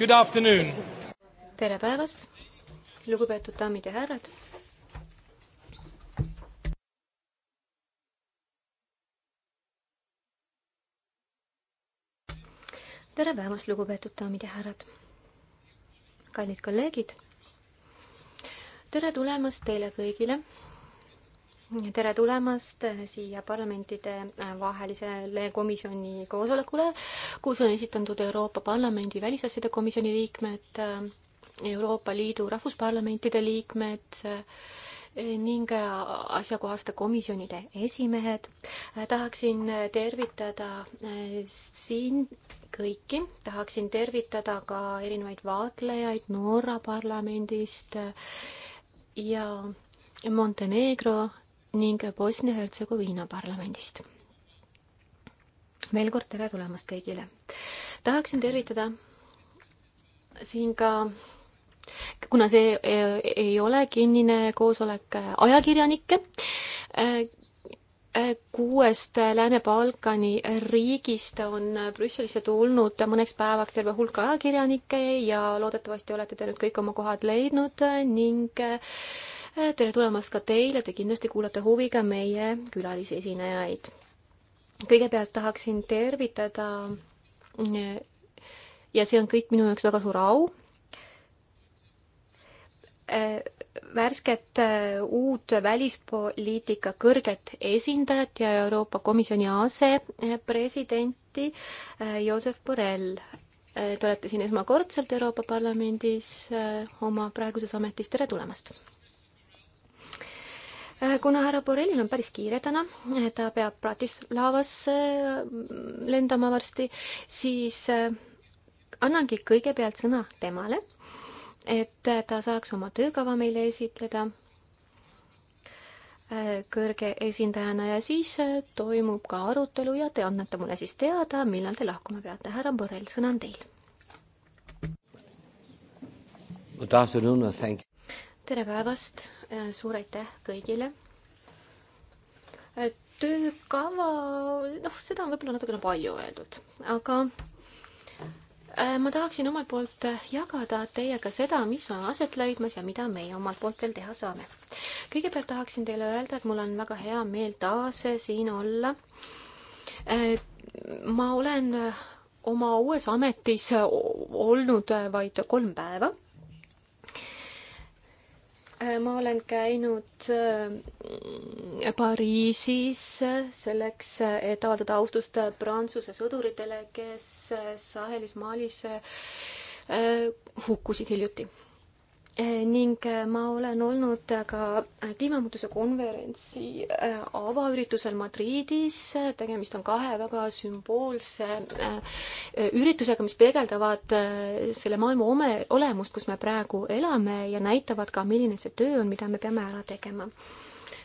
Good afternoon. tere päevast, lugupeetud daamid ja härrad. tere päevast, lugupeetud daamid ja härrad. kallid kolleegid. tere tulemast teile kõigile tere tulemast eh, siia parlamentide eh, vahelisele komisjoni koosolekule, kus on esitatud Euroopa Parlamendi välisasjade komisjoni liikmed, eh, Euroopa Liidu rahvusparlamentide liikmed ning asjakohaste komisjonide esimehed. tahaksin tervitada siin kõiki, tahaksin tervitada ka erinevaid vaatlejaid Norra parlamendist ja Montenegro ning Bosnia-Hertsegoviina parlamendist. veel kord tere tulemast kõigile. tahaksin tervitada siin ka kuna see e, ei ole kinnine koosolek äh, ajakirjanikke, äh, äh, kuuest Lääne-Balkani riigist on Brüsselisse tulnud mõneks päevaks terve hulk ajakirjanikke ja loodetavasti olete te nüüd kõik oma kohad leidnud ning tere tulemast ka teile, te kindlasti kuulate huviga meie külalisesinejaid. kõigepealt tahaksin tervitada ja see on kõik minu jaoks väga suur au värsket uut välispoliitika kõrget esindajat ja Euroopa Komisjoni asepresidenti Josep Borrell. Te olete siin esmakordselt Euroopa Parlamendis oma praeguses ametis, tere tulemast! Äh, kuna härra Borrellil on päris kiire täna, äh, ta peab Bratislavasse äh, lendama varsti, siis annangi kõigepealt sõna temale, et ta saaks oma töökava meile esitleda kõrge esindajana ja siis toimub ka arutelu ja te annate mulle siis teada, millal te lahkuma peate. härra Borrell, sõna on teil. Good afternoon and thank you tere päevast, äh, suur aitäh kõigile. Äh, töökava, noh, seda on võib-olla natukene palju öeldud, aga äh, ma tahaksin omalt poolt jagada teiega seda, mis on aset leidmas ja mida meie omalt poolt veel teha saame. kõigepealt tahaksin teile öelda, et mul on väga hea meel taas siin olla. ma olen oma uues ametis olnud vaid kolm päeva Äh, ma olen käinud äh, Pariisis äh, selleks, et avaldada austust Prantsuse sõduritele, kes Sahelis Malis hukkusid hiljuti. Eh, ning eh, ma olen olnud ka eh, kliimamuutuse konverentsi avaüritusel Madridis, tegemist on kahe väga sümboolse üritusega, mis peegeldavad selle maailma ome, olemust, kus me praegu elame ja näitavad ka, milline see töö on, mida me peame ära tegema.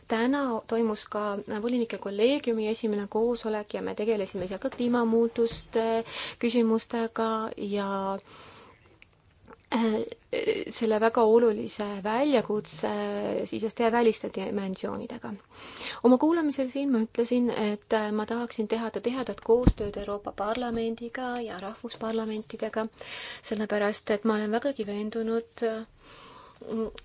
täna toimus ka volinike kolleegiumi esimene koosolek ja me tegelesime seal ka kliimamuutuste küsimustega ja äh, Äh, selle väga olulise väljakutse siseste ja väliste dimensioonidega. oma kuulamisel siin ma ütlesin, et äh, ma tahaksin teha tihedat koostööd Euroopa Parlamendiga ja rahvusparlamentidega, sellepärast et ma olen vägagi veendunud, äh,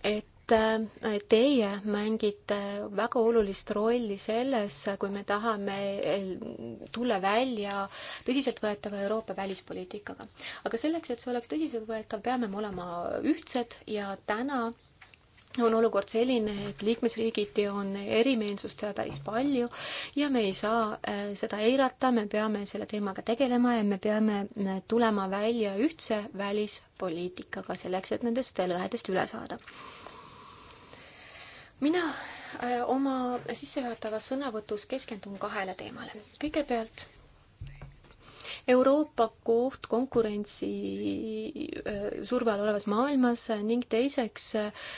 et Äh, teie mängite väga olulist rolli selles, kui me tahame äh, tulla välja tõsiseltvõetava Euroopa välispoliitikaga. aga selleks, et see oleks tõsiseltvõetav, peame me olema ühtsed ja täna on olukord selline, et liikmesriigiti on erimeelsust päris palju ja me ei saa äh, seda eirata, me peame selle teemaga tegelema ja me peame tulema välja ühtse välispoliitikaga selleks, et nendest lõhedest üle saada mina äh, oma sissejuhatavas sõnavõtus keskendun kahele teemale. kõigepealt Euroopa koht konkurentsi äh, surve all olevas maailmas ning teiseks, äh,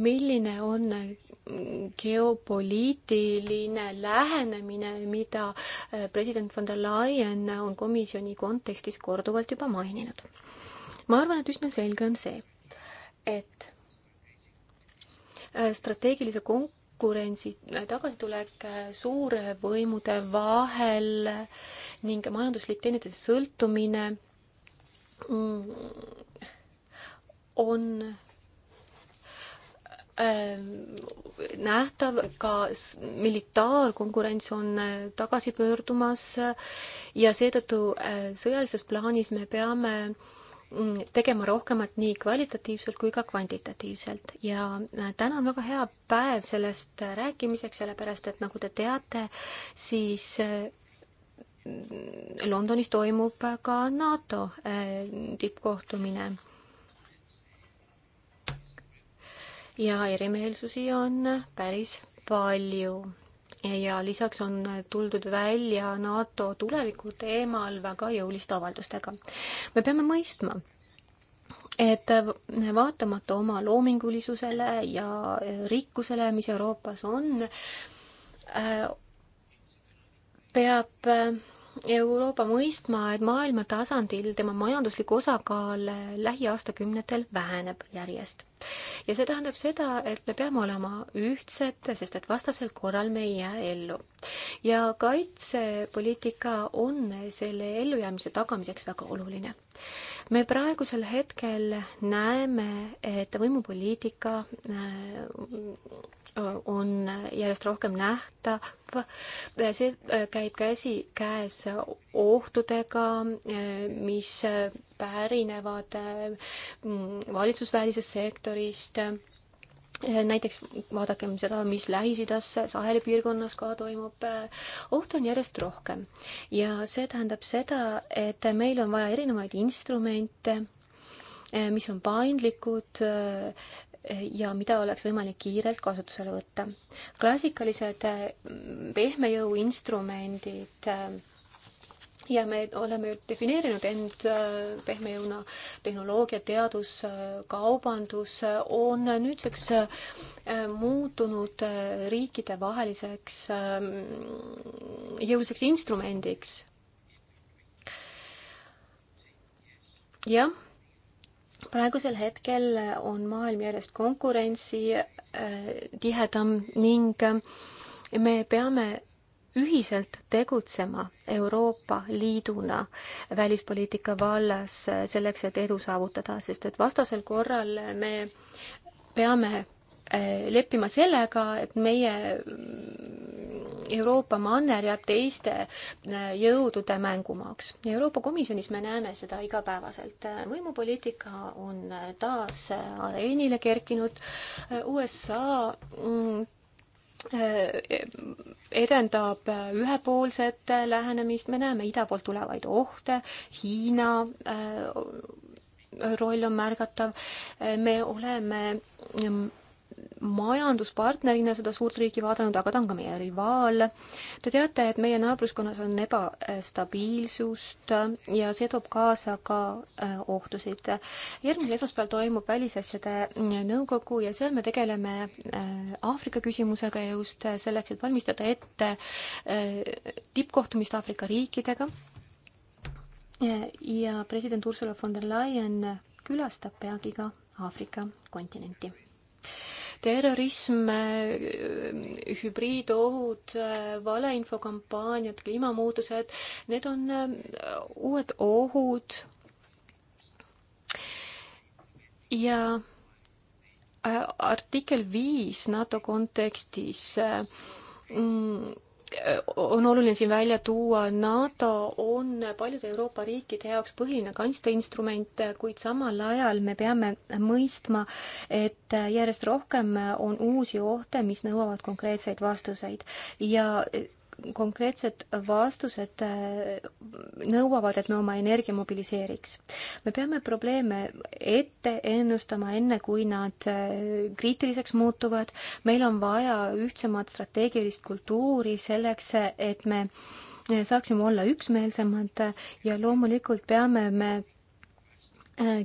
milline on geopoliitiline lähenemine, mida president von der Leyen on komisjoni kontekstis korduvalt juba maininud. ma arvan, et üsna selge on see, et Äh, strateegilise konkurentsi äh, tagasitulek äh, suurvõimude vahel ning majanduslik teineteisest sõltumine mm, on ähm, nähtav, ka militaarkonkurents on tagasi pöördumas ja seetõttu sõjalises plaanis me peame äh, Mm, tegema rohkemat nii kvalitatiivselt kui ka kvantitatiivselt ja äh, täna on väga hea päev sellest äh, rääkimiseks, sellepärast et nagu te teate, siis äh, Londonis toimub ka NATO tippkohtumine. ja erimeelsusi on päris palju ja lisaks on tuldud välja NATO tuleviku teemal väga jõuliste avaldustega. me peame mõistma, et vaatamata oma loomingulisusele ja rikkusele, mis Euroopas on, äh, peab äh, Euroopa mõistma, et maailma tasandil tema majanduslik osakaal lähiaastakümnetel väheneb järjest. ja see tähendab seda, et me peame olema ühtsed, sest et vastasel korral me ei jää ellu. ja kaitsepoliitika on selle ellujäämise tagamiseks väga oluline. me praegusel hetkel näeme, et võimupoliitika äh, on järjest rohkem nähtav. see käib käsikäes ohtudega, mis pärinevad mm, valitsusvälisest sektorist. näiteks vaadakem seda, mis Lähis-Idas, Saheli piirkonnas ka toimub. ohtu on järjest rohkem ja see tähendab seda, et meil on vaja erinevaid instrumente mis on paindlikud ja mida oleks võimalik kiirelt kasutusele võtta. klassikalised mm, pehme jõu instrumendid äh, ja me oleme ju defineerinud end äh, pehme jõuna tehnoloogia, teadus, äh, kaubandus on nüüdseks muutunud riikidevaheliseks jõuliseks instrumendiks. jah praegusel hetkel on maailm järjest konkurentsi äh, tihedam ning äh, me peame ühiselt tegutsema Euroopa Liiduna välispoliitika vallas äh, selleks, et edu saavutada, sest et vastasel korral me peame Äh, leppima sellega, et meie mm, Euroopa manner jääb teiste äh, jõudude mängumaaks. Euroopa Komisjonis me näeme seda igapäevaselt. Äh, võimupoliitika on taas areenile kerkinud. USA mm, edendab ühepoolset lähenemist, me näeme ida poolt tulevaid ohte, Hiina roll on märgatav, me oleme mm, majanduspartnerina seda suurt riiki vaadanud, aga ta on ka meie rivaal. Te teate, et meie naabruskonnas on ebastabiilsust ja see toob kaasa ka äh, ohtusid. järgmisel esmaspäeval toimub Välisasjade äh, Nõukogu ja seal me tegeleme äh, Aafrika küsimusega just selleks, et valmistada ette tippkohtumist Aafrika riikidega. ja president Ursula von der Leyen külastab peagi ka Aafrika kontinenti terrorism, hübriidohud, valeinfokampaaniad, kliimamuutused, need on äh, uued ohud. ja äh, artikkel viis NATO kontekstis äh, mm, on oluline siin välja tuua, NATO on paljude Euroopa riikide jaoks põhiline kaitseinstrument, kuid samal ajal me peame mõistma, et järjest rohkem on uusi ohte, mis nõuavad konkreetseid vastuseid ja konkreetsed vastused äh, nõuavad, et me oma energia mobiliseeriks. me peame probleeme ette ennustama, enne kui nad äh, kriitiliseks muutuvad. meil on vaja ühtsemat strateegilist kultuuri selleks, et me äh, saaksime olla üksmeelsemad ja loomulikult peame me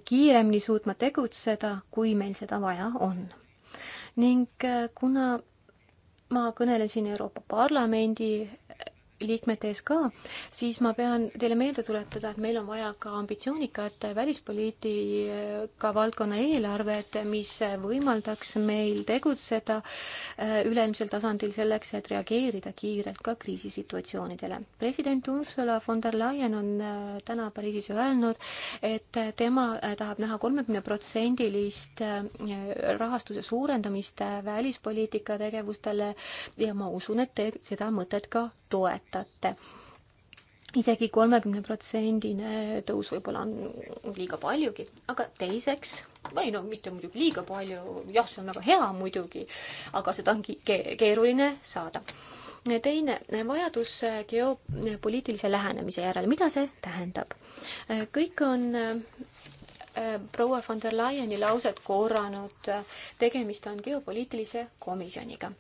kiiremini suutma tegutseda, kui meil seda vaja on ning kuna ma kõnelesin Euroopa Parlamendi liikmete ees ka, siis ma pean teile meelde tuletada, et meil on vaja ka ambitsioonikat välispoliitika valdkonna eelarvet, mis võimaldaks meil tegutseda äh, üleilmsel tasandil selleks, et reageerida kiirelt ka kriisisituatsioonidele. president Ursula von der Leyen on äh, täna Pariisis öelnud, et tema äh, tahab näha kolmekümneprotsendilist rahastuse suurendamist välispoliitika tegevustele ja ma usun, et te seda mõtet ka toetate isegi kolmekümne protsendine tõus võib-olla on liiga paljugi, aga teiseks, või no mitte muidugi liiga palju, jah, see on väga hea muidugi, aga seda on ke keeruline saada. teine, vajadus geopoliitilise lähenemise järele, mida see tähendab? kõik on äh, proua von der Leyeni lauset korranud, tegemist on geopoliitilise komisjoniga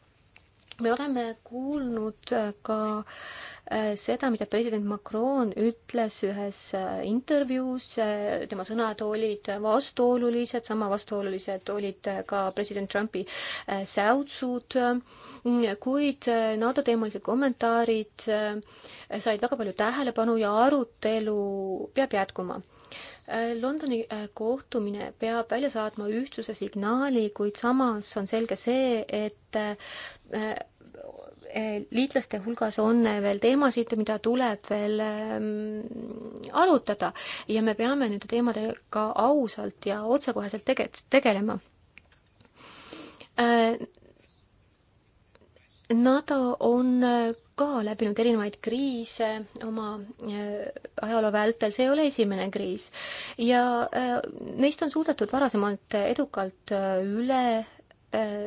me oleme kuulnud äh, ka äh, seda, mida president Macron ütles ühes äh, intervjuus, tema sõnad olid vastuolulised, sama vastuolulised olid ka president Trumpi säutsud, mm, kuid NATO teemalised kommentaarid said väga palju tähelepanu ja arutelu peab jätkuma. Äh, Londoni äh, kohtumine peab välja saatma ühtsuse signaali, kuid samas on selge see, et äh, liitlaste hulgas on veel teemasid, mida tuleb veel ähm, arutada ja me peame nende teemadega ausalt ja otsekoheselt tege-, tegelema. NATO on ka läbinud erinevaid kriise oma äh, ajaloo vältel, see ei ole esimene kriis. ja äh, neist on suudetud varasemalt edukalt äh, üle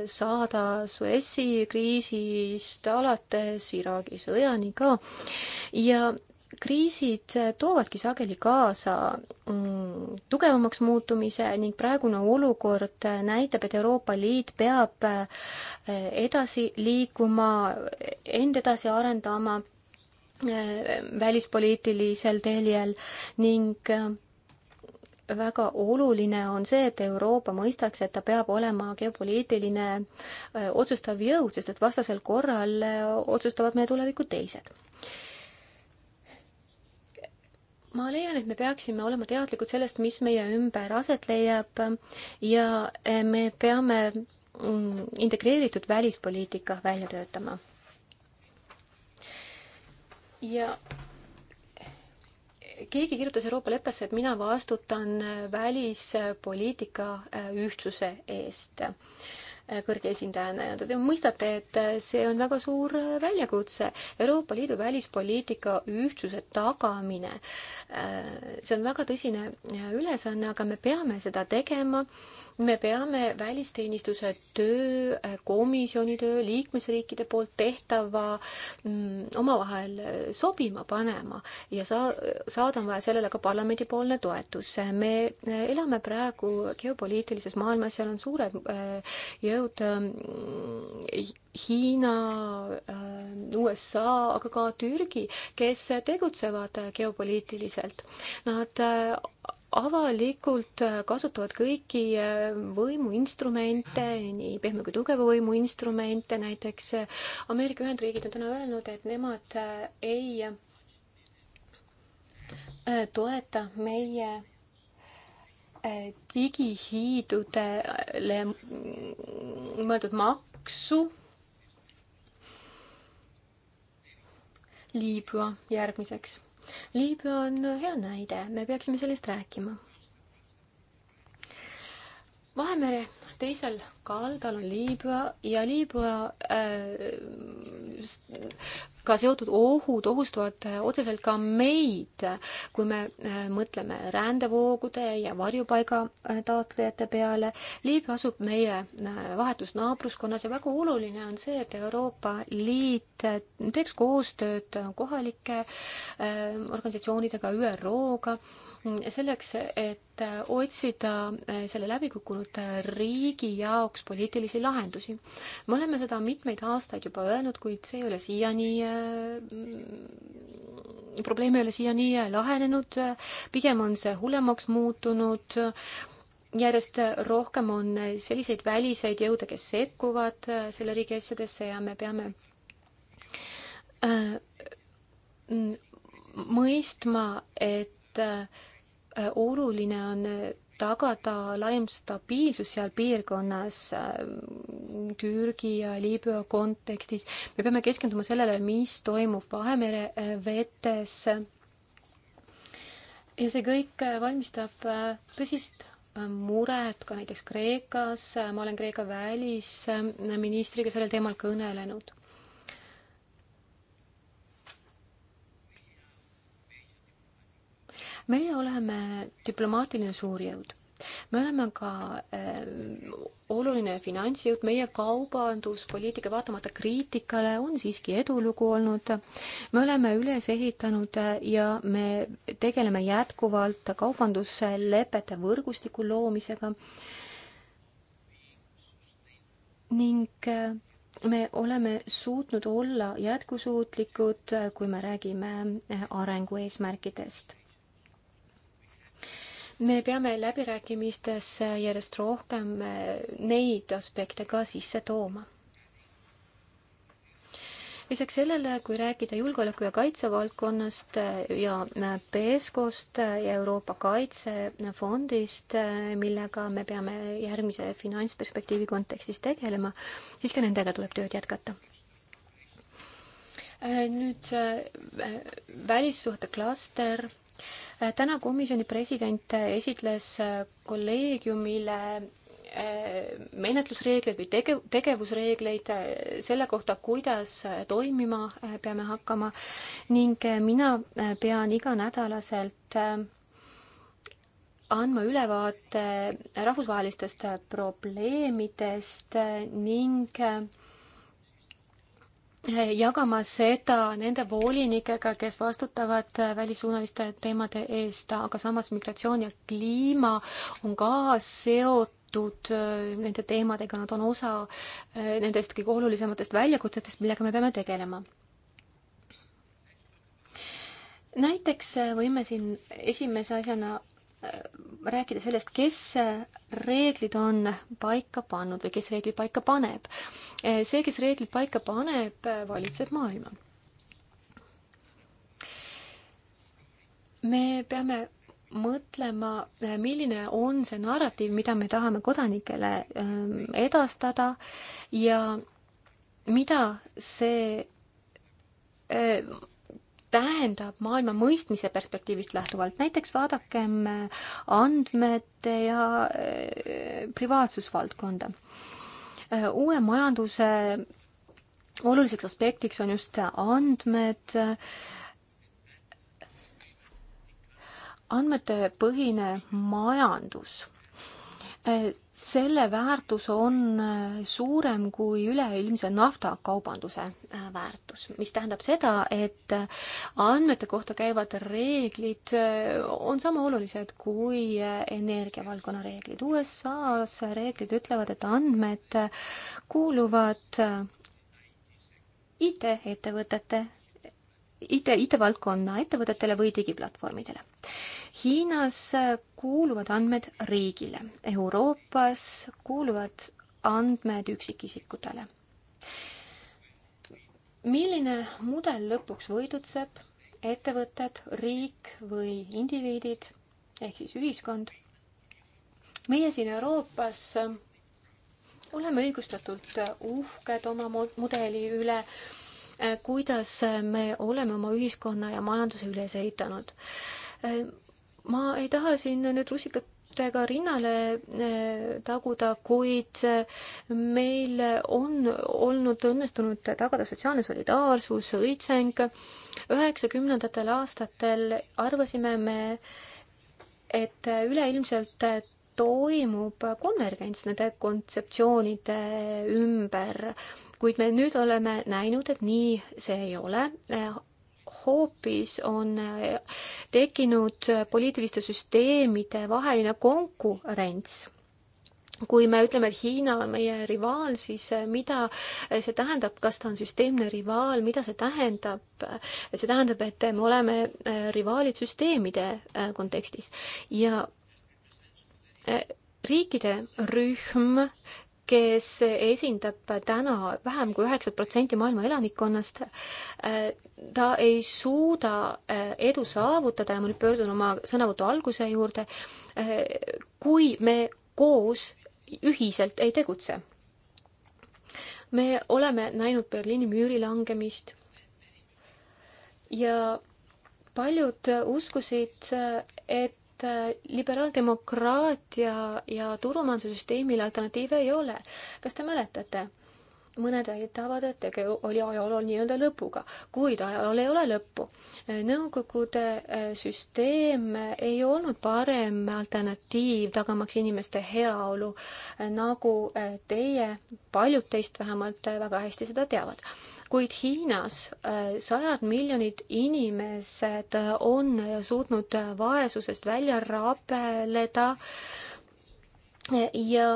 saada Suessi kriisist alates Iraagi sõjani ka ja kriisid toovadki sageli kaasa mm, tugevamaks muutumise ning praegune olukord näitab, et Euroopa Liit peab eh, edasi liikuma, end edasi arendama eh, välispoliitilisel teljel ning eh, väga oluline on see, et Euroopa mõistaks, et ta peab olema geopoliitiline otsustav jõud, sest et vastasel korral otsustavad meie tuleviku teised ma leian, et me peaksime olema teadlikud sellest, mis meie ümber aset leiab ja eh, me peame mm, integreeritud välispoliitika välja töötama. ja keegi kirjutas Euroopa leppesse, et mina vastutan välispoliitika eh, ühtsuse eest Äh, kõrge esindajana ja te mõistate, et äh, see on väga suur äh, väljakutse. Euroopa Liidu välispoliitika ühtsuse tagamine, see on väga tõsine ülesanne, aga me peame seda tegema me peame välisteenistuse töö, komisjoni töö, liikmesriikide poolt tehtava mm, omavahel sobima panema ja saa-, saada on vaja sellele ka parlamendipoolne toetus. me elame praegu geopoliitilises maailmas, seal on suured äh, jõud, mm, Hiina, äh, USA, aga ka Türgi, kes tegutsevad geopoliitiliselt. Nad äh, avalikult äh, kasutavad kõiki äh, võimuinstrumente, nii pehme kui tugeva võimuinstrumente, näiteks äh, Ameerika Ühendriigid on täna öelnud, et nemad ei toeta meie digihiidudele mm, mõeldud maksu. Liibüa järgmiseks Liibüa on hea näide, me peaksime sellest rääkima. Vahemere teisel kaldal on Liibüa ja Liibüa äh, ka seotud ohud ohustavad otseselt ka meid, kui me äh, mõtleme rändevoogude ja varjupaiga äh, taotlejate peale. Liibüa asub meie äh, vahetus naabruskonnas ja väga oluline on see, et Euroopa Liit teeks koostööd kohalike organisatsioonidega, ÜRO-ga Mm, selleks, et äh, otsida äh, selle läbikukkunud äh, riigi jaoks poliitilisi lahendusi. me oleme seda mitmeid aastaid juba öelnud, kuid see ei ole siiani äh,, probleem ei ole siiani lahenenud, pigem on see hullemaks muutunud järjest rohkem on selliseid väliseid jõude, kes sekkuvad selle riigi asjadesse ja me peame äh, mõistma, et äh, Äh, oluline on äh, tagada laiem stabiilsus seal piirkonnas äh, Türgi ja Liibüa kontekstis. me peame keskenduma sellele, mis toimub Vahemere vetes. ja see kõik valmistab tõsist muret ka näiteks Kreekas. ma olen Kreeka välisministriga sellel teemal kõnelenud. meie oleme diplomaatiline suurjõud. me oleme ka äh, oluline finantsjõud, meie kaubanduspoliitika, vaatamata kriitikale, on siiski edulugu olnud. me oleme üles ehitanud eh, ja me tegeleme jätkuvalt kaubanduslepete võrgustiku loomisega ning eh, me oleme suutnud olla jätkusuutlikud, kui me räägime arengueesmärkidest me peame läbirääkimistes järjest rohkem eh, neid aspekte ka sisse tooma. lisaks sellele, kui rääkida julgeoleku ja kaitsevaldkonnast eh, ja eh, PESCO-st ja Euroopa Kaitsefondist, millega me peame järgmise finantsperspektiivi kontekstis tegelema, siis ka nendega tuleb tööd jätkata nüüd välissuhete klaster, täna komisjoni president esitles kolleegiumile eh, menetlusreegleid või tege-, tegevusreegleid eh, selle kohta, kuidas eh, toimima peame hakkama ning mina pean iganädalaselt andma ülevaate rahvusvahelistest probleemidest ning jagama seda nende volinikega, kes vastutavad äh, välissuunaliste teemade eest, aga samas migratsioon ja kliima on ka seotud äh, nende teemadega, nad on osa äh, nendest kõige olulisematest väljakutsetest, millega me peame tegelema. näiteks võime siin esimese asjana rääkida sellest, kes reeglid on paika pannud või kes reeglid paika paneb. see, kes reeglid paika paneb, valitseb maailma. me peame mõtlema, milline on see narratiiv, mida me tahame kodanikele ähm, edastada ja mida see äh, tähendab maailma mõistmise perspektiivist lähtuvalt, näiteks vaadakem äh, andmete ja äh, privaatsusvaldkonda. Äh, uue majanduse oluliseks aspektiks on just andmed, andmetepõhine majandus selle väärtus on äh, suurem kui üleilmse naftakaubanduse äh, väärtus, mis tähendab seda, et äh, andmete kohta käivad reeglid on sama olulised kui energiavaldkonna reeglid. USA-s reeglid ütlevad, et andmed kuuluvad IT-ettevõtete IT, IT-valdkonna ettevõtetele või digiplatvormidele Hiinas kuuluvad andmed riigile, Euroopas kuuluvad andmed üksikisikutele. milline mudel lõpuks võidutseb, ettevõtted, riik või indiviidid ehk siis ühiskond? meie siin Euroopas oleme õigustatult uhked oma mudeli üle, kuidas me oleme oma ühiskonna ja majanduse üles ehitanud ma ei taha siin nüüd rusikatega rinnale äh, taguda, kuid äh, meil on olnud õnnestunud tagada sotsiaalne solidaarsus, õitseng. üheksakümnendatel aastatel arvasime me, et üleilmselt toimub konvergents nende kontseptsioonide ümber, kuid me nüüd oleme näinud, et nii see ei ole hoopis on äh, tekkinud poliitiliste süsteemide vaheline konkurents kui me ütleme, et Hiina on meie rivaal, siis äh, mida äh, see tähendab, kas ta on süsteemne rivaal, mida see tähendab? see tähendab, et me oleme rivaalid süsteemide kontekstis ja riikide rühm, kes esindab täna vähem kui üheksat protsenti maailma elanikkonnast, äh, ta ei suuda äh, edu saavutada ja ma nüüd pöördun oma sõnavõtu alguse juurde, äh, kui me koos ühiselt ei tegutse. me oleme näinud Berliini müüri langemist ja paljud uskusid, et et äh, liberaaldemokraatia ja turumajandussüsteemile alternatiive ei ole. kas te mäletate? mõned väidavad, et tegu oli ajalool nii-öelda lõpuga, kuid ajalool ei ole lõppu. Äh, Nõukogude äh, süsteem ei olnud parem alternatiiv tagamaks inimeste heaolu, nagu teie, paljud teist vähemalt väga hästi seda teavad kuid Hiinas äh, sajad miljonid inimesed äh, on suutnud äh, vaesusest välja rabeleda ja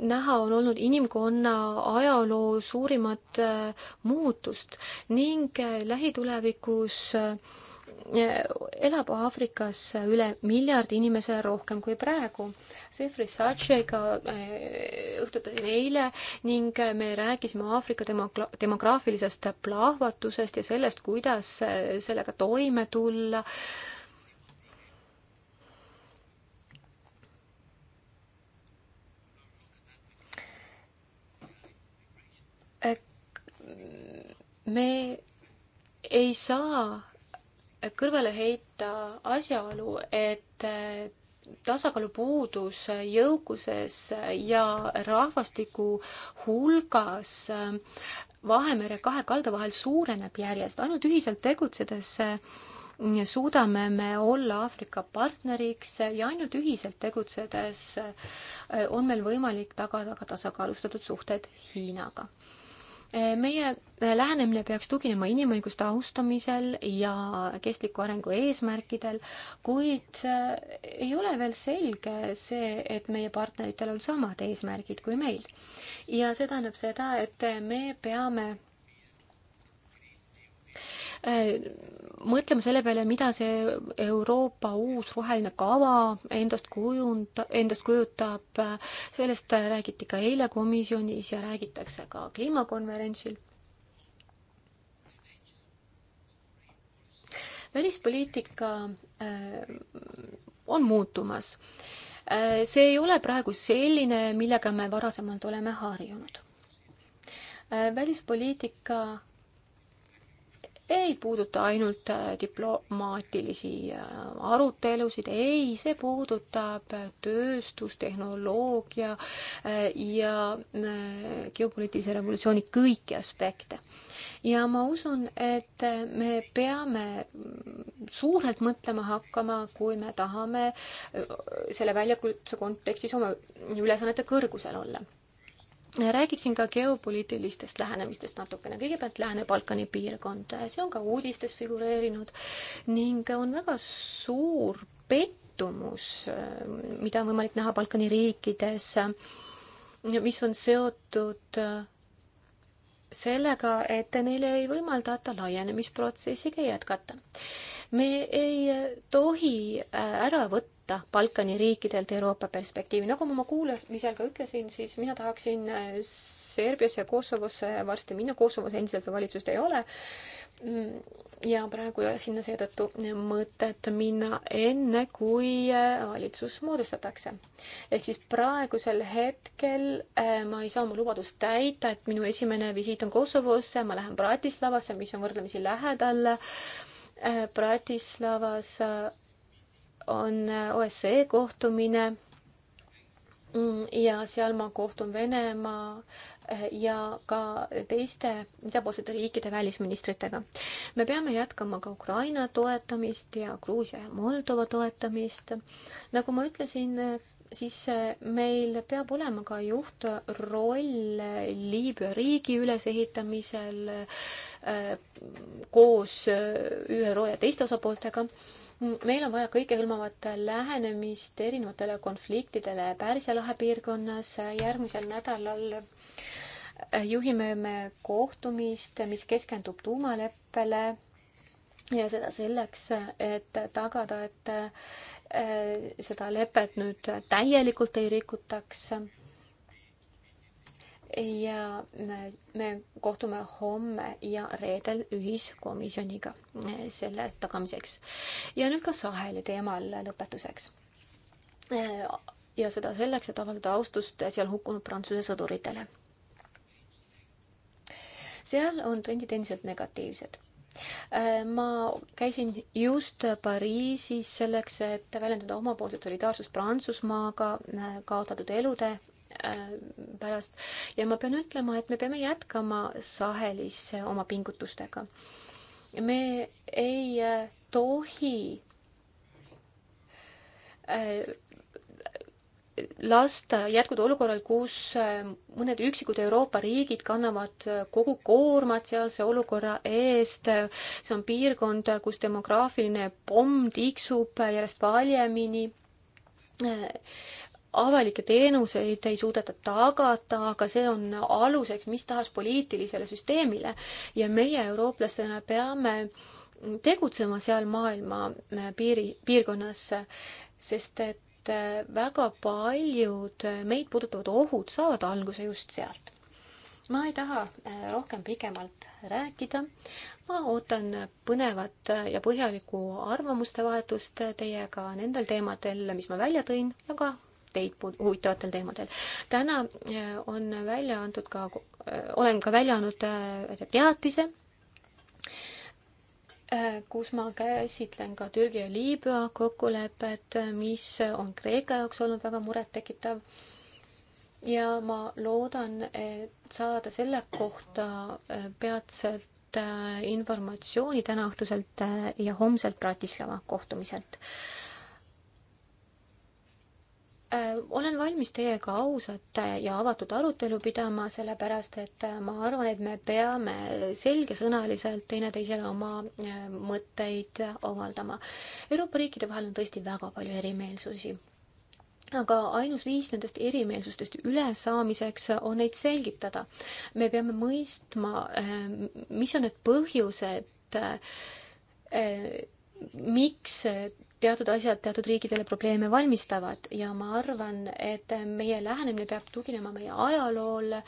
näha on olnud inimkonna ajaloo suurimat muutust ning lähitulevikus elab Aafrikas üle miljardi inimese rohkem kui praegu. Sefri Saatšega eh, õhtutasin eile ning me rääkisime Aafrika demograafilisest plahvatusest ja sellest, kuidas eh, sellega toime tulla eh, me ei saa kõrvale heita asjaolu, et eh, tasakaalu puudus jõukuses ja rahvastiku hulgas eh, Vahemere kahe kalda vahel suureneb järjest, ainult ühiselt tegutsedes eh, suudame me olla Aafrika partneriks ja ainult ühiselt tegutsedes on meil võimalik tagada ka tasakaalustatud suhted Hiinaga. Eh, meie eh, lähenemine peaks tuginema inimõiguste austamisel ja kestliku arengu eesmärkidel, kuid eh, ei ole veel selge see, et meie partneritel on samad eesmärgid kui meil. ja see tähendab seda, et me peame Äh, mõtlema selle peale, mida see Euroopa uus roheline kava endast kujund-, endast kujutab, sellest räägiti ka eile komisjonis ja räägitakse ka kliimakonverentsil. välispoliitika äh, on muutumas. Äh, see ei ole praegu selline, millega me varasemalt oleme harjunud. välispoliitika ei puuduta ainult äh, diplomaatilisi äh, arutelusid, ei, see puudutab äh, tööstustehnoloogia ja geopoliitilise revolutsiooni kõiki aspekte. ja ma usun, et me peame mm, suurelt mõtlema hakkama, kui me tahame selle väljakutse kontekstis oma ülesannete kõrgusel olla räägiksin ka geopoliitilistest lähenemistest natukene. kõigepealt Lääne-Balkani piirkond, see on ka uudistes figureerinud ning on väga suur pettumus, mida on võimalik näha Balkani riikides, mis on seotud sellega, et neile ei võimaldata laienemisprotsessiga jätkata. me ei tohi ära võtta võtta Balkani riikidelt Euroopa perspektiivi. nagu ma oma kuulamisel ka ütlesin, siis mina tahaksin Serbiasse ja Kosovosse varsti minna, Kosovos endiselt veel valitsust ei ole. Mm, ja praegu ei ole sinna seetõttu mõtet minna enne, kui äh, valitsus moodustatakse. ehk siis praegusel hetkel äh, ma ei saa oma lubadust täita, et minu esimene visiit on Kosovosse, ma lähen Bratislavasse, mis on võrdlemisi lähedal äh, Bratislavas on äh, OSCE kohtumine mm, ja seal ma kohtun Venemaa äh, ja ka teiste idapoolsete riikide välisministritega. me peame jätkama ka Ukraina toetamist ja Gruusia ja Moldova toetamist. nagu ma ütlesin, äh, siis meil peab olema ka juhtroll Liibüa riigi ülesehitamisel koos ÜRO ja teiste osapooltega meil on vaja kõikehõlmavat lähenemist erinevatele konfliktidele Pärsia lahe piirkonnas. järgmisel nädalal juhime me kohtumist, mis keskendub tuumaleppele ja seda selleks, et tagada, et äh, seda lepet nüüd täielikult ei rikutaks ja me kohtume homme ja reedel ühiskomisjoniga eh, selle tagamiseks. ja nüüd ka Saheli teemal lõpetuseks. Eh, ja seda selleks, et avaldada austust seal hukkunud Prantsuse sõduritele. seal on trendid endiselt negatiivsed eh, ma käisin just Pariisis selleks, et väljendada omapoolset solidaarsust Prantsusmaaga kaotatud elude Äh, pärast ja ma pean ütlema, et me peame jätkama Sahelis oma pingutustega. me ei äh, tohi äh, lasta jätkuda olukorral, kus mõned üksikud Euroopa riigid kannavad kogu koormat sealse olukorra eest. see on piirkond, kus demograafiline pomm tiksub järjest valjemini avalikke teenuseid ei suudeta tagada, aga see on aluseks mis tahes poliitilisele süsteemile ja meie eurooplastena peame tegutsema seal maailma äh, piiri, piirkonnas, sest et äh, väga paljud äh, meid puudutavad ohud saavad alguse just sealt. ma ei taha rohkem pikemalt rääkida, ma ootan põnevat ja põhjalikku arvamuste vahetust teiega nendel teemadel, mis ma välja tõin, aga teid huvitavatel teemadel. täna äh, on välja antud ka, äh, olen ka välja andnud äh, teatise, kus ma käsitlen ka Türgi ja Liibüa kokkulepet, mis on Kreeka jaoks olnud väga murettekitav. ja ma loodan, et saada selle kohta peatselt informatsiooni tänaõhtuselt ja homselt Bratislava kohtumiselt Äh, olen valmis teiega ausat äh, ja avatud arutelu pidama, sellepärast et äh, ma arvan, et me peame selgesõnaliselt teineteisele oma mõtteid avaldama. Euroopa riikide vahel on tõesti väga palju erimeelsusi aga ainus viis nendest erimeelsustest ülesaamiseks on neid selgitada. me peame mõistma, mis on need põhjused, miks teatud asjad teatud riikidele probleeme valmistavad ja ma arvan, et meie lähenemine peab tuginema meie ajaloole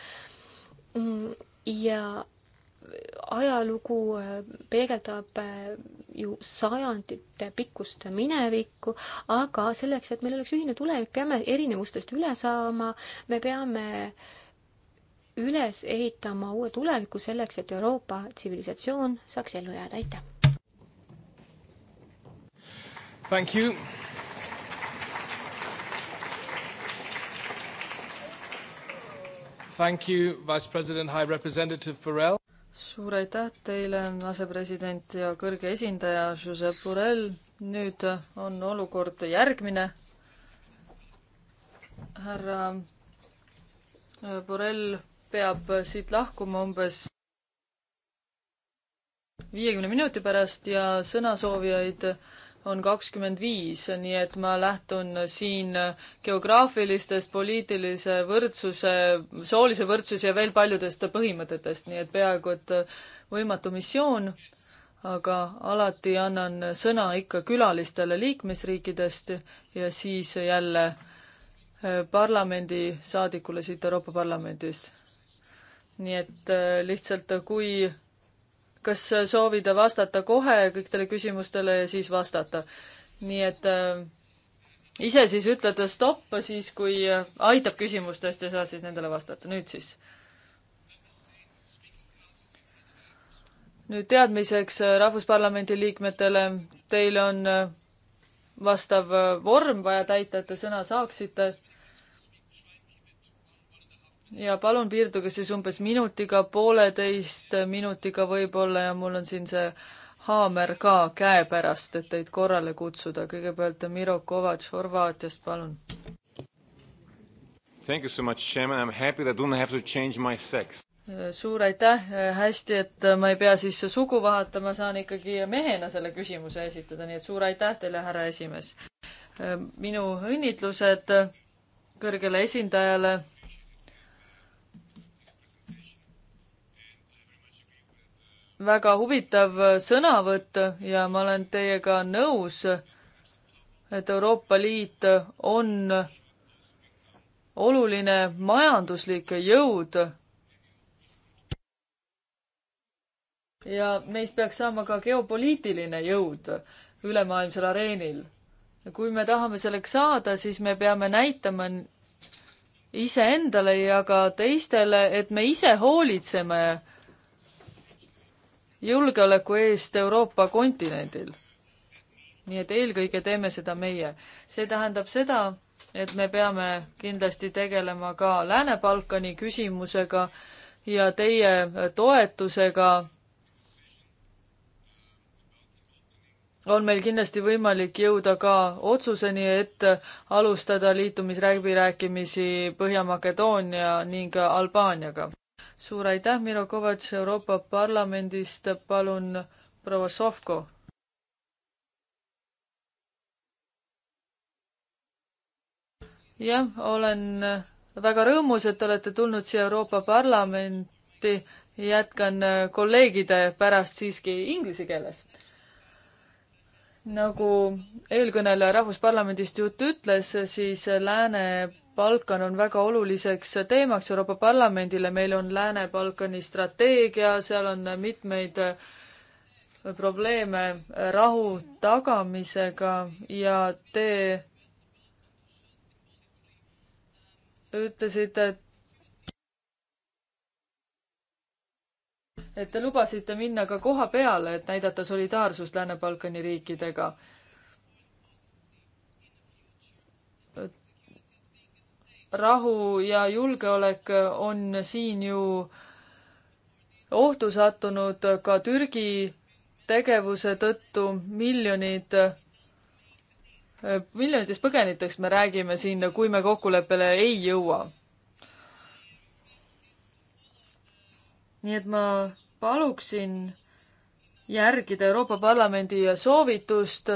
mm, ja ajalugu äh, peegeldab äh, ju sajandite pikkust minevikku, aga selleks, et meil oleks ühine tulevik, peame erinevustest üle saama, me peame üles ehitama uue tuleviku selleks, et Euroopa tsivilisatsioon saaks ellu jääda, aitäh! Thank you. Thank you, Vice President, High Representative Burrell. suur aitäh teile, asepresident ja kõrge esindaja Josep Burrell. nüüd on olukord järgmine. härra Burrell peab siit lahkuma umbes viiekümne minuti pärast ja sõnasoovijaid on kakskümmend viis, nii et ma lähtun siin geograafilistest, poliitilise võrdsuse, soolise võrdsuse ja veel paljudest põhimõtetest, nii et peaaegu et võimatu missioon, aga alati annan sõna ikka külalistele liikmesriikidest ja siis jälle eh, parlamendisaadikule siit Euroopa Parlamendist. nii et eh, lihtsalt, kui kas soovida vastata kohe kõikidele küsimustele ja siis vastata. nii et äh, ise siis ütlete stopp, siis kui äh, aitab küsimustest ja saad siis nendele vastata. nüüd siis. nüüd teadmiseks äh, Rahvusparlamendi liikmetele, teil on äh, vastav vorm vaja täita, et te sõna saaksite ja palun piirduge siis umbes minutiga, pooleteist minutiga võib-olla ja mul on siin see haamer ka käepärast, et teid korrale kutsuda. kõigepealt Miro Kovač Horvaatiast, palun. Thank you so much, Shaman, I am happy that I don't have to change my sex. suur aitäh, hästi, et ma ei pea siis sugu vahetama, saan ikkagi mehena selle küsimuse esitada, nii et suur aitäh teile, härra esimees. minu õnnitlused kõrgele esindajale väga huvitav sõnavõtt ja ma olen teiega nõus, et Euroopa Liit on oluline majanduslik jõud. ja meist peaks saama ka geopoliitiline jõud ülemaailmsel areenil. kui me tahame selleks saada, siis me peame näitama iseendale ja ka teistele, et me ise hoolitseme äh, julgeoleku eest Euroopa kontinendil. nii et eelkõige teeme seda meie. see tähendab seda, et me peame kindlasti tegelema ka Lääne-Balkani küsimusega ja teie toetusega on meil kindlasti võimalik jõuda ka otsuseni, et alustada liitumisläbirääkimisi Põhja-Makedoonia ning Albaaniaga suur aitäh, Miro Kovač Euroopa Parlamendist, palun proua Sovko. jah, olen väga rõõmus, et olete tulnud siia Euroopa Parlamenti. jätkan kolleegide pärast siiski inglise keeles. nagu eelkõneleja Rahvusparlamendist juttu ütles, siis Lääne Balkan on väga oluliseks teemaks Euroopa Parlamendile, meil on Lääne-Balkani strateegia, seal on mitmeid äh, probleeme rahu tagamisega ja te ütlesite, et et te lubasite minna ka koha peale, et näidata solidaarsust Lääne-Balkani riikidega rahu ja julgeolek on siin ju ohtu sattunud ka Türgi tegevuse tõttu miljonid, miljonitest põgenitest me räägime siin, kui me kokkuleppele ei jõua. nii et ma paluksin järgida Euroopa Parlamendi soovitust,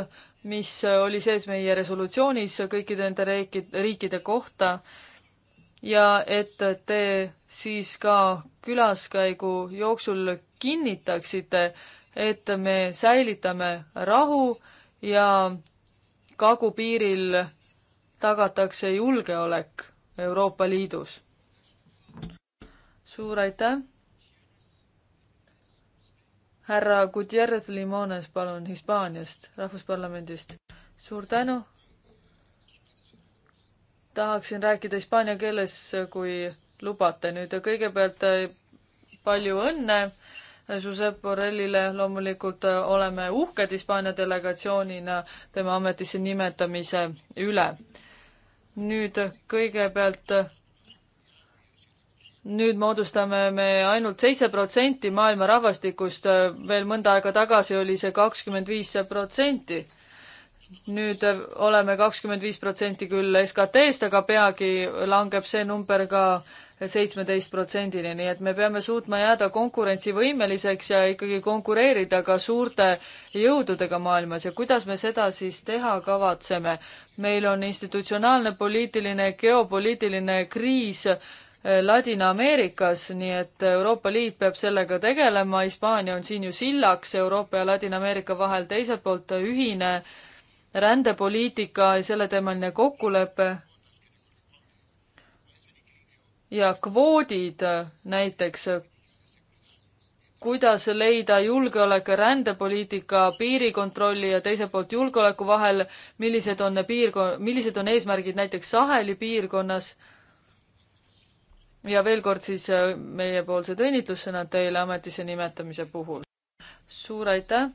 mis oli sees meie resolutsioonis kõikide nende riikide kohta ja et te siis ka külaskäigu jooksul kinnitaksite, et me säilitame rahu ja kagupiiril tagatakse julgeolek Euroopa Liidus. suur aitäh! härra Gutierrez Limones, palun, Hispaaniast, Rahvusparlamendist. suur tänu! tahaksin rääkida hispaania keeles, kui lubate nüüd ja kõigepealt eh, palju õnne Josep Borrellile, loomulikult eh, oleme uhked Hispaania delegatsioonina tema ametisse nimetamise üle. nüüd kõigepealt, nüüd moodustame me ainult seitse protsenti maailma rahvastikust, veel mõnda aega tagasi oli see kakskümmend viis protsenti nüüd äh, oleme kakskümmend viis protsenti küll SKT-st, aga peagi langeb see number ka seitsmeteist protsendini, nii et me peame suutma jääda konkurentsivõimeliseks ja ikkagi konkureerida ka suurte jõududega maailmas ja kuidas me seda siis teha kavatseme. meil on institutsionaalne, poliitiline, geopoliitiline kriis äh, Ladina-Ameerikas, nii et Euroopa Liit peab sellega tegelema, Hispaania on siin ju sillaks Euroopa ja Ladina-Ameerika vahel, teiselt poolt ühine äh, rändepoliitika ja selleteemaline kokkulepe ja kvoodid näiteks, kuidas leida julgeolek ja rändepoliitika piirikontrolli ja teiselt poolt julgeoleku vahel, millised on piirkon-, millised on eesmärgid näiteks Saheli piirkonnas. ja veel kord siis äh, meiepoolsed õnnitlussõnad teile ametisse nimetamise puhul. suur aitäh!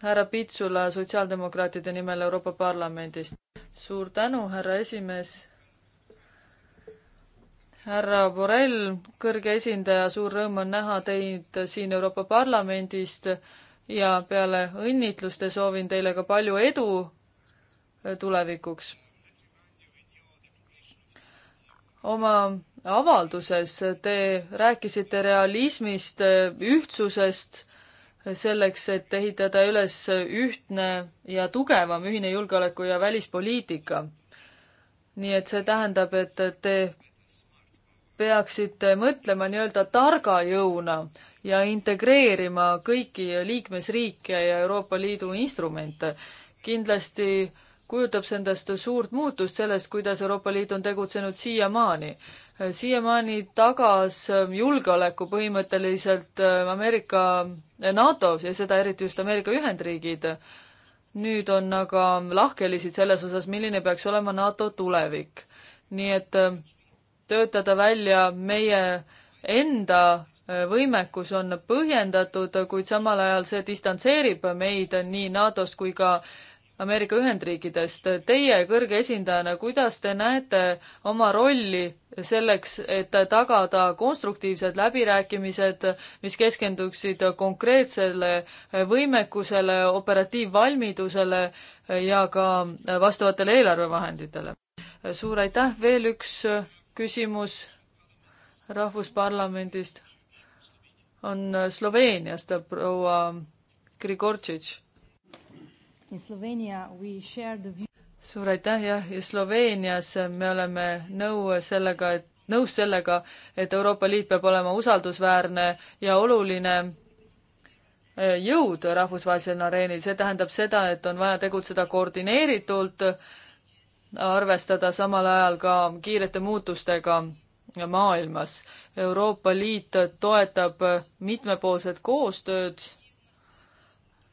härra Pitsula sotsiaaldemokraatide nimel Euroopa Parlamendist. suur tänu, härra esimees. härra Borrell, kõrge esindaja, suur rõõm on näha teid siin Euroopa Parlamendist ja peale õnnitluste soovin teile ka palju edu tulevikuks. oma avalduses te rääkisite realismist, ühtsusest selleks, et ehitada üles ühtne ja tugevam ühine julgeoleku- ja välispoliitika. nii et see tähendab, et te peaksite mõtlema nii-öelda targa jõuna ja integreerima kõiki liikmesriike ja Euroopa Liidu instrumente. kindlasti kujutab see endast suurt muutust sellest, kuidas Euroopa Liit on tegutsenud siiamaani siiamaani tagas ähm, julgeoleku põhimõtteliselt ähm, Ameerika, äh, NATO ja seda eriti just Ameerika Ühendriigid. nüüd on aga lahkhelisid selles osas, milline peaks olema NATO tulevik. nii et ähm, töötada välja meie enda äh, võimekus on põhjendatud, kuid samal ajal see distantseerib meid nii NATO-st kui ka Ameerika Ühendriikidest. Teie kõrge esindajana, kuidas te näete oma rolli selleks, et tagada konstruktiivsed läbirääkimised, mis keskenduksid konkreetsele võimekusele, operatiivvalmidusele ja ka vastavatele eelarvevahenditele? suur aitäh, veel üks küsimus Rahvusparlamendist on Sloveeniast proua Grigortšitš suur aitäh, jah, ja Sloveenias me oleme nõu sellega, et, nõus sellega, et Euroopa Liit peab olema usaldusväärne ja oluline eh, jõud rahvusvahelisel areenil, see tähendab seda, et on vaja tegutseda koordineeritult, arvestada samal ajal ka kiirete muutustega maailmas. Euroopa Liit toetab mitmepoolset koostööd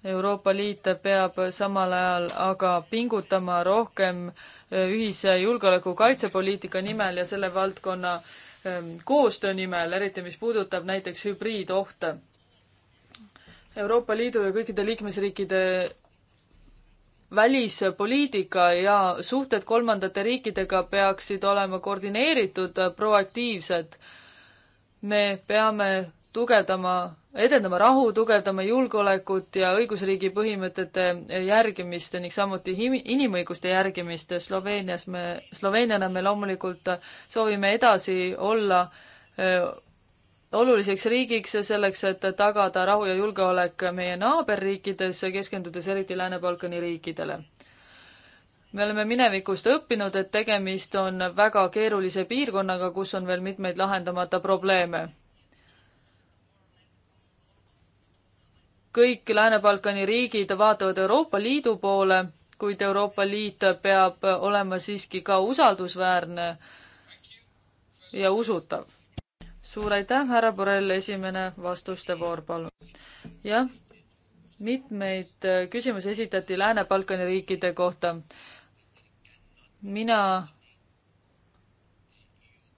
Euroopa Liit peab samal ajal aga pingutama rohkem äh, ühise julgeoleku kaitsepoliitika nimel ja selle valdkonna ähm, koostöö nimel, eriti mis puudutab näiteks hübriidohte. Euroopa Liidu ja kõikide liikmesriikide välispoliitika ja suhted kolmandate riikidega peaksid olema koordineeritud, proaktiivsed. me peame tugevdama, edendama rahu, tugevdama julgeolekut ja õigusriigi põhimõtete järgimist ning samuti inimõiguste järgimist. Sloveenias me, Sloveeniana me loomulikult soovime edasi olla öö, oluliseks riigiks selleks, et tagada rahu ja julgeolek meie naaberriikides, keskendudes eriti Lääne-Balkani riikidele me oleme minevikust õppinud, et tegemist on väga keerulise piirkonnaga, kus on veel mitmeid lahendamata probleeme. kõik Lääne-Balkani riigid vaatavad Euroopa Liidu poole, kuid Euroopa Liit peab olema siiski ka usaldusväärne ja usutav. suur aitäh, härra Borrell, esimene vastuste voor, palun. jah, mitmeid küsimusi esitati Lääne-Balkani riikide kohta. mina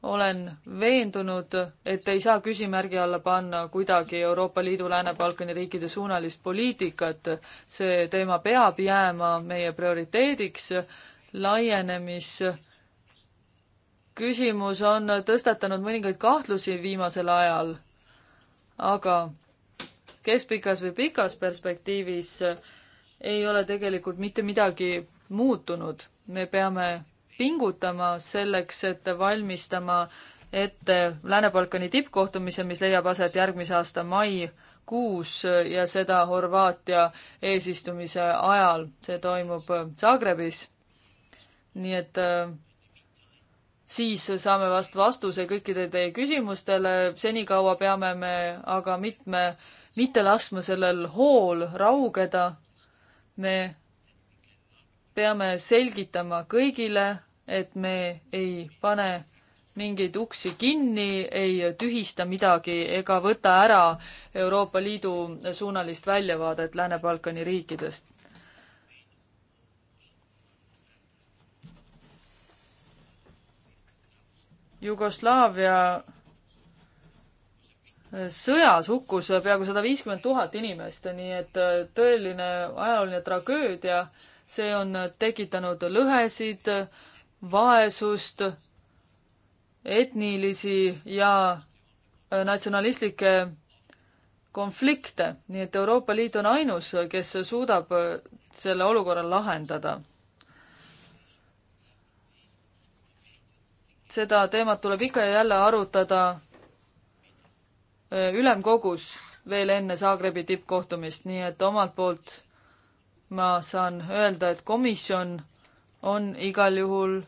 olen veendunud, et ei saa küsimärgi alla panna kuidagi Euroopa Liidu Lääne-Balkani riikide suunalist poliitikat. see teema peab jääma meie prioriteediks. laienemisküsimus on tõstatanud mõningaid kahtlusi viimasel ajal, aga keskpikas või pikas perspektiivis ei ole tegelikult mitte midagi muutunud. me peame pingutama selleks, et valmistama ette Lääne-Balkani tippkohtumise, mis leiab aset järgmise aasta maikuus ja seda Horvaatia eesistumise ajal. see toimub Zagrebis. nii et äh, siis saame vast vastuse kõikide teie küsimustele, senikaua peame me aga mitme, mitte laskma sellel hool raugeda. me peame selgitama kõigile et me ei pane mingeid uksi kinni, ei tühista midagi ega võta ära Euroopa Liidu suunalist väljavaadet Lääne-Balkani riikidest. Jugoslaavia sõjas hukkus peaaegu sada viiskümmend tuhat inimest, nii et äh, tõeline ajalooline tragöödia, see on tekitanud lõhesid, vaesust, etnilisi ja äh, natsionalistlikke konflikte, nii et Euroopa Liit on ainus, kes suudab äh, selle olukorra lahendada. seda teemat tuleb ikka ja jälle arutada äh, ülemkogus veel enne Zagrebi tippkohtumist, nii et omalt poolt ma saan öelda, et komisjon on igal juhul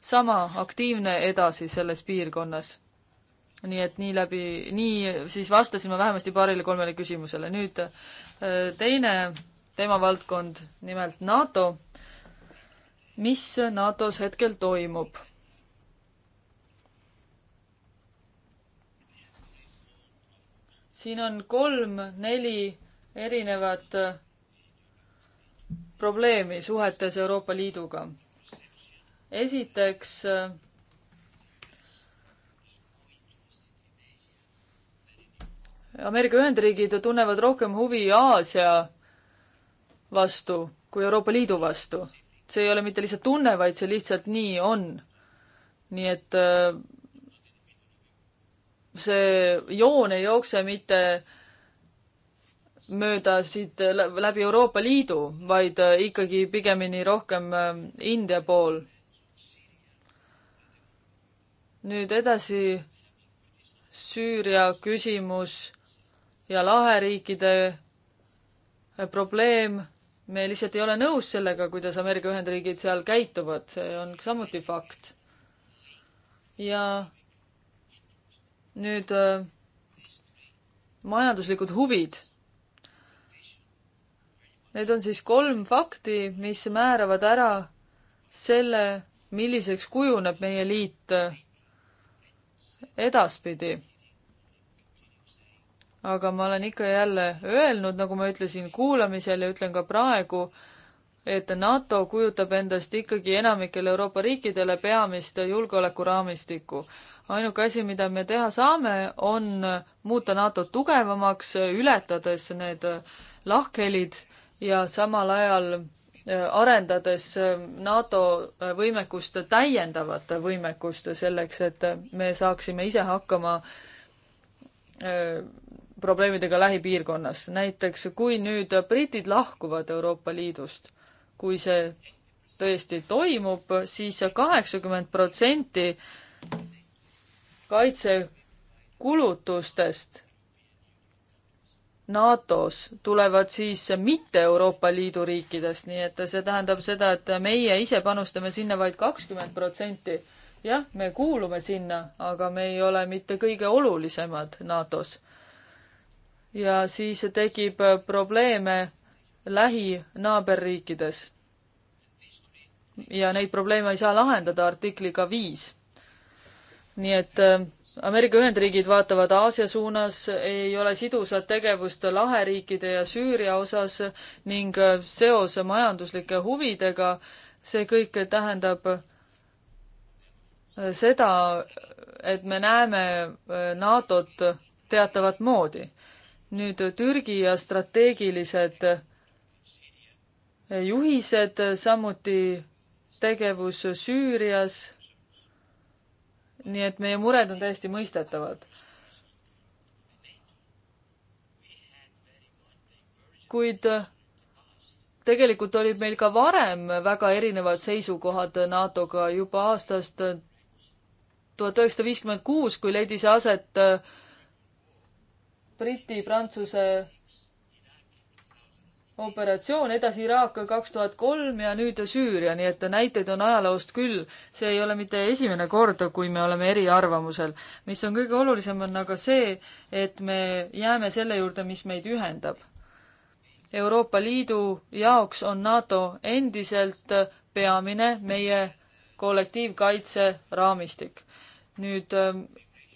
sama aktiivne edasi selles piirkonnas. nii et nii läbi, nii siis vastasin ma vähemasti paarile-kolmele küsimusele. nüüd äh, teine teemavaldkond, nimelt NATO. mis NATO-s hetkel toimub? siin on kolm-neli erinevat äh, probleemi suhetes Euroopa Liiduga. esiteks äh, Ameerika Ühendriigid tunnevad rohkem huvi Aasia vastu kui Euroopa Liidu vastu. see ei ole mitte lihtsalt tunne, vaid see lihtsalt nii on. nii et äh, see joon ei jookse mitte äh, mööda siit läbi Euroopa Liidu, vaid äh, ikkagi pigemini rohkem äh, India pool. nüüd edasi Süüria küsimus ja laheriikide äh, probleem. me lihtsalt ei ole nõus sellega, kuidas Ameerika Ühendriigid seal käituvad, see on samuti fakt. ja nüüd majanduslikud huvid Need on siis kolm fakti, mis määravad ära selle, milliseks kujuneb meie liit edaspidi. aga ma olen ikka ja jälle öelnud, nagu ma ütlesin kuulamisel ja ütlen ka praegu, et NATO kujutab endast ikkagi enamikele Euroopa riikidele peamist julgeolekuraamistikku. ainuke asi, mida me teha saame, on muuta NATO-t tugevamaks, ületades need lahkhelid ja samal ajal äh, arendades äh, NATO äh, võimekust, täiendavat võimekust selleks, et me saaksime ise hakkama probleemidega lähipiirkonnas. näiteks kui nüüd britid lahkuvad Euroopa Liidust, kui see tõesti toimub siis, siis kaheksakümmend protsenti kaitsekulutustest NATO-s tulevad siis mitte Euroopa Liidu riikidest, nii et see tähendab seda, et meie ise panustame sinna vaid kakskümmend protsenti. jah, me kuulume sinna, aga me ei ole mitte kõige olulisemad NATO-s. ja siis tekib probleeme lähinaaberriikides. ja neid probleeme ei saa lahendada artikliga viis. nii et Ameerika Ühendriigid vaatavad Aasia suunas, ei ole sidusat tegevust laheriikide ja Süüria osas ning äh, seos majanduslike huvidega, see kõik tähendab äh, seda, et me näeme äh, NATO-t teatavat moodi. nüüd Türgi ja strateegilised juhised, samuti tegevus Süürias nii et meie mured on täiesti mõistetavad. kuid äh, tegelikult olid meil ka varem väga erinevad seisukohad NATO-ga juba aastast äh, tuhat üheksasada viiskümmend kuus, kui leidis aset äh, Briti, Prantsuse operatsioon, edasi Iraak kaks tuhat kolm ja nüüd Süüria, nii et näiteid on ajaloost küll. see ei ole mitte esimene kord, kui me oleme eriarvamusel. mis on kõige olulisem, on aga see, et me jääme selle juurde, mis meid ühendab. Euroopa Liidu jaoks on NATO endiselt peamine meie kollektiivkaitse raamistik. nüüd ähm,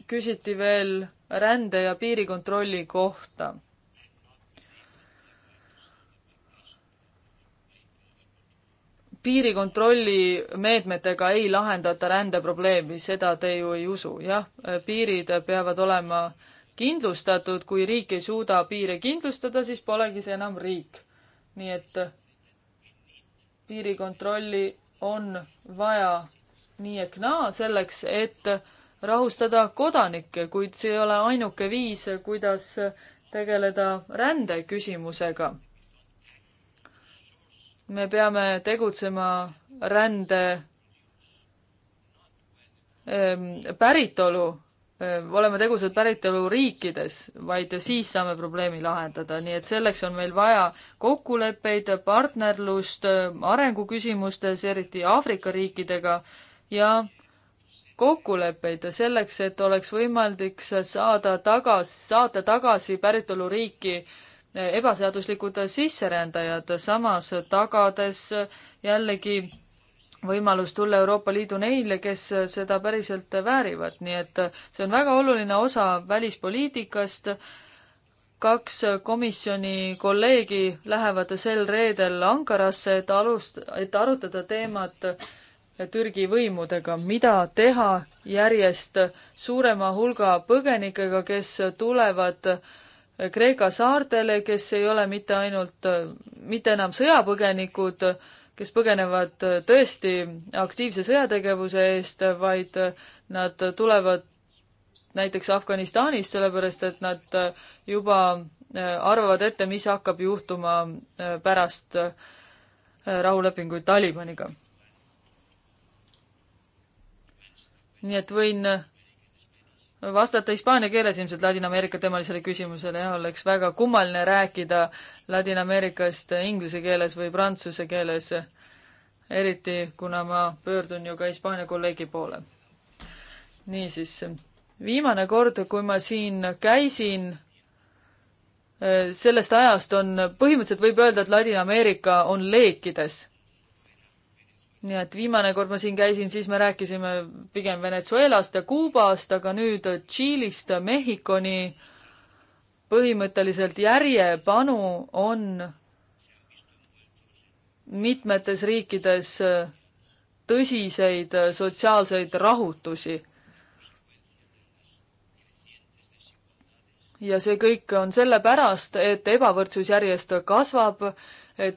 küsiti veel rände ja piirikontrolli kohta piirikontrolli meetmetega ei lahendata rändeprobleemi, seda te ju ei usu, jah, piirid peavad olema kindlustatud, kui riik ei suuda piire kindlustada, siis polegi see enam riik. nii et piirikontrolli on vaja nii ehk naa selleks, et rahustada kodanikke, kuid see ei ole ainuke viis, kuidas tegeleda rändeküsimusega me peame tegutsema rände ehm, päritolu, ehm, olema tegusad päritoluriikides, vaid siis saame probleemi lahendada, nii et selleks on meil vaja kokkuleppeid, partnerlust ehm, arenguküsimustes, eriti Aafrika riikidega, ja kokkuleppeid selleks, et oleks võimalik saada tagasi, saata tagasi päritoluriiki äh, ebaseaduslikud sisserändajad, samas tagades jällegi võimalus tulla Euroopa Liidu neile, kes seda päriselt väärivad, nii et see on väga oluline osa välispoliitikast. kaks komisjoni kolleegi lähevad sel reedel Ankarasse, et alust-, et arutada teemat Türgi võimudega, mida teha järjest suurema hulga põgenikega, kes tulevad äh, Kreeka saartele, kes ei ole mitte ainult, mitte enam sõjapõgenikud, kes põgenevad tõesti aktiivse sõjategevuse eest, vaid nad tulevad näiteks Afganistanist, sellepärast et nad juba arvavad ette, mis hakkab juhtuma pärast rahulepinguid Talibaniga. nii et võin vastata hispaania keeles ilmselt Ladina-Ameerika temalisele küsimusele, jah, oleks väga kummaline rääkida Ladina-Ameerikast inglise keeles või prantsuse keeles, eriti kuna ma pöördun ju ka Hispaania kolleegi poole. niisiis, viimane kord, kui ma siin käisin, sellest ajast on, põhimõtteliselt võib öelda, et Ladina-Ameerika on leekides nii et viimane kord ma siin käisin, siis me rääkisime pigem Venezuelast ja Kuubast, aga nüüd Tšiilist Mehhikoni põhimõtteliselt järjepanu on mitmetes riikides tõsiseid sotsiaalseid rahutusi. ja see kõik on sellepärast, et ebavõrdsus järjest kasvab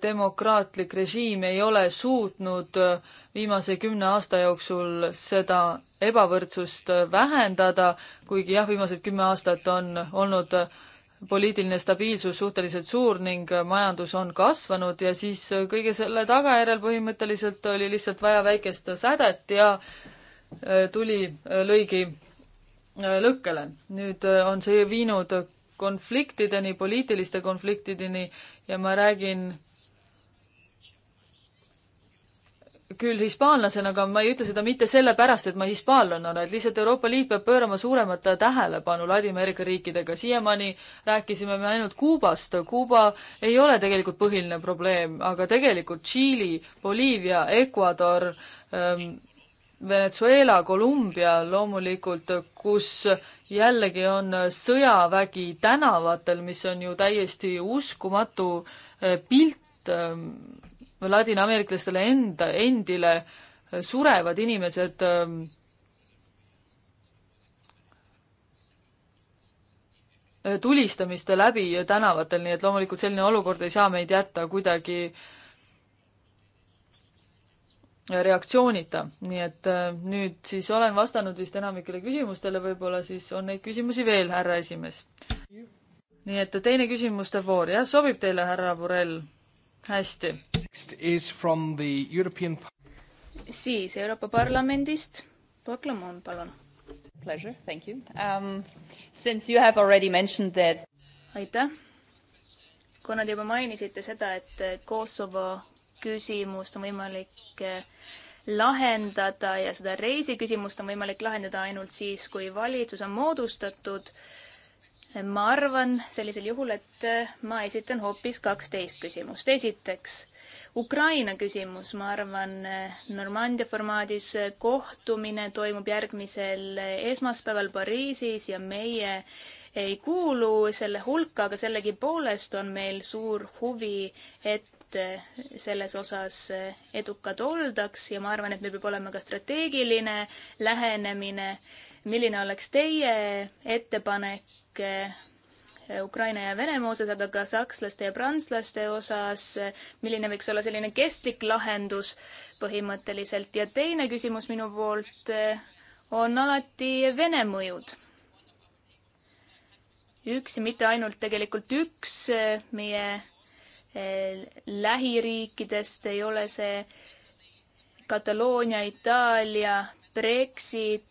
demokraatlik režiim ei ole suutnud äh, viimase kümne aasta jooksul seda ebavõrdsust äh, vähendada, kuigi jah, viimased kümme aastat on olnud äh, poliitiline stabiilsus suhteliselt suur ning majandus on kasvanud ja siis kõige selle tagajärjel põhimõtteliselt oli lihtsalt vaja väikest sädet ja tuli lõigi lõkkele. nüüd on see viinud konfliktideni, poliitiliste konfliktideni ja ma räägin küll hispaanlasena, aga ma ei ütle seda mitte sellepärast, et ma hispaanlane, et lihtsalt Euroopa Liit peab pöörama suuremat tähelepanu Ladina-Ameerika riikidega. siiamaani rääkisime me ainult Kuubast. Kuuba ei ole tegelikult põhiline probleem, aga tegelikult Tšiili, Boliivia, Ecuador ähm,, Venezuela, Kolumbia loomulikult, kus jällegi on sõjavägi tänavatel, mis on ju täiesti uskumatu äh, pilt ähm, ladinaameeriklastele enda, endile surevad inimesed ähm, tulistamiste läbi tänavatel, nii et loomulikult selline olukord ei saa meid jätta kuidagi reaktsioonita, nii et äh, nüüd siis olen vastanud vist enamikele küsimustele, võib-olla siis on neid küsimusi veel, härra esimees. nii et teine küsimuste voor, jah, sobib teile, härra Burrell? hästi. European... siis Euroopa Parlamendist, Paklamon, palun. Pleasure, thank you um,. Since you have already mentioned that. aitäh. kuna te juba mainisite seda, et Kosovo küsimust on võimalik eh, lahendada ja seda reisiküsimust on võimalik lahendada ainult siis, kui valitsus on moodustatud ma arvan sellisel juhul, et äh, ma esitan hoopis kaksteist küsimust. esiteks, Ukraina küsimus, ma arvan, äh, Normandia formaadis äh, kohtumine toimub järgmisel esmaspäeval Pariisis ja meie ei kuulu selle hulka, aga sellegipoolest on meil suur huvi, et selles osas edukad oldaks ja ma arvan, et meil peab olema ka strateegiline lähenemine. milline oleks teie ettepanek riike eh, Ukraina ja Venemaa osas, aga ka sakslaste ja prantslaste osas, eh, milline võiks olla selline kestlik lahendus põhimõtteliselt. ja teine küsimus minu poolt eh, on alati Vene mõjud üks ja mitte ainult tegelikult üks meie lähiriikidest ei ole see Kataloonia, Itaalia, Brexit,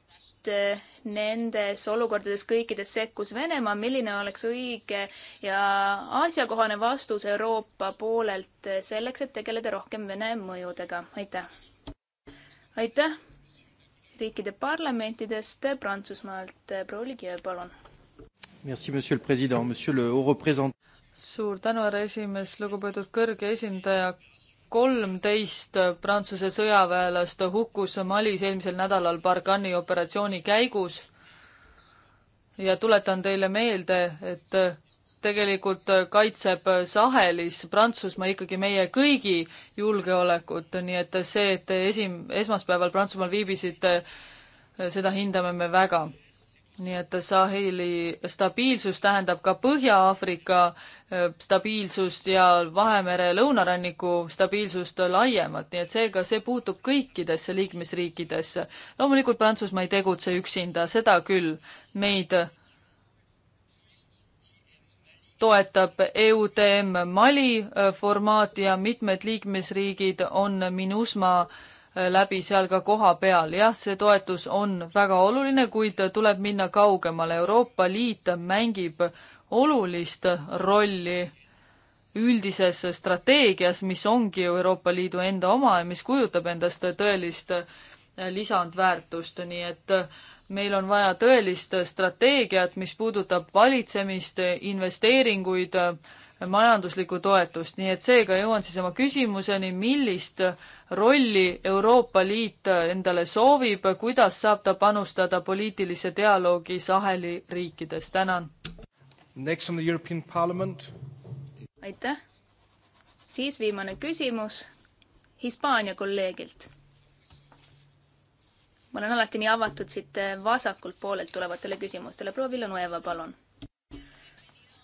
Eh, nendes olukordades kõikides sekkus Venemaa, milline oleks õige ja asjakohane vastus Euroopa poolelt selleks, et tegeleda rohkem Vene mõjudega? aitäh! aitäh! riikide parlamentidest Prantsusmaalt, proua Ligiöö, palun! Merci, monsieur le president, monsieur le haut représentant. suur tänu, härra esimees, lugupeetud kõrge esindaja, kolmteist Prantsuse sõjaväelast hukkus Malis eelmisel nädalal Barkani operatsiooni käigus. ja tuletan teile meelde, et tegelikult kaitseb Sahelis Prantsusmaa ikkagi meie kõigi julgeolekut, nii et see, et esim-, esmaspäeval Prantsusmaal viibisite, seda hindame me väga nii et Saheli stabiilsus tähendab ka Põhja-Aafrika äh, stabiilsust ja Vahemere lõunaranniku stabiilsust laiemalt, nii et seega see puutub kõikidesse liikmesriikidesse. loomulikult Prantsusmaa ei tegutse üksinda, seda küll, meid toetab EUTM Mali äh, formaat ja mitmed liikmesriigid on MINUSMA äh, läbi seal ka kohapeal. jah, see toetus on väga oluline, kuid tuleb minna kaugemale. Euroopa Liit mängib olulist rolli üldises strateegias, mis ongi ju Euroopa Liidu enda oma ja mis kujutab endast tõelist lisandväärtust, nii et meil on vaja tõelist strateegiat, mis puudutab valitsemist, investeeringuid, majanduslikku toetust, nii et seega jõuan siis oma küsimuseni, millist rolli Euroopa Liit endale soovib, kuidas saab ta panustada poliitilise dialoogi Saheli riikides, tänan. aitäh. siis viimane küsimus Hispaania kolleegilt. ma olen alati nii avatud siit vasakult poolelt tulevatele küsimustele, proua Villanueva, palun.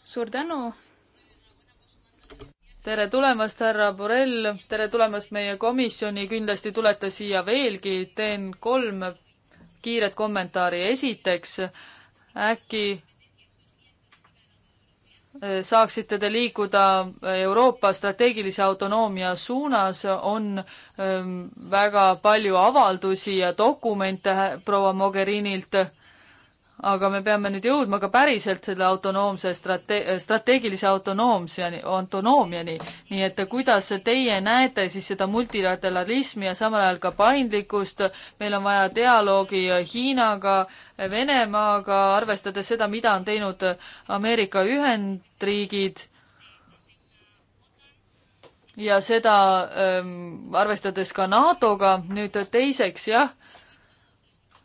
suur tänu tere tulemast, härra Borrell, tere tulemast meie komisjoni, kindlasti tulete siia veelgi, teen kolm kiiret kommentaari, esiteks äkki eh, saaksite te liikuda eh, Euroopa strateegilise autonoomia suunas, on eh, väga palju avaldusi ja dokumente proua Mogherinilt aga me peame nüüd jõudma ka päriselt selle autonoomse strate-, strateegilise autonoomsiani, autonoomiani. nii et kuidas teie näete siis seda multilateralismi ja samal ajal ka paindlikkust, meil on vaja dialoogi Hiinaga, Venemaaga, arvestades seda, mida on teinud Ameerika Ühendriigid ja seda ähm, arvestades ka NATO-ga, nüüd teiseks jah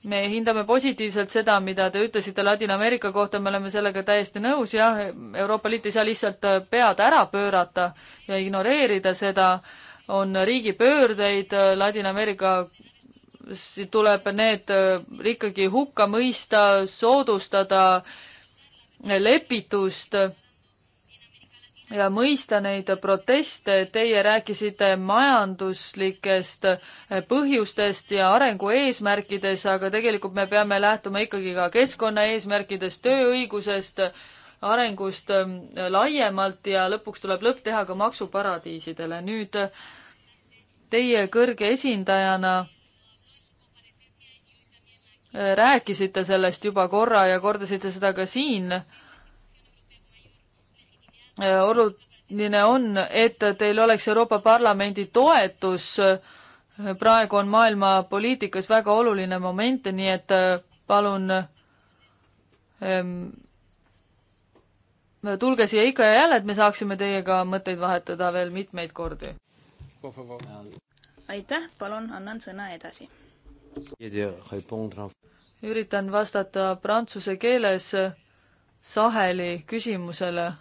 me hindame positiivselt seda, mida te ütlesite Ladina-Ameerika kohta, me oleme sellega täiesti nõus, jah, Euroopa Liit ei saa lihtsalt pead ära pöörata ja ignoreerida seda, on riigipöördeid Ladina-Ameerika tuleb need äh, ikkagi hukka mõista, soodustada lepitust ja mõista neid proteste, teie rääkisite majanduslikest eh, põhjustest ja arengu eesmärkides, aga tegelikult me peame lähtuma ikkagi ka keskkonnaeesmärkidest, tööõigusest, arengust eh, laiemalt ja lõpuks tuleb lõpp teha ka maksuparadiisidele. nüüd eh, teie kõrge esindajana rääkisite sellest juba korra ja kordasite seda ka siin Äh, oluline on, et teil oleks Euroopa Parlamendi toetus. Äh, praegu on maailma poliitikas väga oluline moment, nii et äh, palun ähm, tulge siia ikka ja jälle, et me saaksime teiega mõtteid vahetada veel mitmeid kordi. aitäh, palun annan sõna edasi. üritan vastata prantsuse keeles Saheli küsimusele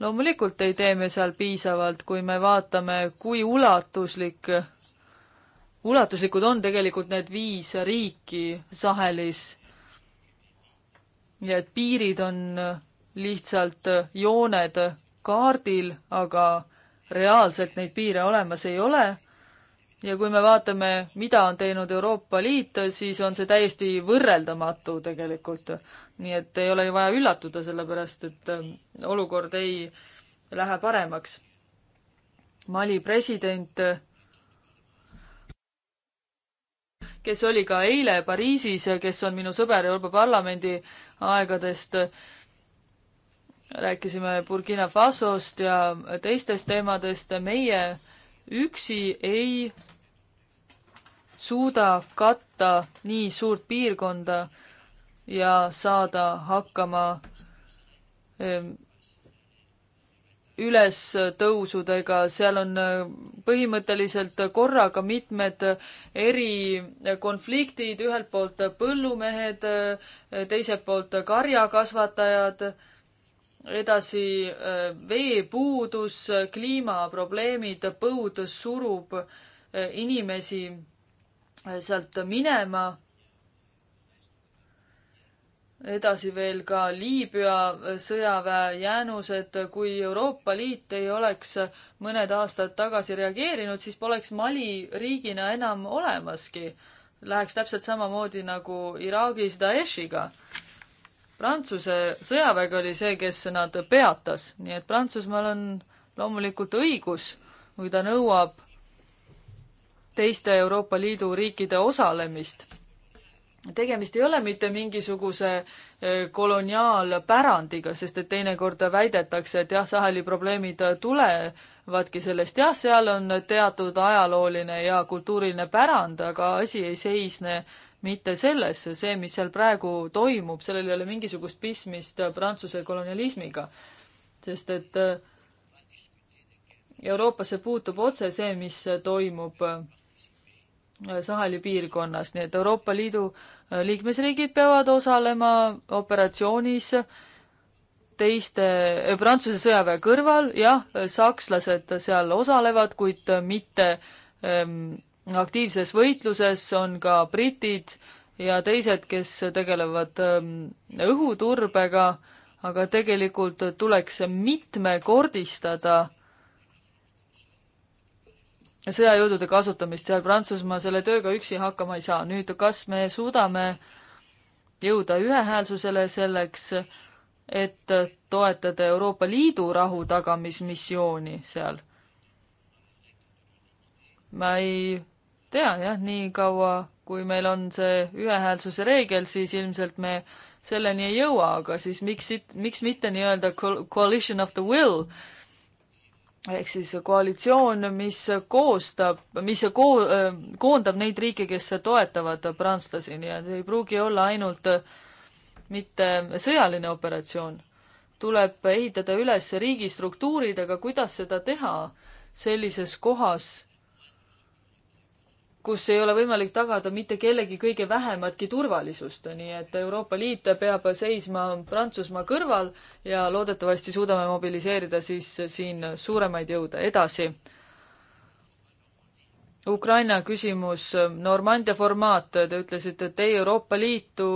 loomulikult ei tee me seal piisavalt, kui me vaatame, kui ulatuslik, ulatuslikud on tegelikult need viis riiki sahelis. ja et piirid on lihtsalt jooned kaardil, aga reaalselt neid piire olemas ei ole ja kui me vaatame, mida on teinud Euroopa Liit, siis on see täiesti võrreldamatu tegelikult. nii et ei ole ju vaja üllatuda, sellepärast et ähm, olukord ei lähe paremaks. Mali president, kes oli ka eile Pariisis ja kes on minu sõber Euroopa Parlamendi aegadest, rääkisime Burkina Fasost ja teistest teemadest, meie üksi ei suuda katta nii suurt piirkonda ja saada hakkama ehm, ülestõusudega, seal on äh, põhimõtteliselt korraga mitmed eri konfliktid, ühelt poolt põllumehed, äh, teiselt poolt karjakasvatajad, edasi äh, veepuudus, kliimaprobleemid, põud surub inimesi sealt minema. edasi veel ka Liibüa sõjaväe jäänused, kui Euroopa Liit ei oleks mõned aastad tagasi reageerinud, siis poleks Mali riigina enam olemaski. Läheks täpselt samamoodi nagu Iraagis Daeshiga. Prantsuse sõjaväge oli see, kes nad peatas, nii et Prantsusmaal on loomulikult õigus, kui ta nõuab teiste Euroopa Liidu riikide osalemist. tegemist ei ole mitte mingisuguse eh, koloniaalpärandiga, sest et teinekord väidetakse, et jah, Saheli probleemid tulevadki sellest, jah, seal on teatud ajalooline ja kultuuriline pärand, aga asi ei seisne mitte selles, see, mis seal praegu toimub, sellel ei ole mingisugust pistmist Prantsuse kolonialismiga. sest et eh, Euroopasse puutub otse see, mis toimub eh, Saheli piirkonnas, nii et Euroopa Liidu äh, liikmesriigid peavad osalema operatsioonis teiste, äh, Prantsuse sõjaväe kõrval, jah, sakslased seal osalevad, kuid mitte ähm, aktiivses võitluses, on ka britid ja teised, kes tegelevad ähm, õhuturbega, aga tegelikult tuleks mitmekordistada äh, sõjajõudude kasutamist seal Prantsusmaa selle tööga üksi hakkama ei saa. nüüd, kas me suudame jõuda ühehäälsusele selleks, et toetada Euroopa Liidu rahu tagamismissiooni seal? ma ei tea jah, nii kaua, kui meil on see ühehäälsuse reegel, siis ilmselt me selleni ei jõua, aga siis miks, miks mitte nii-öelda coalition of the will äh, ehk siis koalitsioon, mis koostab, mis ko-, koondab neid riike, kes toetavad prantslasi, nii et ei pruugi olla ainult mitte sõjaline operatsioon. tuleb ehitada üles riigistruktuurid, aga kuidas seda teha sellises kohas, kus ei ole võimalik tagada mitte kellegi kõige vähematki turvalisust, nii et Euroopa Liit peab seisma Prantsusmaa kõrval ja loodetavasti suudame mobiliseerida siis siin suuremaid jõude. edasi. Ukraina küsimus, Normandia formaat, te ütlesite, et ei, Euroopa Liitu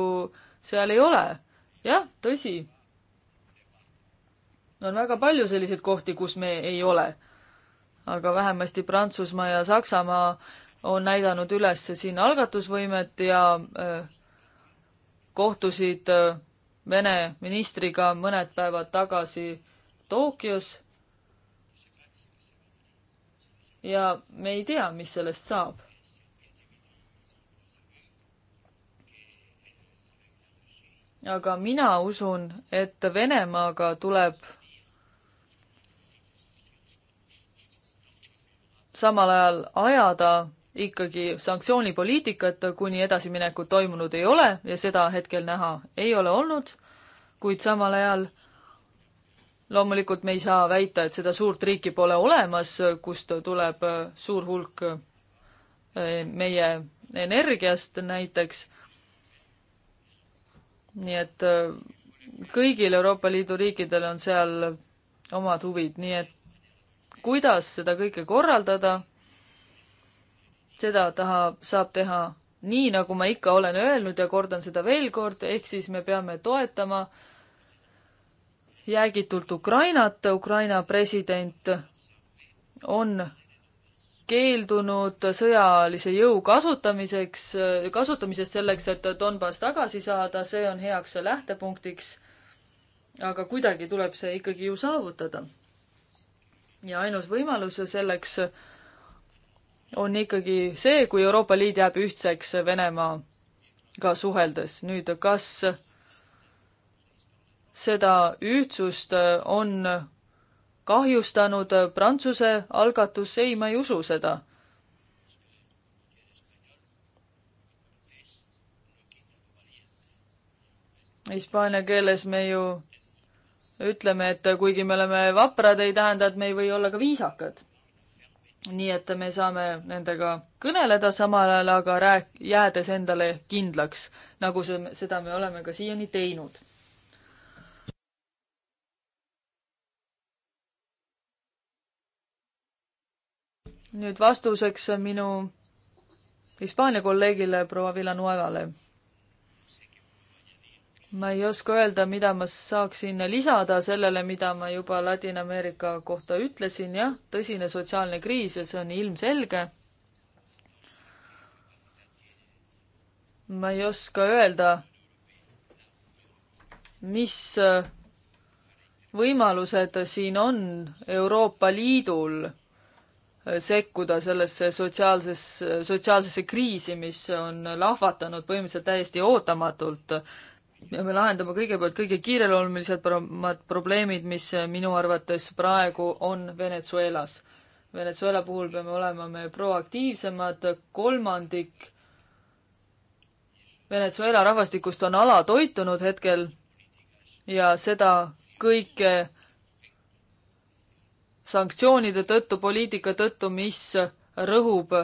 seal ei ole. jah, tõsi. on väga palju selliseid kohti, kus me ei ole. aga vähemasti Prantsusmaa ja Saksamaa äh, on näidanud üles siin algatusvõimet ja äh, kohtusid äh, Vene ministriga mõned päevad tagasi Tokyos. ja me ei tea, mis sellest saab. aga mina usun, et Venemaaga tuleb samal ajal ajada ikkagi sanktsioonipoliitikat kuni edasiminekut toimunud ei ole ja seda hetkel näha ei ole olnud, kuid samal ajal loomulikult me ei saa väita, et seda suurt riiki pole olemas, kust tuleb suur hulk eh, meie energiast näiteks. nii et eh, kõigil Euroopa Liidu riikidel on seal omad huvid, nii et kuidas seda kõike korraldada seda tahab, saab teha nii, nagu ma ikka olen öelnud ja kordan seda veel kord, ehk siis me peame toetama jäägitult Ukrainat, Ukraina president on keeldunud sõjalise jõu kasutamiseks, kasutamisest selleks, et Donbass tagasi saada, see on heaks lähtepunktiks. aga kuidagi tuleb see ikkagi ju saavutada. ja ainus võimalus selleks on ikkagi see, kui Euroopa Liit jääb ühtseks Venemaaga suheldes. nüüd, kas seda ühtsust on kahjustanud Prantsuse algatus, ei, ma ei usu seda. Hispaania keeles me ju ütleme, et kuigi me oleme vaprad, ei tähenda, et me ei või olla ka viisakad nii et me saame nendega kõneleda samal ajal, aga rääk-, jäädes endale kindlaks, nagu see, seda me oleme ka siiani teinud. nüüd vastuseks minu Hispaania kolleegile proua Villanuevale ma ei oska öelda, mida ma saaksin lisada sellele, mida ma juba Ladina-Ameerika kohta ütlesin, jah, tõsine sotsiaalne kriis ja see on ilmselge. ma ei oska öelda, mis äh, võimalused siin on Euroopa Liidul äh, sekkuda sellesse sotsiaalses, sotsiaalsesse kriisi, mis on lahvatanud põhimõtteliselt täiesti ootamatult peame lahendama kõigepealt kõige kiireloomulisemad probleemid, mis minu arvates praegu on Venezuelas. Venezuela puhul peame olema me proaktiivsemad, kolmandik Venezuela rahvastikust on alatoitunud hetkel ja seda kõike sanktsioonide tõttu, poliitika tõttu, mis rõhub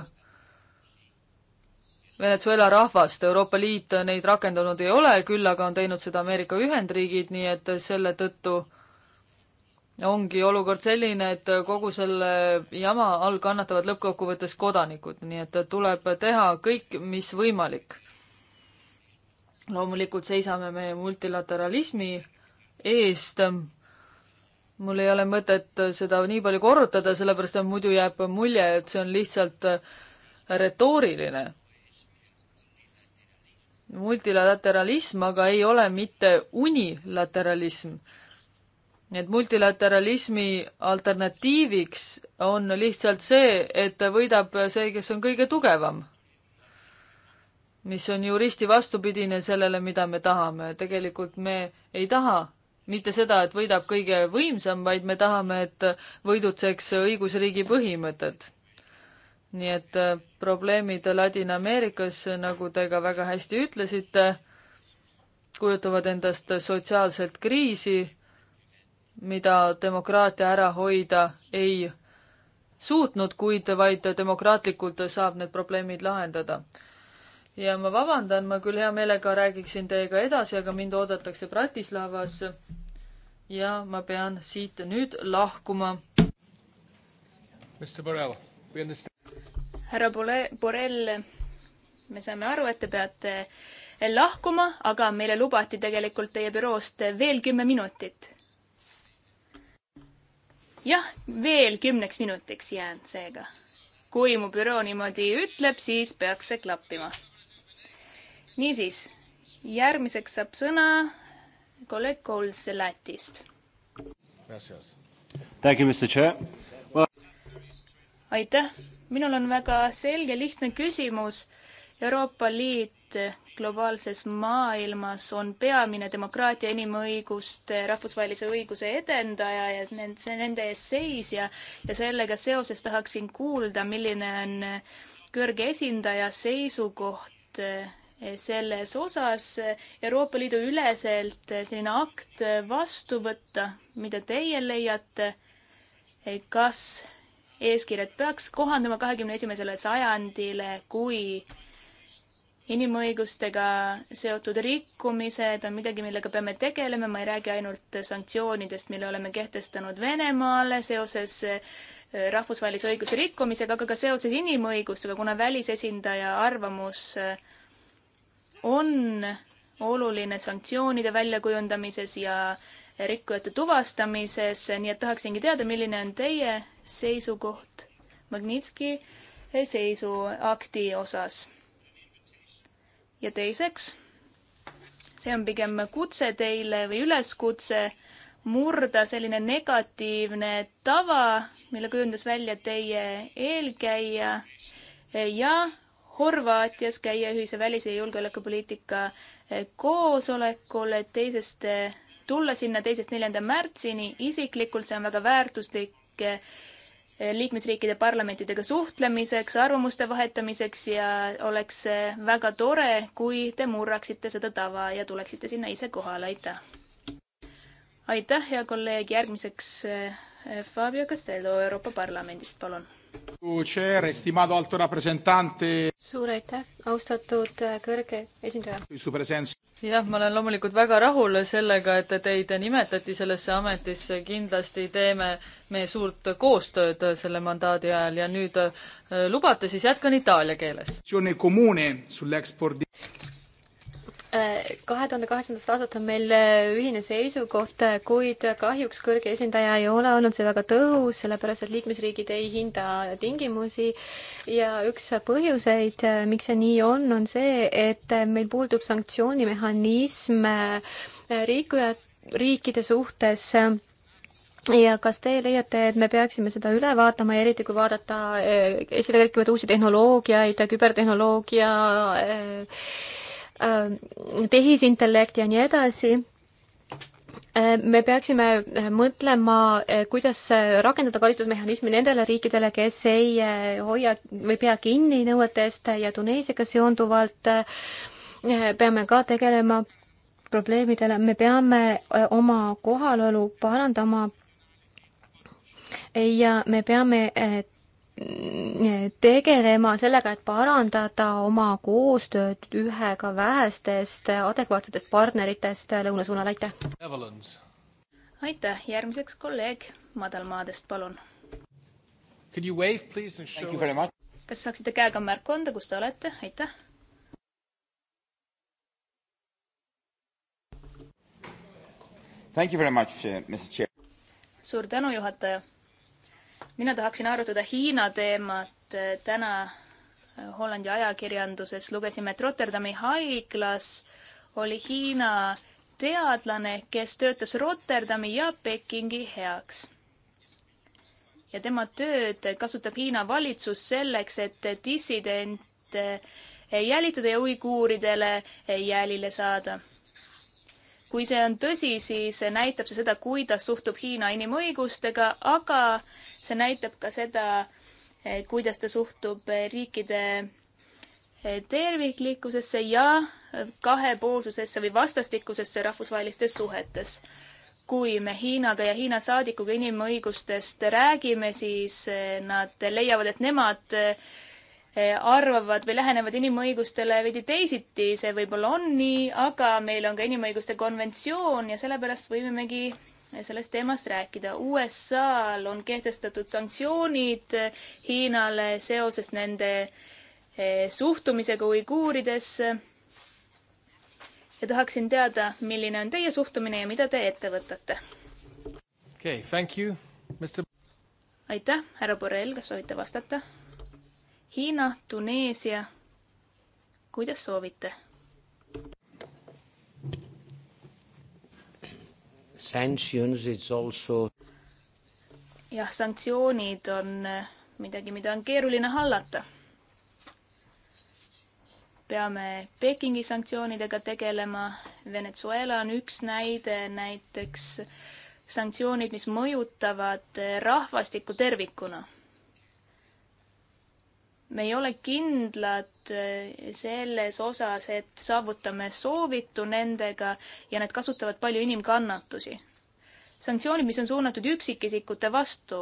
Venezuela rahvast, Euroopa Liit neid rakendanud ei ole, küll aga on teinud seda Ameerika Ühendriigid, nii et selle tõttu ongi olukord selline, et kogu selle jama all kannatavad lõppkokkuvõttes kodanikud, nii et tuleb teha kõik, mis võimalik. loomulikult seisame me multilateralismi eest. mul ei ole mõtet seda nii palju korrutada, sellepärast et muidu jääb mulje, et see on lihtsalt retooriline multilateralism aga ei ole mitte unilateralism. et multilateralismi alternatiiviks on lihtsalt see, et võidab see, kes on kõige tugevam. mis on ju risti vastupidine sellele, mida me tahame. tegelikult me ei taha mitte seda, et võidab kõige võimsam, vaid me tahame, et võidutseks õigusriigi põhimõtted. nii et äh, probleemid Ladina-Ameerikas, nagu te ka väga hästi ütlesite, kujutavad endast sotsiaalset kriisi, mida demokraatia ära hoida ei suutnud, kuid vaid demokraatlikult saab need probleemid lahendada. ja ma vabandan, ma küll hea meelega räägiksin teiega edasi, aga mind oodatakse Bratislavas ja ma pean siit nüüd lahkuma. Mr Borrell, we understand härra Borrell, me saame aru, et te peate lahkuma, aga meile lubati tegelikult teie büroost veel kümme minutit. jah, veel kümneks minutiks jään seega. kui mu büroo niimoodi ütleb, siis peaks see klappima. niisiis, järgmiseks saab sõna kolleeg Kols Lätist. aitäh, Mr Chair well.... aitäh minul on väga selge lihtne küsimus. Euroopa Liit globaalses maailmas on peamine demokraatia, inimõiguste, rahvusvahelise õiguse edendaja ja nende, nende eest seisja ja sellega seoses tahaksin kuulda, milline on kõrge esindaja seisukoht selles osas Euroopa Liidu üleselt selline akt vastu võtta, mida teie leiate, kas eeskirjad peaks kohanduma kahekümne esimesele sajandile, kui inimõigustega seotud rikkumised on midagi, millega peame tegelema, ma ei räägi ainult sanktsioonidest, mille oleme kehtestanud Venemaale seoses äh, rahvusvahelise õiguse rikkumisega, aga ka seoses inimõigustega, kuna välisesindaja arvamus äh, on oluline sanktsioonide väljakujundamises ja rikkujate tuvastamises, nii et tahaksingi teada, milline on teie seisukoht Magnitski seisuakti osas. ja teiseks, see on pigem kutse teile või üleskutse murda selline negatiivne tava, mille kujundas välja teie eelkäija ja Horvaatias käia ühise välis- ja julgeolekupoliitika koosolekul teisest, tulla sinna teisest neljanda märtsini isiklikult, see on väga väärtuslik Eh, liikmesriikide parlamentidega suhtlemiseks, arvamuste vahetamiseks ja oleks väga tore, kui te murraksite seda tava ja tuleksite sinna ise kohale, aitäh! aitäh, hea kolleeg, järgmiseks eh, eh, Fabio Castello Euroopa Parlamendist, palun! suur aitäh, austatud äh, kõrge esindaja. jah, ma olen loomulikult väga rahul sellega, et teid nimetati sellesse ametisse, kindlasti teeme me suurt koostööd selle mandaadi ajal ja nüüd äh, lubate, siis jätkan itaalia keeles kahe tuhande kaheksandast aastast on meil äh, ühine seisukoht, äh, kuid kahjuks kõrge esindaja ei ole olnud see väga tõhus, sellepärast et liikmesriigid ei hinda tingimusi. ja üks põhjuseid, äh, miks see nii on, on see, et meil puudub sanktsioonimehhanism riikujad, riikide suhtes ja kas te leiate, et me peaksime seda üle vaatama ja eriti kui vaadata esile kerkivaid uusi tehnoloogiaid, kübertehnoloogia Äh, tehisintellekt ja nii edasi äh, me peaksime äh, mõtlema, kuidas rakendada karistusmehhanismi nendele riikidele, kes ei hoia või pea kinni nõuetest ja Tuneesiaga seonduvalt peame ka tegelema probleemidele, me peame oma kohalolu parandama ja me peame tegelema sellega, et parandada oma koostööd ühega vähestest adekvaatsetest partneritest lõuna suunal, aitäh! aitäh, järgmiseks kolleeg Madalmaadest, palun! kas saaksite käega märku anda, kus te olete, aitäh! Uh, suur tänu, juhataja mina tahaksin arutada Hiina teemat. täna äh, Hollandi ajakirjanduses lugesime, et Rotterdami haiglas oli Hiina teadlane, kes töötas Rotterdami ja Pekingi heaks. ja tema tööd kasutab Hiina valitsus selleks, et dissidente äh, jälitada ja uiguuridele äh, jälile saada. kui see on tõsi, siis näitab see seda, kuidas suhtub Hiina inimõigustega, aga see näitab ka seda, eh, kuidas ta suhtub eh, riikide eh, terviklikkusesse ja kahepoolsusesse või vastastikusesse rahvusvahelistes suhetes. kui me Hiinaga ja Hiina saadikuga inimõigustest räägime, siis nad leiavad, et nemad arvavad või lähenevad inimõigustele veidi teisiti, see võib-olla on nii, aga meil on ka inimõiguste konventsioon ja sellepärast võimegi sellest teemast rääkida. USA-l on kehtestatud sanktsioonid Hiinale seoses nende eh, suhtumisega uiguuridesse. ja tahaksin teada, milline on teie suhtumine ja mida te ette võtate? okei okay,, thank you, Mr. aitäh, härra Borrell, kas soovite vastata? Hiina, Tuneesia, kuidas soovite? Sanctions, it's also jah, sanktsioonid on eh, midagi, mida on keeruline hallata. peame Pekingi sanktsioonidega tegelema. Venezuela on üks näide, näiteks sanktsioonid, mis mõjutavad eh, rahvastikku tervikuna. me ei ole kindlad, Eh, selles osas, et saavutame soovitu nendega ja need kasutavad palju inimkannatusi. sanktsioonid, mis on suunatud üksikisikute vastu,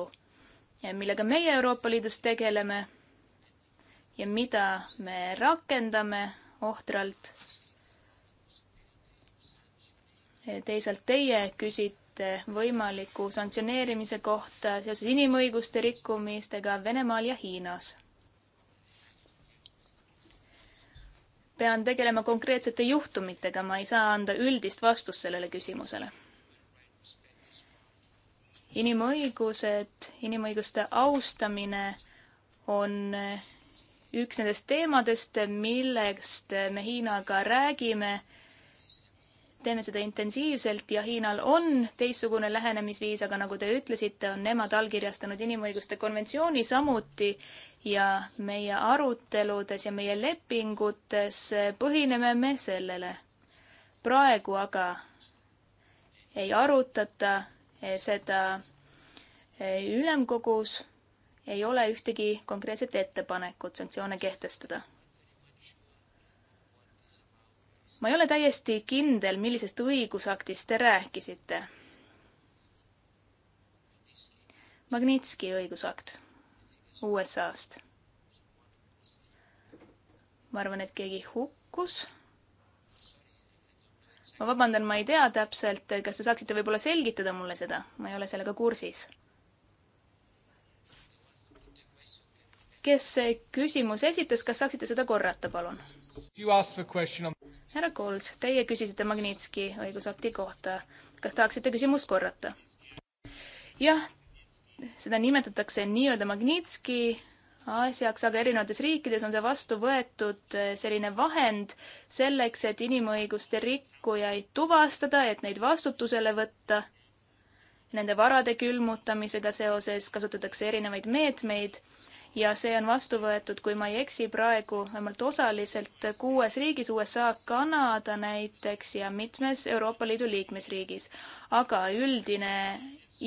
millega meie Euroopa Liidus tegeleme ja mida me rakendame ohtralt. teisalt teie küsite võimaliku sanktsioneerimise kohta seoses inimõiguste rikkumistega Venemaal ja Hiinas pean tegelema konkreetsete juhtumitega, ma ei saa anda üldist vastust sellele küsimusele. inimõigused, inimõiguste austamine on üks nendest teemadest, millest me Hiinaga räägime teeme seda intensiivselt ja Hiinal on teistsugune lähenemisviis, aga nagu te ütlesite, on nemad allkirjastanud inimõiguste konventsiooni samuti ja meie aruteludes ja meie lepingutes põhineme me sellele. praegu aga ei arutata seda ülemkogus, ei ole ühtegi konkreetset ettepanekut sanktsioone kehtestada ma ei ole täiesti kindel, millisest õigusaktist te rääkisite. Magnitski õigusakt USA-st. ma arvan, et keegi hukkus. ma vabandan, ma ei tea täpselt, kas te saaksite võib-olla selgitada mulle seda, ma ei ole sellega kursis. kes küsimuse esitas, kas saaksite seda korrata, palun? härra Kols, teie küsisite Magnitski õigusakti kohta. kas tahaksite küsimust korrata? jah, seda nimetatakse nii-öelda Magnitski asjaks, aga erinevates riikides on see vastu võetud eh, selline vahend selleks, et inimõiguste rikkujaid tuvastada, et neid vastutusele võtta. Nende varade külmutamisega seoses kasutatakse erinevaid meetmeid ja see on vastu võetud, kui ma ei eksi, praegu vähemalt osaliselt kuues riigis, USA, Kanada näiteks ja mitmes Euroopa Liidu liikmesriigis. aga üldine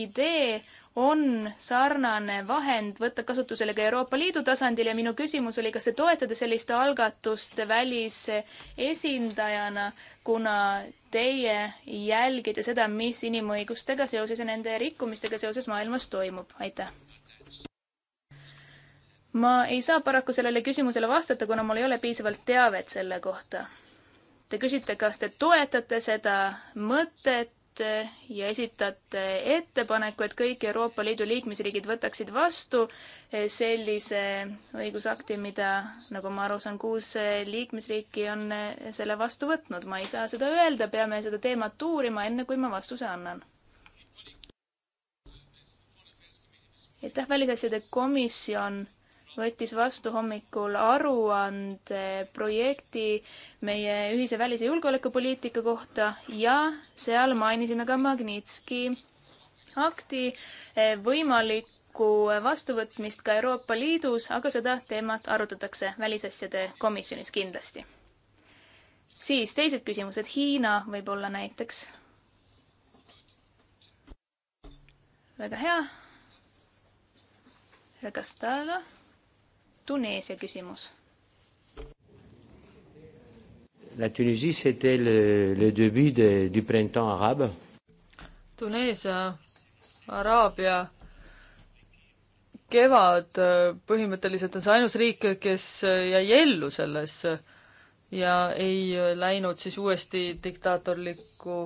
idee on sarnane vahend võtta kasutusele ka Euroopa Liidu tasandil ja minu küsimus oli, kas te toetate sellist algatust välisesindajana, kuna teie jälgite seda, mis inimõigustega seoses ja nende rikkumistega seoses maailmas toimub, aitäh! ma ei saa paraku sellele küsimusele vastata, kuna mul ei ole piisavalt teavet selle kohta. Te küsite, kas te toetate seda mõtet ja esitate ettepaneku, et kõik Euroopa Liidu liikmesriigid võtaksid vastu sellise õigusakti, mida, nagu ma aru saan, kuus liikmesriiki on selle vastu võtnud. ma ei saa seda öelda, peame seda teemat uurima, enne kui ma vastuse annan aitäh, välisasjade komisjon võttis vastu hommikul aruande projekti meie ühise välis- ja julgeolekupoliitika kohta ja seal mainisime ka Magnitski akti eh, võimalikku vastuvõtmist ka Euroopa Liidus, aga seda teemat arutatakse välisasjade komisjonis kindlasti. siis teised küsimused, Hiina võib-olla näiteks. väga hea. Regastada Tuneesia küsimus. La Tunisie, c'était le, le début de, du printemps arabe. Tuneesia, Araabia kevad, põhimõtteliselt on see ainus riik, kes jäi ellu selles ja ei läinud siis uuesti diktaatorliku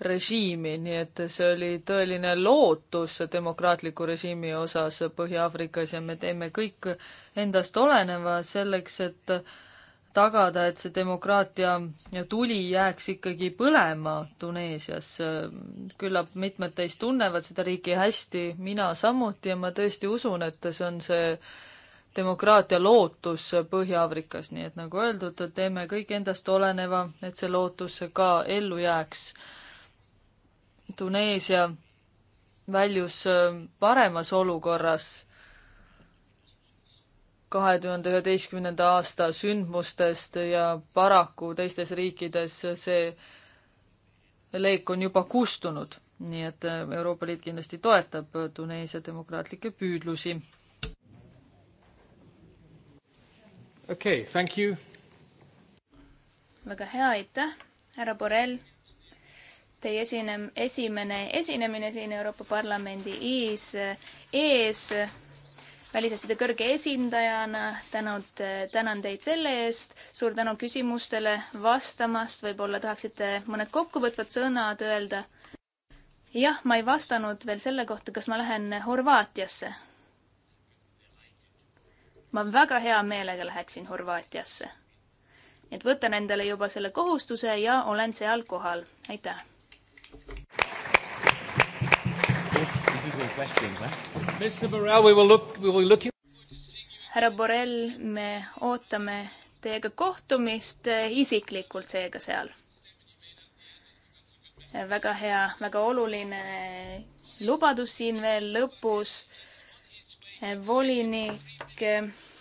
režiimi, nii et see oli tõeline lootus demokraatliku režiimi osas Põhja-Aafrikas ja me teeme kõik endast oleneva selleks, et tagada, et see demokraatia tuli jääks ikkagi põlema Tuneesias. küllap mitmed teist tunnevad seda riiki hästi, mina samuti ja ma tõesti usun, et see on see demokraatia lootus Põhja-Aafrikas, nii et nagu öeldud, teeme kõik endast oleneva, et see lootus ka ellu jääks Tuneesia väljus äh, paremas olukorras kahe tuhande üheteistkümnenda aasta sündmustest ja paraku teistes riikides see leek on juba kustunud. nii et äh, Euroopa Liit kindlasti toetab Tuneesia demokraatlikke püüdlusi. okei okay,, thank you. väga hea, aitäh, härra Borrell teie esinem-, esimene esinemine siin Euroopa Parlamendi ees, ees välisasjade kõrge esindajana. tänud, tänan teid selle eest. suur tänu küsimustele vastamast. võib-olla tahaksite mõned kokkuvõtvad sõnad öelda? jah, ma ei vastanud veel selle kohta, kas ma lähen Horvaatiasse. ma väga hea meelega läheksin Horvaatiasse. et võtan endale juba selle kohustuse ja olen seal kohal. aitäh! härra Borrell, me ootame teiega kohtumist eh, isiklikult seega seal. Eh, väga hea, väga oluline lubadus siin veel lõpus. Eh, volinik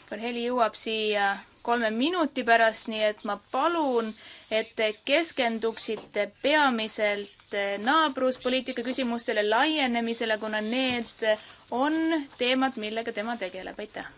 Korneli jõuab siia kolme minuti pärast, nii et ma palun et te keskenduksite peamiselt eh, naabruspoliitika küsimustele, laienemisele, kuna need on teemad, millega tema tegeleb. aitäh!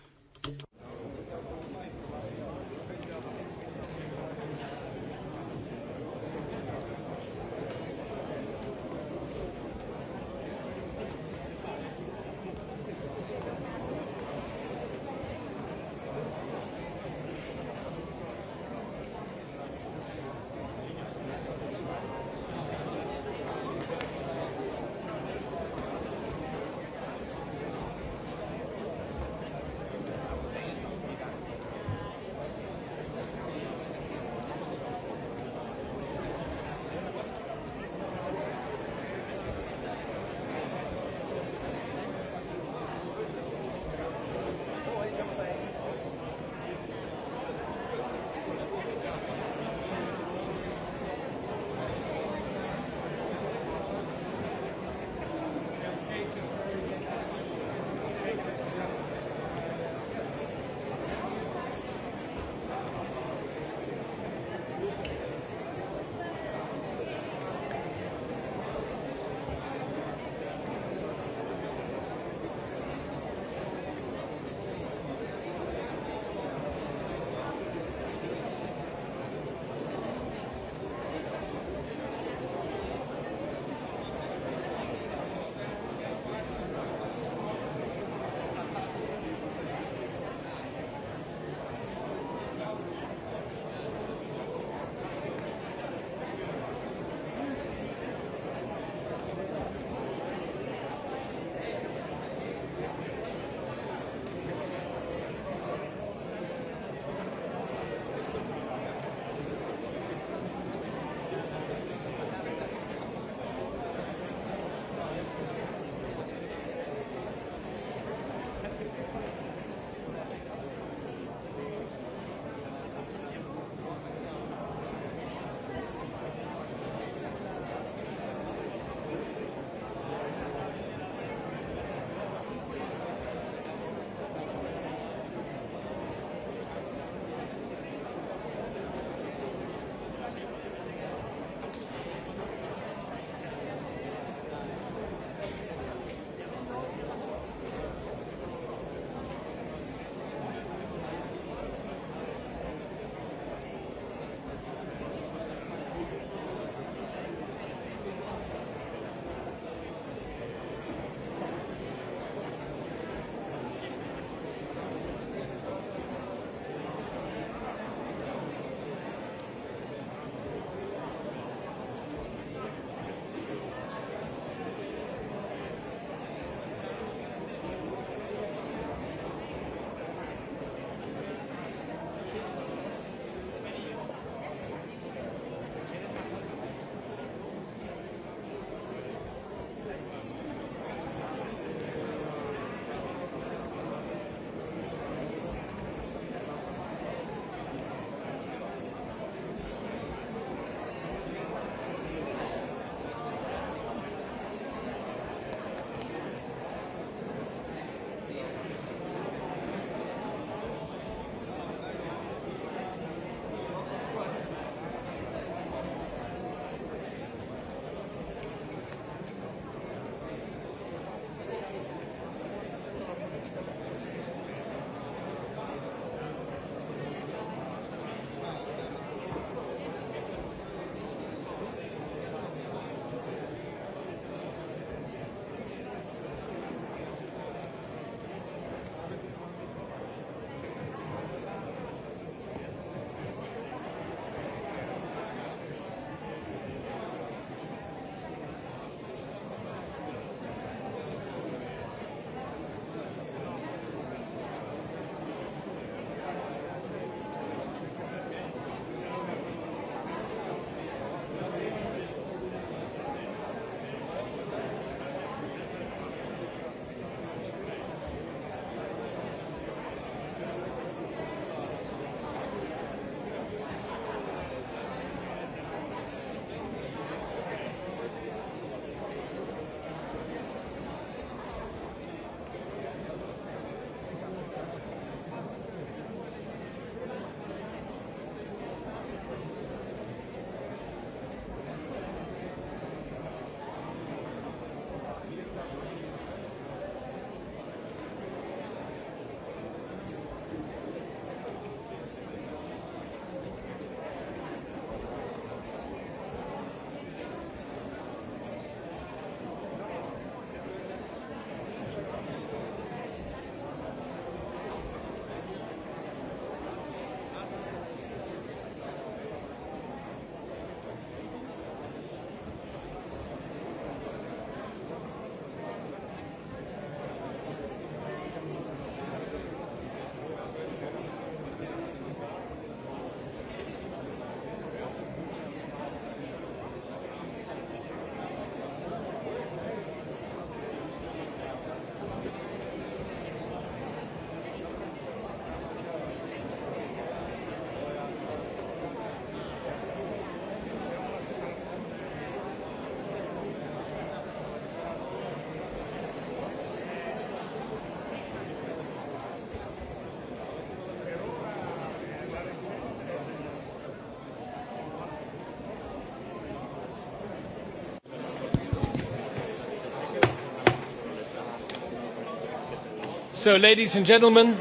So ladies and gentlemen.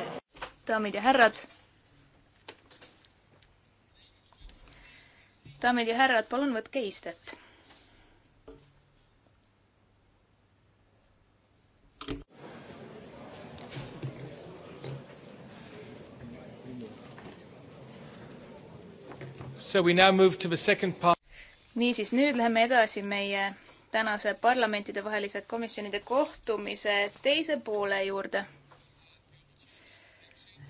daamid ja härrad. daamid ja härrad, palun võtke istet. So we now move to the second part. niisiis, nüüd läheme edasi meie tänase parlamentidevahelise komisjonide kohtumise teise poole juurde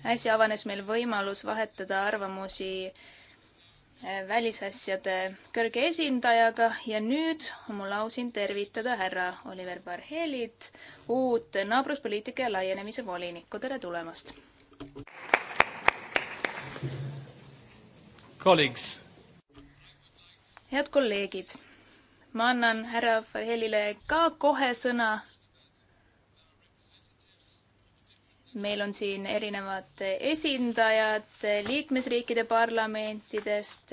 äsja avanes meil võimalus vahetada arvamusi äh, välisasjade kõrge esindajaga ja nüüd on mul au siin tervitada härra Oliver Barhelit, uut naabruspoliitika ja laienemise volinikku. tere tulemast! Colleagues. head kolleegid, ma annan härra Farhelile ka kohe sõna meil on siin erinevad esindajad liikmesriikide parlamentidest,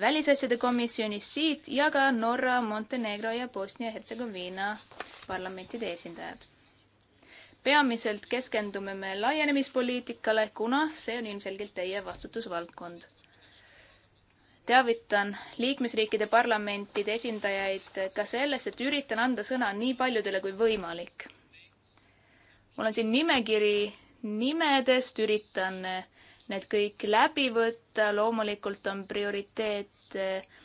välisasjade komisjonist siit ja ka Norra, Montenegro ja Bosnia-Hertsegoviina parlamentide esindajad. peamiselt keskendume me laienemispoliitikale, kuna see on ilmselgelt teie vastutusvaldkond teavitan liikmesriikide parlamentide esindajaid ka sellest, et üritan anda sõna nii paljudele kui võimalik mul on siin nimekiri nimedest, üritan need kõik läbi võtta, loomulikult on prioriteet eh,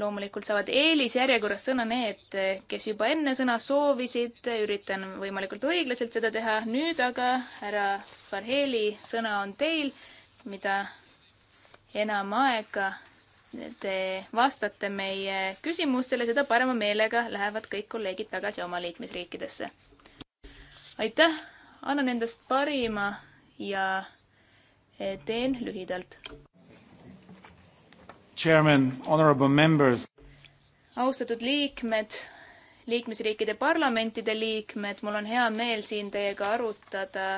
loomulikult saavad eelisjärjekorras sõna need, kes juba enne sõna soovisid, üritan võimalikult õiglaselt seda teha, nüüd aga härra Farheli sõna on teil, mida enam aega te vastate meie küsimustele, seda parema meelega lähevad kõik kolleegid tagasi oma liikmesriikidesse aitäh, annan endast parima ja eh, teen lühidalt. Chairman, honorable members. austatud liikmed, liikmesriikide parlamentide liikmed, mul on hea meel siin teiega arutada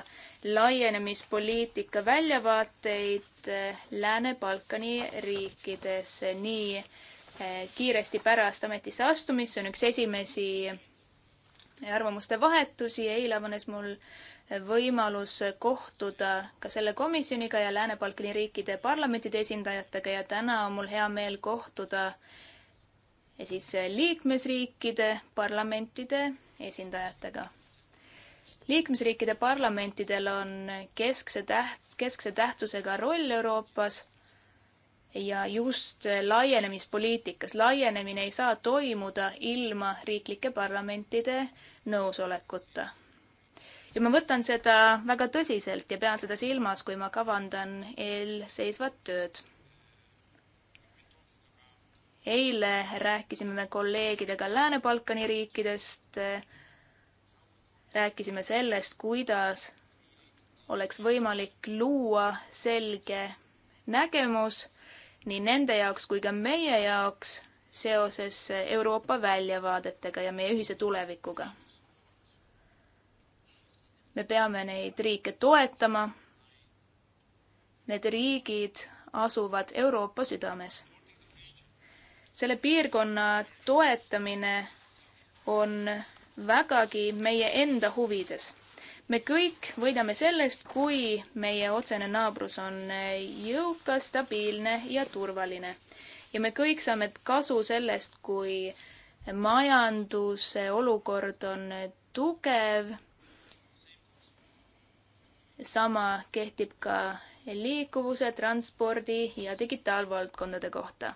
laienemispoliitika väljavaateid eh, Lääne-Balkani riikides nii eh, kiiresti pärast ametisse astumist, see on üks esimesi arvamuste vahetusi. eile avanes mul võimalus kohtuda ka selle komisjoniga ja Lääne-Balkani riikide parlamentide esindajatega ja täna on mul hea meel kohtuda siis liikmesriikide parlamentide esindajatega. liikmesriikide parlamentidel on keskse täht-, keskse tähtsusega roll Euroopas ja just laienemispoliitikas. laienemine ei saa toimuda ilma riiklike parlamentide nõusolekuta. ja ma võtan seda väga tõsiselt ja pean seda silmas, kui ma kavandan eelseisvat tööd. eile rääkisime me kolleegidega Lääne-Balkani riikidest, rääkisime sellest, kuidas oleks võimalik luua selge nägemus nii nende jaoks kui ka meie jaoks seoses Euroopa väljavaadetega ja meie ühise tulevikuga. me peame neid riike toetama. Need riigid asuvad Euroopa südames. selle piirkonna toetamine on vägagi meie enda huvides me kõik võidame sellest, kui meie otsene naabrus on jõukas, stabiilne ja turvaline. ja me kõik saame kasu sellest, kui majanduse olukord on tugev. sama kehtib ka liikuvuse, transpordi ja digitaalvaldkondade kohta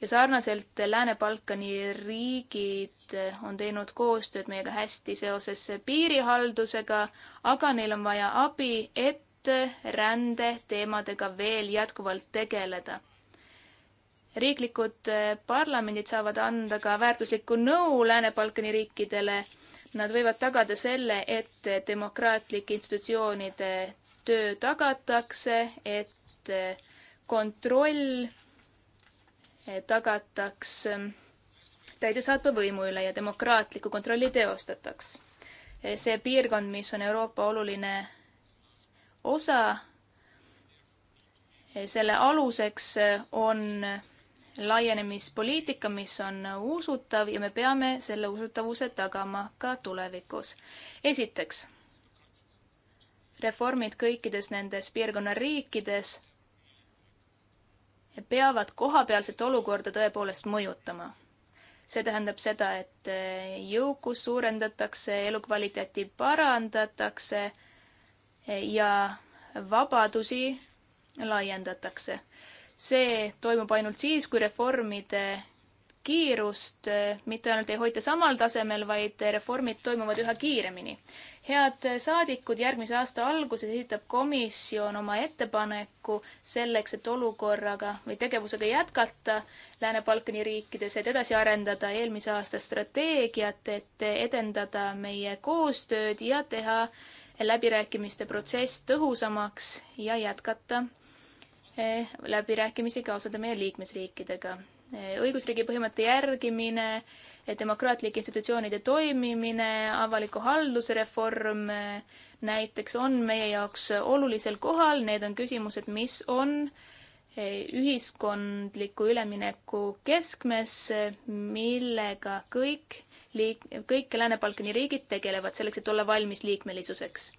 ja sarnaselt Lääne-Balkani riigid on teinud koostööd meiega hästi seoses piirihaldusega, aga neil on vaja abi, et rändeteemadega veel jätkuvalt tegeleda. riiklikud parlamendid saavad anda ka väärtuslikku nõu Lääne-Balkani riikidele. Nad võivad tagada selle, et demokraatlike institutsioonide töö tagatakse, et kontroll tagataks täidesaatva võimu üle ja demokraatliku kontrolli teostataks. see piirkond, mis on Euroopa oluline osa, selle aluseks on laienemispoliitika, mis on usutav ja me peame selle usutavuse tagama ka tulevikus. esiteks, reformid kõikides nendes piirkonna riikides peavad kohapealset olukorda tõepoolest mõjutama. see tähendab seda, et eh, jõukus suurendatakse, elukvaliteeti parandatakse eh, ja vabadusi laiendatakse. see toimub ainult siis, kui reformide kiirust äh, mitte ainult ei hoita samal tasemel, vaid äh, reformid toimuvad üha kiiremini. head äh, saadikud, järgmise aasta alguses esitab komisjon oma ettepaneku selleks, et olukorraga või tegevusega jätkata Lääne-Balkani riikides, et edasi arendada eelmise aasta strateegiat, et edendada meie koostööd ja teha läbirääkimiste protsess tõhusamaks ja jätkata läbirääkimisi ka osade meie liikmesriikidega õigusriigi põhimõtte järgimine, demokraatlike institutsioonide toimimine, avaliku halduse reform näiteks on meie jaoks olulisel kohal, need on küsimused, mis on eh, ühiskondliku ülemineku keskmes, millega kõik liik-, kõik Lääne-Balkani riigid tegelevad selleks, et olla valmis liikmelisuseks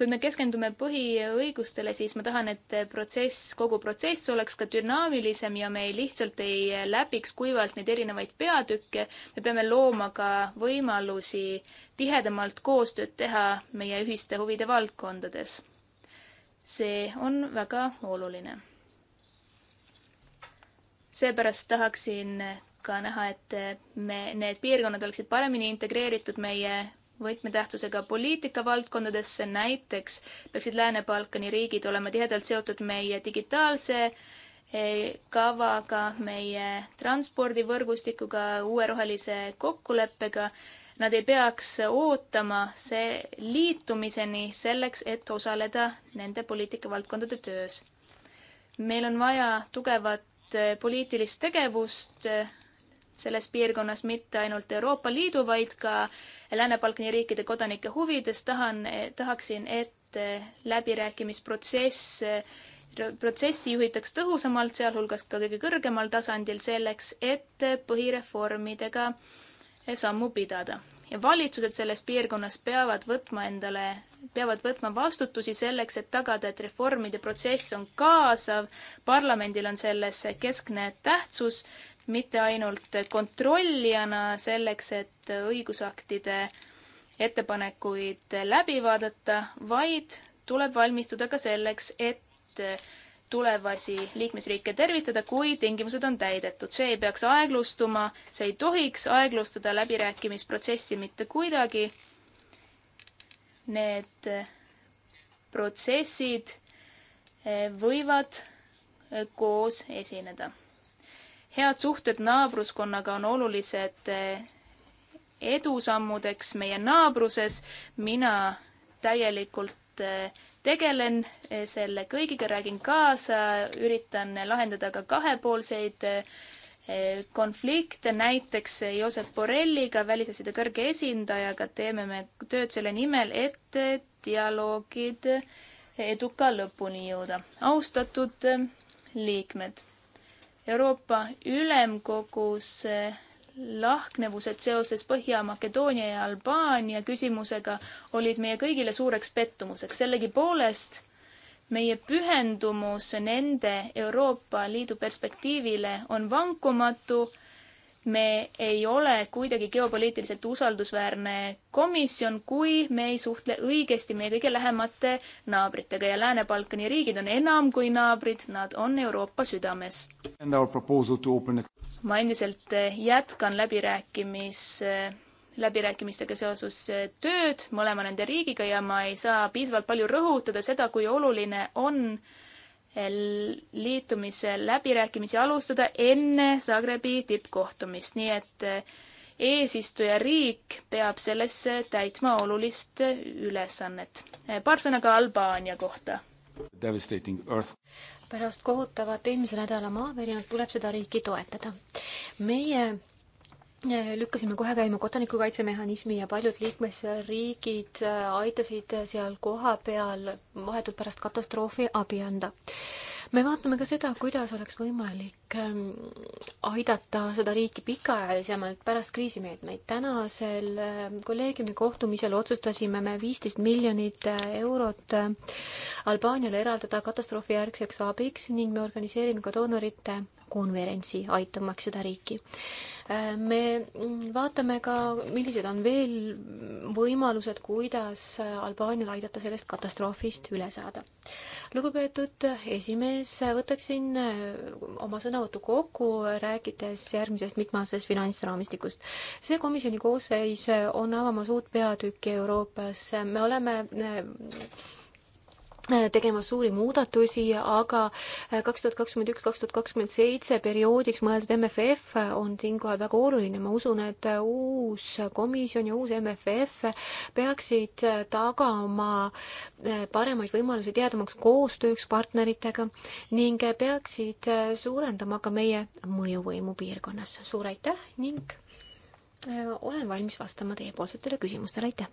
kui me keskendume põhiõigustele, siis ma tahan, et protsess, kogu protsess oleks ka dünaamilisem ja me ei lihtsalt ei läbiks kuivalt neid erinevaid peatükke. me peame looma ka võimalusi tihedamalt koostööd teha meie ühiste huvide valdkondades. see on väga oluline. seepärast tahaksin ka näha, et me, need piirkonnad oleksid paremini integreeritud meie võtmetähtsusega poliitikavaldkondadesse, näiteks peaksid Lääne-Balkani riigid olema tihedalt seotud meie digitaalse eh, kavaga, meie transpordivõrgustikuga, uue rohelise kokkuleppega. Nad ei peaks ootama see liitumiseni selleks, et osaleda nende poliitikavaldkondade töös. meil on vaja tugevat eh, poliitilist tegevust eh, selles piirkonnas mitte ainult Euroopa Liidu, vaid ka Lääne-Balkani riikide kodanike huvides. tahan, tahaksin, et läbirääkimisprotsess, protsessi juhitaks tõhusamalt, sealhulgas ka kõige kõrgemal tasandil, selleks et põhireformidega sammu pidada. ja valitsused selles piirkonnas peavad võtma endale, peavad võtma vastutusi selleks, et tagada, et reformide protsess on kaasav, parlamendil on selles keskne tähtsus mitte ainult kontrollijana selleks, et õigusaktide ettepanekuid läbi vaadata, vaid tuleb valmistuda ka selleks, et tulevasi liikmesriike tervitada, kui tingimused on täidetud. see ei peaks aeglustuma, see ei tohiks aeglustada läbirääkimisprotsessi mitte kuidagi. Need protsessid võivad koos esineda head suhted naabruskonnaga on olulised eh, edusammudeks meie naabruses. mina täielikult eh, tegelen eh, selle kõigiga, räägin kaasa, üritan lahendada ka kahepoolseid konflikte, näiteks Josep Borrelliga, välisasjade kõrge esindajaga, teeme me tööd selle nimel, et dialoogid eduka lõpuni jõuda. austatud liikmed Euroopa Ülemkogus lahknevused seoses Põhja-Makedoonia ja Albaania küsimusega olid meie kõigile suureks pettumuseks. sellegipoolest meie pühendumus nende Euroopa Liidu perspektiivile on vankumatu me ei ole kuidagi geopoliitiliselt usaldusväärne komisjon, kui me ei suhtle õigesti meie kõige lähemate naabritega ja Lääne-Balkani riigid on enam kui naabrid, nad on Euroopa südames. ma endiselt eh, jätkan läbirääkimis, eh, läbirääkimistega seoses eh, tööd mõlema nende riigiga ja ma ei saa piisavalt palju rõhutada seda, kui oluline on äh, liitumise läbirääkimisi alustada enne Zagrebi tippkohtumist, nii et eh, eesistujariik peab sellesse täitma olulist eh, ülesannet. Eh, paar sõna ka Albaania kohta. pärast kohutavat eelmise nädala maavärinat tuleb seda riiki toetada. meie lükkasime kohe käima kodanikukaitsemehhanismi ja paljud liikmesriigid äh, aitasid äh, seal kohapeal vahetult pärast katastroofi abi anda me vaatame ka seda, kuidas oleks võimalik ähm, aidata seda riiki pikaajalisemalt pärast kriisimeetmeid. tänasel ähm, kolleegiumi kohtumisel otsustasime me viisteist miljonit äh, eurot Albaaniale eraldada katastroofijärgseks abiks ning me organiseerime ka doonorite konverentsi, aitamaks seda riiki. Äh, me vaatame ka, millised on veel võimalused, kuidas Albaanial aidata sellest katastroofist üle saada. lugupeetud esimees, võtaksin äh, oma sõnavõtu kokku, rääkides järgmisest mitmeaastasest finantsraamistikust. see komisjoni koosseis on avamas uut peatükki Euroopas, me oleme äh, Äh, tegema suuri muudatusi, aga äh, kaks tuhat kakskümmend üks, kaks tuhat kakskümmend seitse perioodiks mõeldud MFF on siinkohal väga oluline, ma usun, et uus komisjon ja uus MFF peaksid äh, tagama paremaid võimalusi tihedamaks koostööks partneritega ning peaksid suurendama ka meie mõjuvõimu piirkonnas. suur aitäh ning Äh, olen valmis vastama teiepoolsetele küsimustele, aitäh!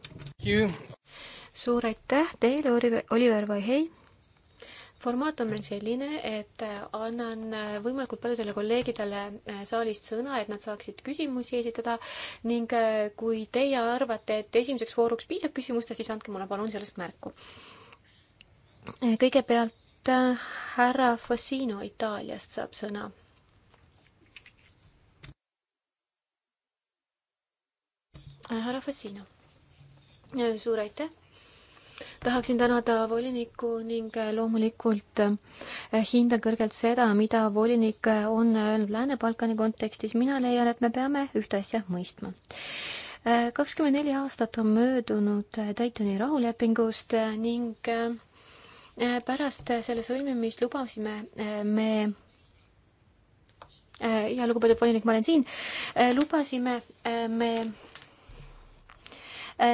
suur aitäh teile, Oliver, Oliver Vaihei! formaat on meil selline, et äh, annan äh, võimalikult paljudele kolleegidele saalist sõna, et nad saaksid küsimusi esitada ning kui teie arvate, et esimeseks vooruks piisab küsimustest, siis andke mulle palun sellest märku. kõigepealt härra Fassino Itaaliast saab sõna. Äh, härra Fassino. Äh, suur aitäh! tahaksin tänada volinikku ning äh, loomulikult hindan kõrgelt seda, mida volinik on öelnud Lääne-Balkani kontekstis. mina leian, et me peame ühte asja mõistma. kakskümmend neli aastat on möödunud Daytoni rahulepingust ning pärast selle sõlmimist lubasime me ja lugupeetud volinik, ma olen siin, lubasime me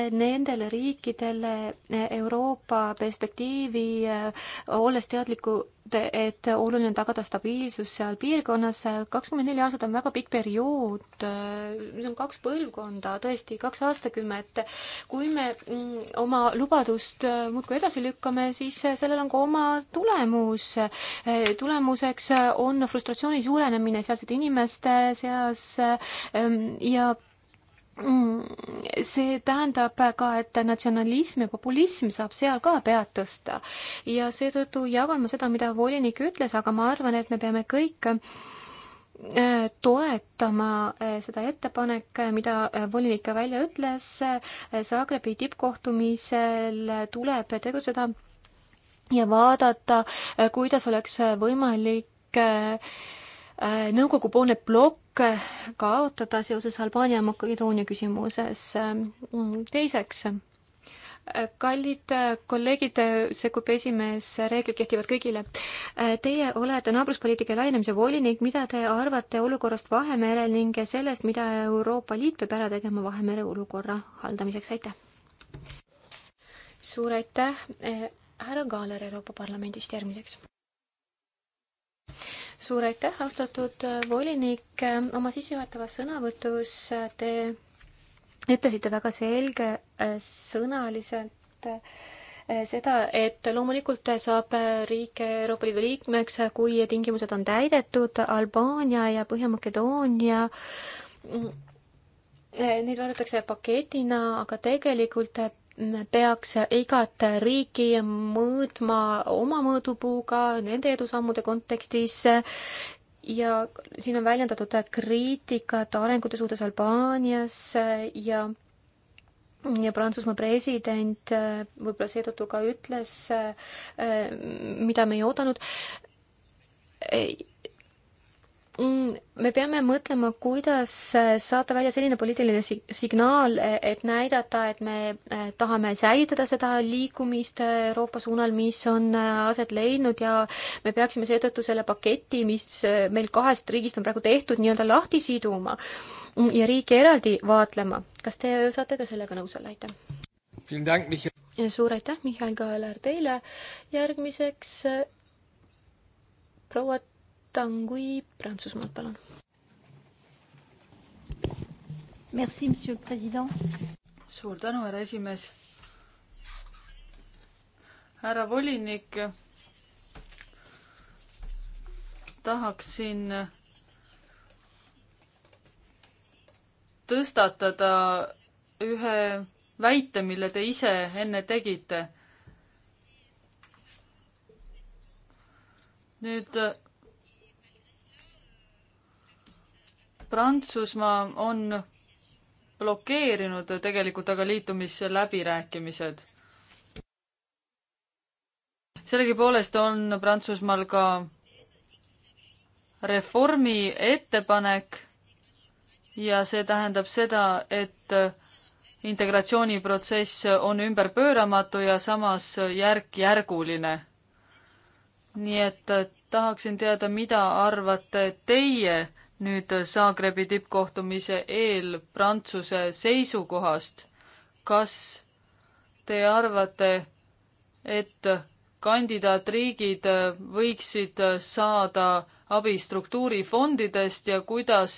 nendele riikidele eh, Euroopa perspektiivi, eh, olles teadlikud, et oluline on tagada stabiilsus seal piirkonnas, eh, kakskümmend neli aastat on väga pikk periood, see on kaks põlvkonda, tõesti kaks aastakümmet. kui me mm, oma lubadust muudkui edasi lükkame, siis sellel on ka oma tulemus. tulemuseks on frustratsiooni suurenemine sealsete inimeste seas mm, ja Mm, see tähendab ka, et natsionalism ja populism saab seal ka pead tõsta ja seetõttu jagame seda, mida volinik ütles, aga ma arvan, et me peame kõik äh, toetama äh, seda ettepanek, mida äh, volinik ka välja ütles, Zagrebi tippkohtumisel tuleb tegutseda ja vaadata, kuidas oleks võimalik nõukogupoolne plokk tõuke äh, kaotada seoses Albaania ja Makedoonia küsimuses. Ähm, teiseks, äh, kallid äh, kolleegid, sekkub esimees, reeglid kehtivad kõigile. Teie olete naabruspoliitika laienemise volinik, mida te arvate olukorrast Vahemerel ning sellest, mida Euroopa Liit peab ära tegema Vahemere olukorra haldamiseks, aitäh! suur aitäh, härra Kaaler Euroopa Parlamendist järgmiseks! suur aitäh, austatud äh, volinik, äh, oma sissejuhatavas sõnavõtus äh, te ütlesite väga selge sõnaliselt seda, et loomulikult saab riik Euroopa Liidu liikmeks, kui tingimused on täidetud, Albaania ja Põhja-Makedoonia mm, Neid vaadatakse paketina, aga tegelikult peaks igat riiki mõõtma oma mõõdupuuga nende edusammude kontekstis ja siin on väljendatud kriitikat arengute suhtes Albaanias ja ja Prantsusmaa president võib-olla seetõttu ka ütles, eh, mida me ei oodanud Mm, me peame mõtlema, kuidas äh, saada välja selline poliitiline signaal, e-, et näidata, et me äh, tahame säilitada seda liikumist äh, Euroopa suunal, mis on aset leidnud ja me peaksime seetõttu selle paketi, mis meil kahest riigist on praegu tehtud, nii-öelda lahti siduma mm, ja riiki eraldi vaatlema. kas te saate ka sellega nõus olla, aitäh! suur aitäh, Mihhail Kaelar, teile! järgmiseks proua Tangui Prantsusmaalt, palun. Merci, monsieur president. suur tänu, härra esimees. härra volinik, tahaksin tõstatada ühe väite, mille te ise enne tegite. nüüd Prantsusmaa on blokeerinud tegelikult aga liitumisläbirääkimised. sellegipoolest on Prantsusmaal ka reformi ettepanek ja see tähendab seda, et integratsiooniprotsess on ümberpööramatu ja samas järk-järguline. nii et tahaksin teada, mida arvate teie nüüd Zagrebi tippkohtumise eel Prantsuse seisukohast. kas te arvate, et kandidaatriigid võiksid saada abi struktuurifondidest ja kuidas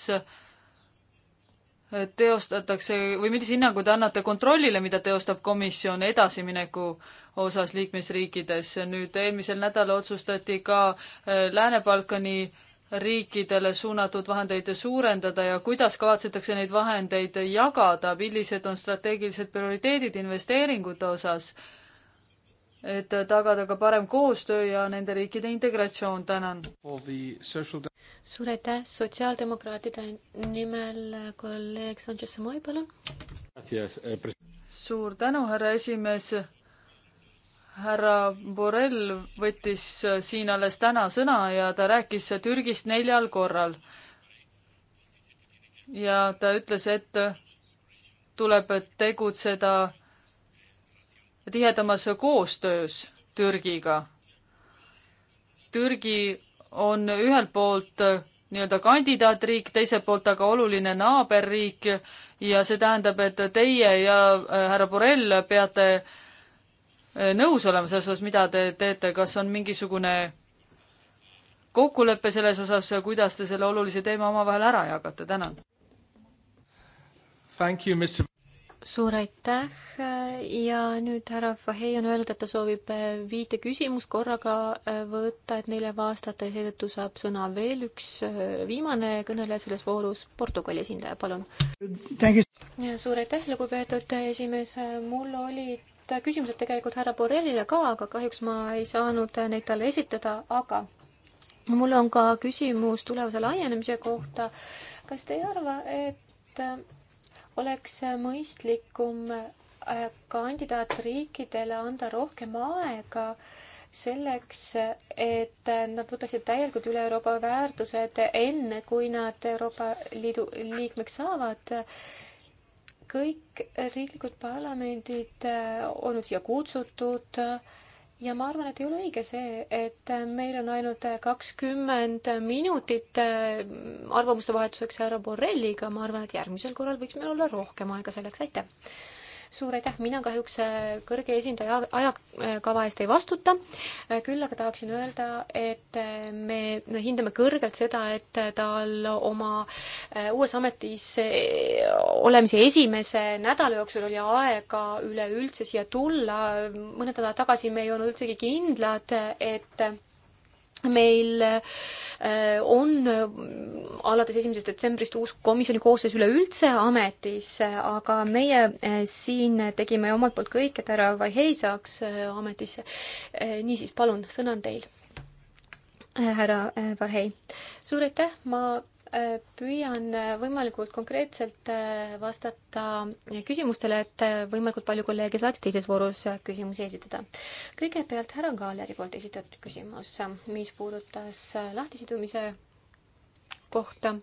teostatakse või millise hinnangu te annate kontrollile, mida teostab komisjon edasimineku osas liikmesriikides. nüüd eelmisel nädalal otsustati ka äh, Lääne-Balkani äh, riikidele suunatud vahendeid suurendada ja kuidas kavatsetakse neid vahendeid jagada, millised on strateegilised prioriteedid investeeringute osas, et tagada ka parem koostöö ja nende riikide integratsioon, tänan. suur aitäh, sotsiaaldemokraatide nimel kolleeg Sanchez Samoi, palun. Eh, suur tänu, härra esimees härra Borrell võttis äh, siin alles täna sõna ja ta rääkis äh, Türgist neljal korral. ja ta ütles, et äh, tuleb tegutseda tihedamas koostöös Türgiga. Türgi on ühelt poolt nii-öelda kandidaatriik, teiselt poolt aga oluline naaberriik ja see tähendab, et teie ja härra Borrell peate äh, Äh, nõus olema selles osas, mida te teete, kas on mingisugune kokkulepe selles osas, kuidas te selle olulise teema omavahel ära jagate, tänan. suur aitäh ja nüüd härra Fahey on öelnud, et ta soovib äh, viite küsimust korraga äh, võtta, et neile vastata ja seetõttu saab sõna veel üks viimane kõneleja selles voorus, Portugali esindaja, palun. suur aitäh, lugupeetud esimees, mul olid mõned küsimused tegelikult härra Borrellile ka, aga kahjuks ma ei saanud neid talle esitada, aga mul on ka küsimus tulevase laienemise kohta. kas te ei arva, et oleks mõistlikum äh, kandidaatriikidele anda rohkem aega selleks, et nad võtaksid täielikult üle Euroopa väärtused enne, kui nad Euroopa Liidu liikmeks saavad kõik riiklikud parlamendid äh, olnud siia kutsutud ja ma arvan, et ei ole õige see, et meil on ainult kakskümmend minutit äh, arvamuste vahetuseks härra Borrelliga, ma arvan, et järgmisel korral võiks meil olla rohkem aega selleks, aitäh! suur aitäh, mina kahjuks äh, kõrge esindaja ajakava eest ei vastuta, äh, küll aga tahaksin öelda, et äh, me hindame kõrgelt seda, et tal oma uues ametis olemise esimese nädala jooksul oli aega üleüldse siia tulla, mõned nädalad tagasi me ei olnud üldsegi kindlad, et meil äh, on äh, alates esimesest detsembrist uus komisjoni koosseis üleüldse ametis, äh, aga meie siin tegime omalt poolt kõik, et härra Vaihei saaks ametisse. niisiis, palun, sõna on teil, härra Vaihei. suur aitäh, ma Äh, püüan äh, võimalikult konkreetselt äh, vastata küsimustele, et võimalikult palju kolleege saaks teises voorus küsimusi esitada. kõigepealt härra Kaaleri poolt esitatud küsimus, mis puudutas lahtisidumise kohta.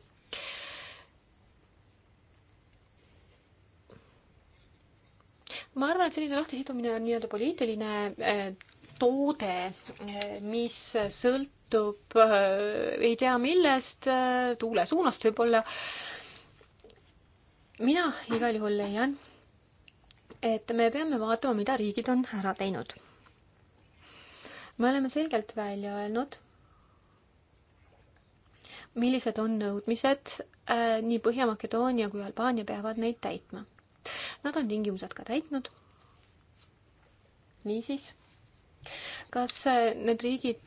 ma arvan, et selline lahtisidumine on nii-öelda poliitiline toode, mis sõlt-, sõltub äh, ei tea millest, äh, tuule suunast võib-olla. mina igal juhul leian, et me peame vaatama, mida riigid on ära teinud. me oleme selgelt välja öelnud, millised on nõudmised, äh, nii Põhja-Makedoonia kui Albaania peavad neid täitma. Nad on tingimused ka täitnud. niisiis Äh, äh, kas need riigid,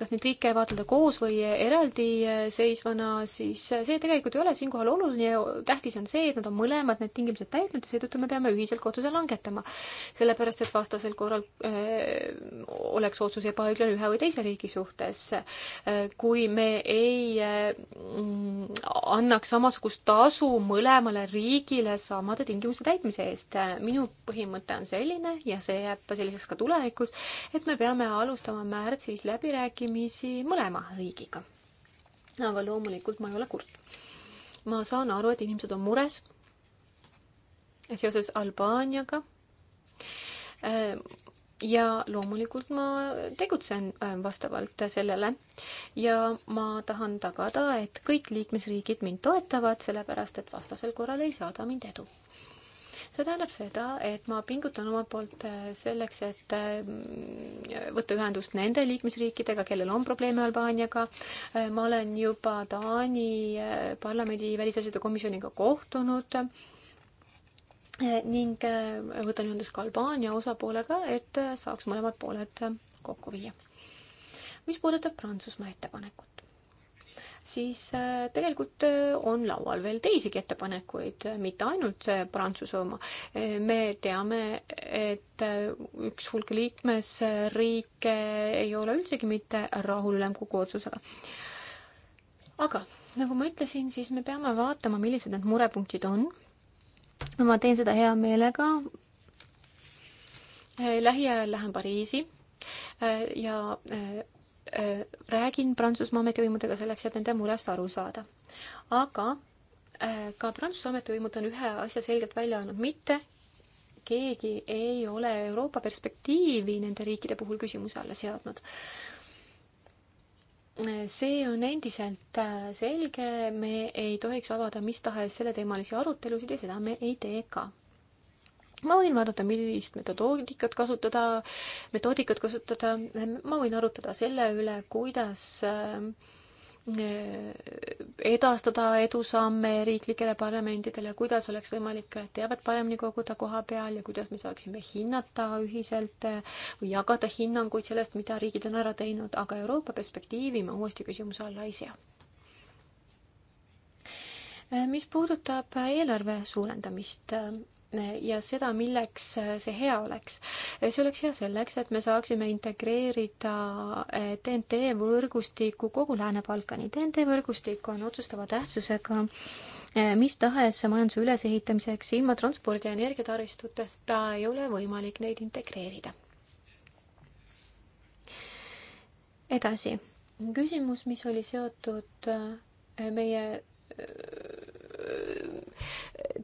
kas neid riike vaadelda koos või äh, eraldiseisvana, siis see tegelikult ei ole siinkohal oluline. tähtis on see, et nad on mõlemad need tingimused täitnud ja seetõttu me peame ühiselt otsuse langetama. sellepärast, et vastasel korral öö, oleks otsus ebaõiglane ühe või teise riigi suhtes. kui me ei öö, mm, annaks samasugust tasu mõlemale riigile samade tingimuste täitmise eest. minu põhimõte on selline ja see jääb selliseks ka tulevikus, et me peame peame alustama märtsis läbirääkimisi mõlema riigiga. aga loomulikult ma ei ole kurt. ma saan aru, et inimesed on mures seoses Albaaniaga. Äh, ja loomulikult ma tegutsen äh, vastavalt sellele ja ma tahan tagada, et kõik liikmesriigid mind toetavad, sellepärast et vastasel korral ei saada mind edu see tähendab seda, et ma pingutan omalt poolt äh, selleks, et äh, võtta ühendust nende liikmesriikidega, kellel on probleeme Albaaniaga. Äh, ma olen juba Taani parlamendi välisasjade komisjoniga kohtunud ning võtan ühendust ka Albaania osapoolega, et saaks mõlemad pooled kokku viia. mis puudutab Prantsusmaa ettepanekut, siis äh, tegelikult äh, on laual veel teisigi ettepanekuid, äh, mitte ainult see Prantsuse oma. me teame, et üks hulk liikmesriike ei ole üldsegi mitte rahul ülemkogu otsusega. aga nagu ma ütlesin, siis me peame vaatama, millised need murepunktid on. ma teen seda hea meelega. lähiajal lähen Pariisi ja Äh, räägin Prantsusmaa ametivõimudega selleks, et nende murest aru saada. aga äh, ka Prantsuse ametivõimud on ühe asja selgelt välja andnud, mitte keegi ei ole Euroopa perspektiivi nende riikide puhul küsimuse alla seadnud see on endiselt äh, selge, me ei tohiks avada mis tahes selleteemalisi arutelusid ja seda me ei tee ka ma võin vaadata, millist metodoodikat kasutada, metoodikat kasutada, ma võin arutada selle üle, kuidas äh, edastada edusamme riiklikele parlamentidele, kuidas oleks võimalik teavet paremini koguda koha peal ja kuidas me saaksime hinnata ühiselt äh, või jagada hinnanguid sellest, mida riigid on ära teinud, aga Euroopa perspektiivi ma uuesti küsimuse alla ei sea. Äh, mis puudutab eelarve suurendamist ja seda, milleks äh, see hea oleks. see oleks hea selleks, et me saaksime integreerida TNT äh, võrgustiku kogu Lääne-Balkani. TNT võrgustik on otsustava tähtsusega äh, mis tahes majanduse ülesehitamiseks, ilma transpordi ja energiataristuteta ei ole võimalik neid integreerida. edasi, küsimus, mis oli seotud meie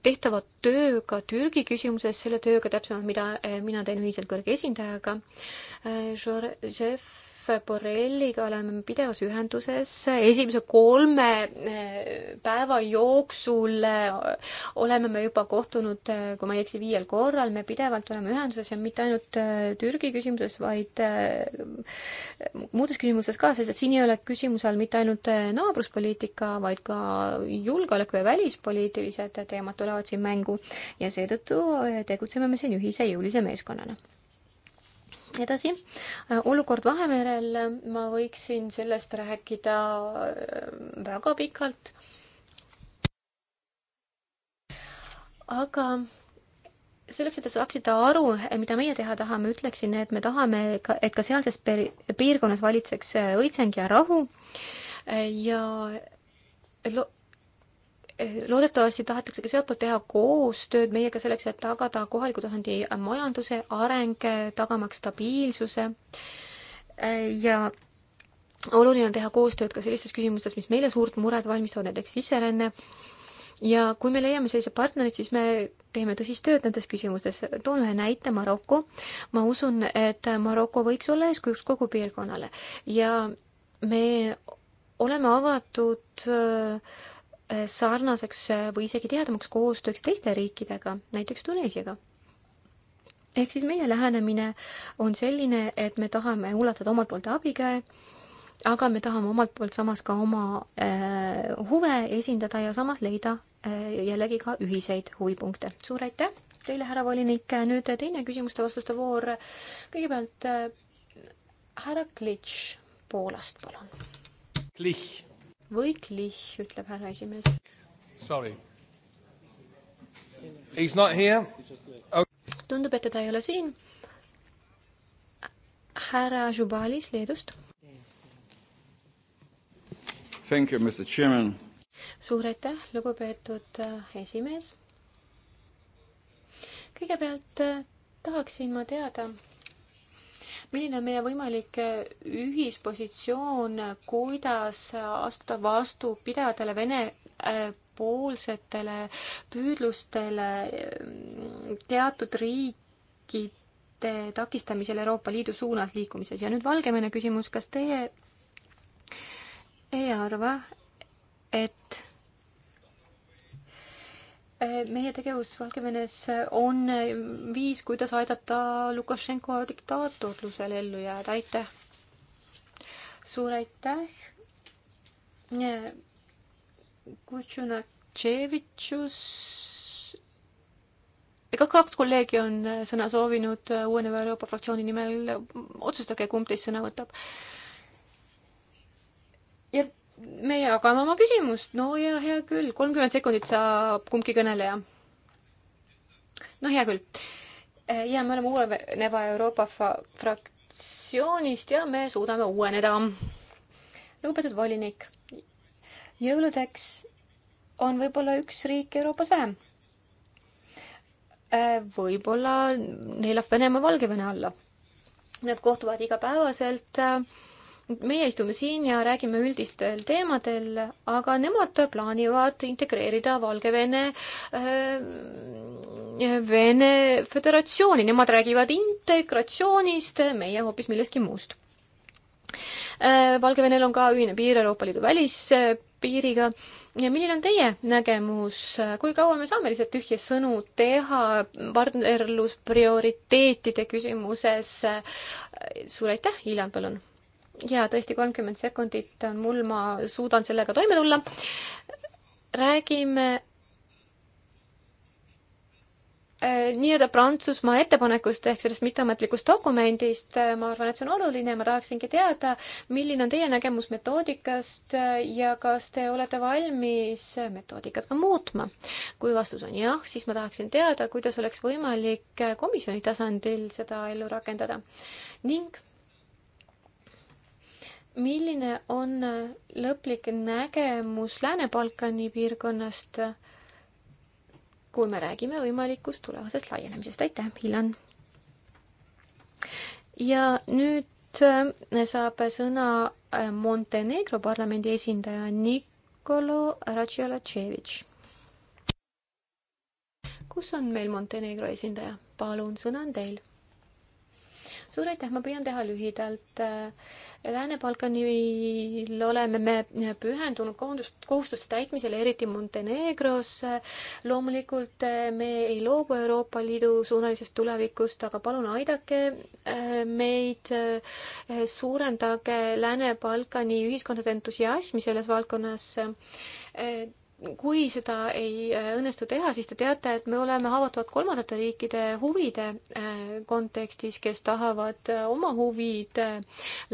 tehtava tööga Türgi küsimuses, selle tööga täpsemalt, mida eh, mina teen ühiselt kõrge esindajaga. Eh, Joseph Joseph Borrelliga oleme pidevas ühenduses, esimese kolme eh, päeva jooksul eh, oleme me juba kohtunud, eh, kui ma ei eksi, viiel korral, me pidevalt oleme ühenduses ja mitte ainult Türgi küsimuses, vaid muudes küsimustes ka, sest et siin ei ole küsimuse all mitte ainult naabruspoliitika, vaid ka julgeoleku ja välispoliitilised teemad tulevad siin mängu ja seetõttu tegutseme me siin ühise jõulise meeskonnana edasi, äh, olukord Vahemerel, ma võiksin sellest rääkida äh, väga pikalt. aga selleks, et te saaksite aru, äh, mida meie teha tahame, ütleksin, et me tahame ka, et ka sealses piirkonnas valitseks õitseng ja rahu ja lo-, loodetavasti tahetakse ka sealtpoolt teha koostööd meiega selleks, et tagada kohaliku tasandi majanduse areng, tagamaks stabiilsuse ja oluline on teha koostööd ka sellistes küsimustes, mis meile suurt muret valmistavad, näiteks sisseränne, ja kui me leiame sellised partnerid, siis me teeme tõsist tööd nendes küsimustes. toon ühe näite, Maroko. ma usun, et Maroko võiks olla eeskujuks kogu piirkonnale ja me oleme avatud äh, Äh, sarnaseks äh, või isegi tihedamaks koostööks teiste riikidega, näiteks Tuneesiaga. ehk siis meie lähenemine on selline, et me tahame ulatada omalt poolt abikäe, aga me tahame omalt poolt samas ka oma äh, huve esindada ja samas leida äh, jällegi ka ühiseid huvipunkte. suur aitäh teile, härra volinik, nüüd teine küsimuste-vastuste voor. kõigepealt äh, härra Klitš Poolast, palun. Klitš või klihh, ütleb härra esimees. Sorry. He is not here okay.. Oh. tundub, et teda ei ole siin. härra Žubalis Leedust. Thank you, Mr Chairman. suur aitäh, lugupeetud äh, esimees. kõigepealt äh, tahaksin ma teada milline on meie võimalik eh, ühispositsioon, kuidas astuda vastu pidajatele Vene eh, poolsetele püüdlustele mm, teatud riikide takistamisel Euroopa Liidu suunas liikumises ja nüüd Valgevene küsimus, kas teie ei arva, et meie tegevus Valgevenes on viis, kuidas aidata Lukašenko diktaatorlusel ellu jääda, aitäh! suur aitäh! Kutšunatševitšus, ega kaks kolleegi on sõna soovinud Uueneva Euroopa fraktsiooni nimel, otsustage, kumb teist sõna võtab. ja meie jagame oma küsimust, no ja hea küll, kolmkümmend sekundit saab kumbki kõneleja. no hea küll. Äh, ja me oleme uueneva Euroopa fraktsioonist ja me suudame uueneda. lugupeetud volinik, jõuludeks on võib-olla üks riik Euroopas vähem. Äh, võib-olla neelab Venemaa Valgevene alla. Nad kohtuvad igapäevaselt äh, meie istume siin ja räägime üldistel teemadel, aga nemad plaanivad integreerida Valgevene äh,, Vene Föderatsiooni, nemad räägivad integratsioonist, meie hoopis millestki muust äh,. Valgevenel on ka ühine piir Euroopa Liidu välispiiriga ja milline on teie nägemus, kui kaua me saame lihtsalt tühje sõnu teha partnerlusprioriteetide küsimuses? suur aitäh, Ilan, palun ja tõesti, kolmkümmend sekundit on mul, ma suudan sellega toime tulla. räägime äh, nii-öelda Prantsusmaa ettepanekust ehk sellest mitteametlikust dokumendist, äh, ma arvan, et see on oluline, ma tahaksingi teada, milline on teie nägemus metoodikast äh, ja kas te olete valmis metoodikat ka muutma. kui vastus on jah, siis ma tahaksin teada, kuidas oleks võimalik komisjoni tasandil seda ellu rakendada. ning milline on äh, lõplik nägemus Lääne-Balkani piirkonnast, kui me räägime võimalikust tulevasest laienemisest, aitäh, Ilan! ja nüüd äh, saab sõna äh, Montenegro parlamendi esindaja Nikolo Radžiolatševitš. kus on meil Montenegro esindaja? palun, sõna on teil suur aitäh, ma püüan teha lühidalt. Lääne-Balkanil oleme me pühendunud koondust, kohustuste täitmisele, eriti Montenegros. loomulikult eh, me ei loobu Euroopa Liidu suunalisest tulevikust, aga palun aidake eh, meid, eh, suurendage Lääne-Balkani ühiskondade entusiasmi selles valdkonnas kui seda ei äh, õnnestu teha, siis te teate, et me oleme haavatavad kolmandate riikide huvide äh, kontekstis, kes tahavad äh, oma huvid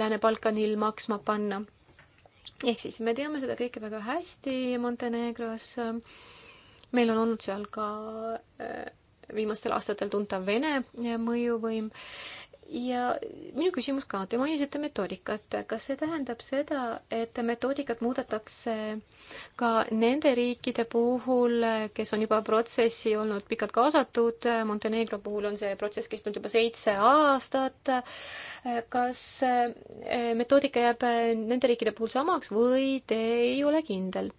Lääne-Balkanil maksma panna. ehk siis me teame seda kõike väga hästi Montenegros. meil on olnud seal ka viimastel aastatel tuntav Vene mõjuvõim ja minu küsimus ka, te mainisite metoodikat, kas see tähendab seda, et metoodikat muudetakse ka nende riikide puhul, kes on juba protsessi olnud pikalt kaasatud, Montenegro puhul on see protsess kestnud juba seitse aastat, kas eh, metoodika jääb nende riikide puhul samaks või te ei ole kindel?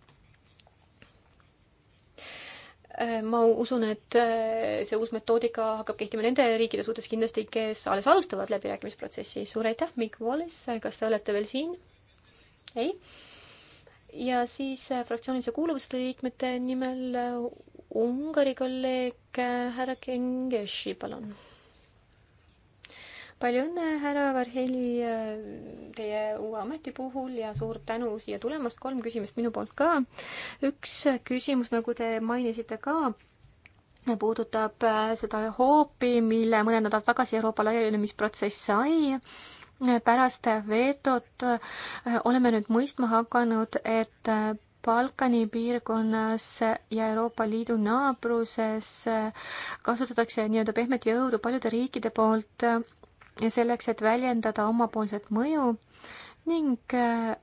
ma usun, et äh, see uus metoodika hakkab kehtima nende riikide suhtes kindlasti, kes alles alustavad läbirääkimisprotsessi. suur aitäh, Mikk Wallis, kas te olete veel siin? ei? ja siis äh, fraktsioonilise kuuluvuse liikmete nimel äh, Ungari kolleeg härra Kengeshi, palun palju õnne, härra Varheli, äh, teie uue ameti puhul ja suur tänu siia tulemast, kolm küsimust minu poolt ka. üks küsimus, nagu te mainisite ka, puudutab äh, seda hoopi, mille mõned nädalad tagasi Euroopa laienemisprotsess sai pärast vetot äh, oleme nüüd mõistma hakanud, et Balkani piirkonnas ja Euroopa Liidu naabruses kasutatakse nii-öelda pehmet jõudu paljude riikide poolt selleks, et väljendada omapoolset mõju ning äh,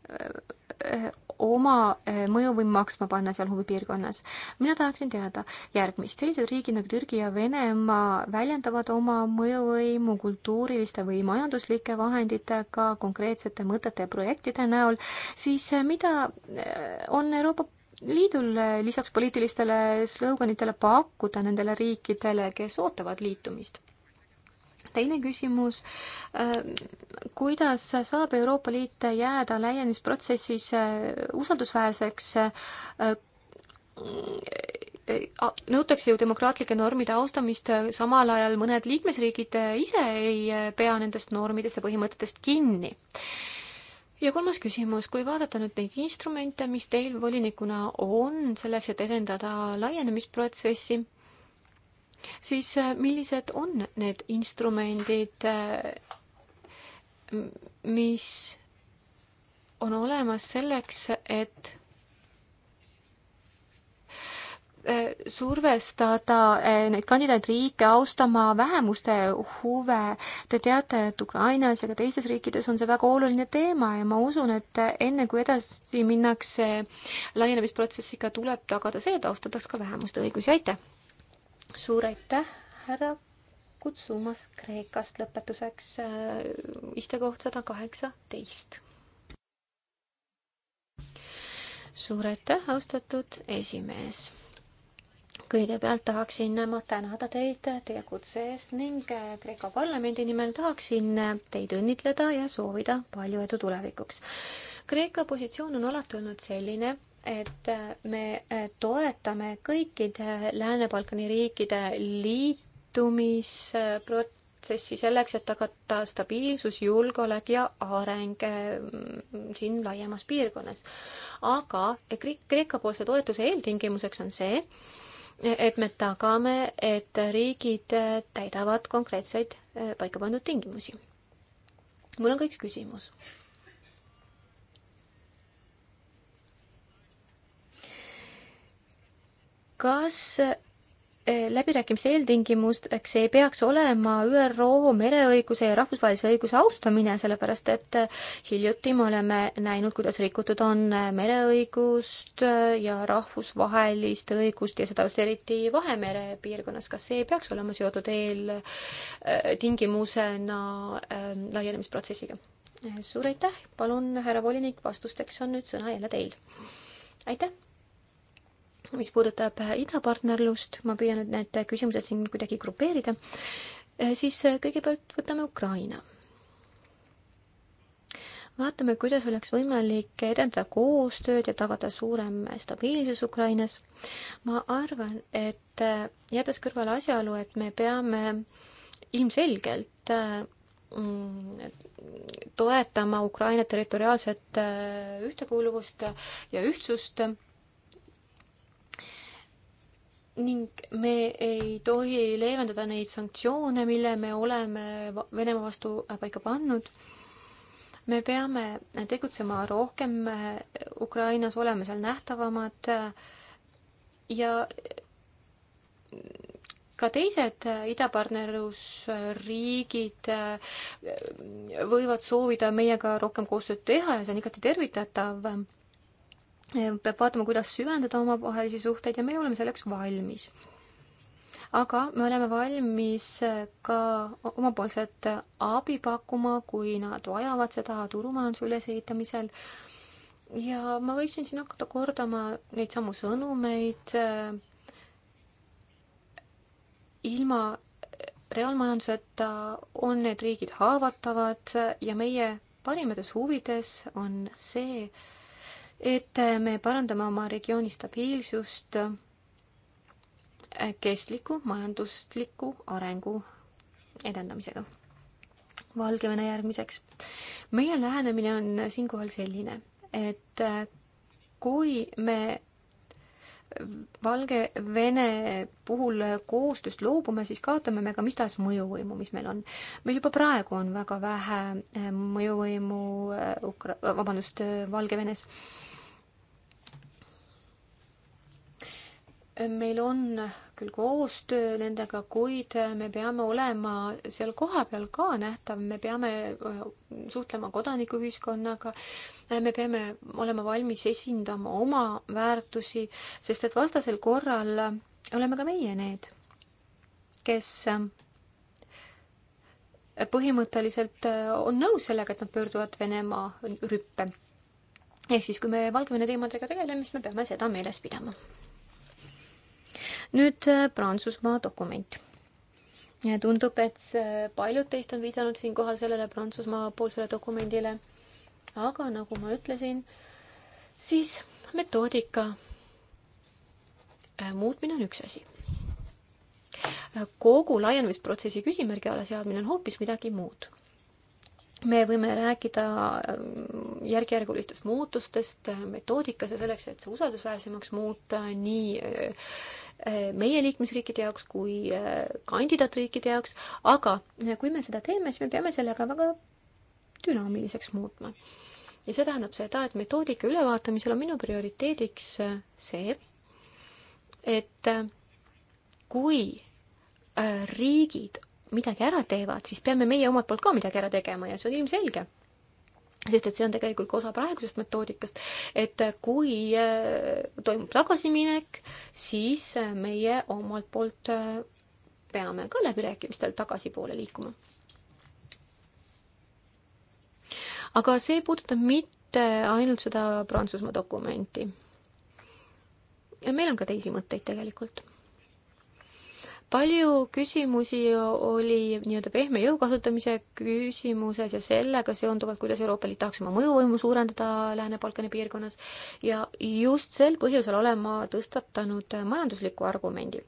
äh, oma äh, mõjuvõim maksma panna seal huvipiirkonnas. mina tahaksin teada järgmist. sellised riigid nagu Türgi ja Venemaa väljendavad oma mõjuvõimu kultuuriliste või majanduslike vahenditega konkreetsete mõtete ja projektide näol, siis mida on Euroopa Liidul lisaks poliitilistele slõuganitele pakkuda nendele riikidele, kes ootavad liitumist? teine küsimus, äh, kuidas saab Euroopa Liit jääda laienemisprotsessis äh, usaldusväärseks, äh, nõutakse ju demokraatlike normide austamist, samal ajal mõned liikmesriigid ise ei pea nendest normidest ja põhimõtetest kinni. ja kolmas küsimus, kui vaadata nüüd neid instrumente, mis teil volinikuna on selleks, et edendada laienemisprotsessi, siis äh, millised on need instrumendid, äh, mis on olemas selleks, et äh, survestada neid kandidaatriike austama vähemuste huve. Te teate, et Ukrainas ja ka teistes riikides on see väga oluline teema ja ma usun, et enne kui edasi minnakse laienemisprotsessiga, tuleb tagada see, et austataks ka vähemuste õigusi. aitäh! suur aitäh, härra Kutsumas Kreekast, lõpetuseks äh, istekoht sada kaheksateist. suur aitäh, austatud esimees kõigepealt tahaksin ma tänada teid teie kutse eest ning äh, Kreeka parlamendi nimel tahaksin äh, teid õnnitleda ja soovida palju edu tulevikuks. Kreeka positsioon on alati olnud selline, et äh, me äh, toetame kõikide Lääne-Balkani riikide liitumisprotsessi selleks, et tagada stabiilsus, julgeolek ja areng äh, siin laiemas piirkonnas. aga Kreeka poolse toetuse eeltingimuseks on see, et me tagame, et riigid täidavad konkreetseid paika pandud tingimusi. mul on ka üks küsimus kas eh, läbirääkimiste eeltingimusteks ei peaks olema ÜRO mereõiguse ja rahvusvahelise õiguse austamine, sellepärast et eh, hiljuti me oleme näinud, kuidas rikutud on eh, mereõigust ja rahvusvahelist õigust ja seda just eriti Vahemere piirkonnas. kas see ei peaks olema seotud eeltingimusena äh, laienemisprotsessiga? suur aitäh, palun, härra volinik, vastusteks on nüüd sõna jälle teil. aitäh mis puudutab äh, idapartnerlust, ma püüan nüüd need äh, küsimused siin kuidagi grupeerida, äh, siis kõigepealt võtame Ukraina. vaatame, kuidas oleks võimalik edendada koostööd ja tagada suurem stabiilsus Ukrainas. ma arvan, et jättes kõrvale asjaolu, et me peame ilmselgelt mm, toetama Ukraina territoriaalset ühtekuuluvust ja ühtsust ning me ei tohi leevendada neid sanktsioone, mille me oleme Venemaa vastu äh, paika pannud. me peame äh, tegutsema rohkem äh, Ukrainas, olema seal nähtavamad ja ka teised idapartnerlusriigid võivad soovida meiega rohkem koostööd teha ja see on igati tervitatav peab vaatama, kuidas süvendada omavahelisi suhteid ja me oleme selleks valmis. aga me oleme valmis ka omapoolset abi pakkuma, kui nad vajavad seda turumajanduse ülesehitamisel. ja ma võiksin siin hakata kordama neid samu sõnumeid ilma reaalmajanduseta on need riigid haavatavad ja meie parimates huvides on see, et et me parandame oma regiooni stabiilsust kestliku majandusliku arengu edendamisega. Valgevene järgmiseks. meie lähenemine on siinkohal selline, et kui me Valgevene puhul koostööst loobume, siis kaotame me ka mis tahes mõjuvõimu, mis meil on. meil juba praegu on väga vähe eh, mõjuvõimu eh, Ukra-, vabandust, eh, Valgevenes meil on küll koostöö nendega, kuid me peame olema seal kohapeal ka nähtav, me peame äh, suhtlema kodanikuühiskonnaga, me peame olema valmis esindama oma väärtusi, sest et vastasel korral oleme ka meie need, kes äh, põhimõtteliselt äh, on nõus sellega, et nad pöörduvad Venemaa rüppe. ehk siis, kui me Valgevene teemadega tegeleme, siis me peame seda meeles pidama nüüd äh, Prantsusmaa dokument. tundub, et äh, paljud teist on viidanud siinkohal sellele Prantsusmaa poolsele dokumendile. aga nagu ma ütlesin, siis metoodika äh, muutmine on üks asi. kogu laienemisprotsessi küsimärgi alla seadmine on hoopis midagi muud me võime rääkida järk-järgulistest muutustest metoodikas ja selleks, et see usaldusväärsemaks muuta nii Eh, meie liikmesriikide jaoks kui eh, kandidaatriikide jaoks, aga eh, kui me seda teeme, siis me peame selle ka väga dünaamiliseks muutma. ja see tähendab seda, et metoodika ülevaatamisel on minu prioriteediks see, et kui riigid midagi ära teevad, siis peame meie omalt poolt ka midagi ära tegema ja see on ilmselge sest et see on tegelikult ka osa praegusest metoodikast, et kui äh, toimub tagasiminek, siis äh, meie omalt poolt äh, peame ka läbirääkimistel tagasipoole liikuma. aga see ei puuduta mitte ainult seda Prantsusmaa dokumenti. meil on ka teisi mõtteid tegelikult palju küsimusi oli nii-öelda pehme jõu kasutamise küsimuses ja sellega seonduvalt, kuidas Euroopa Liit tahaks oma mõjuvõimu suurendada Lääne-Balkani piirkonnas ja just sel põhjusel olen ma tõstatanud majandusliku argumendi.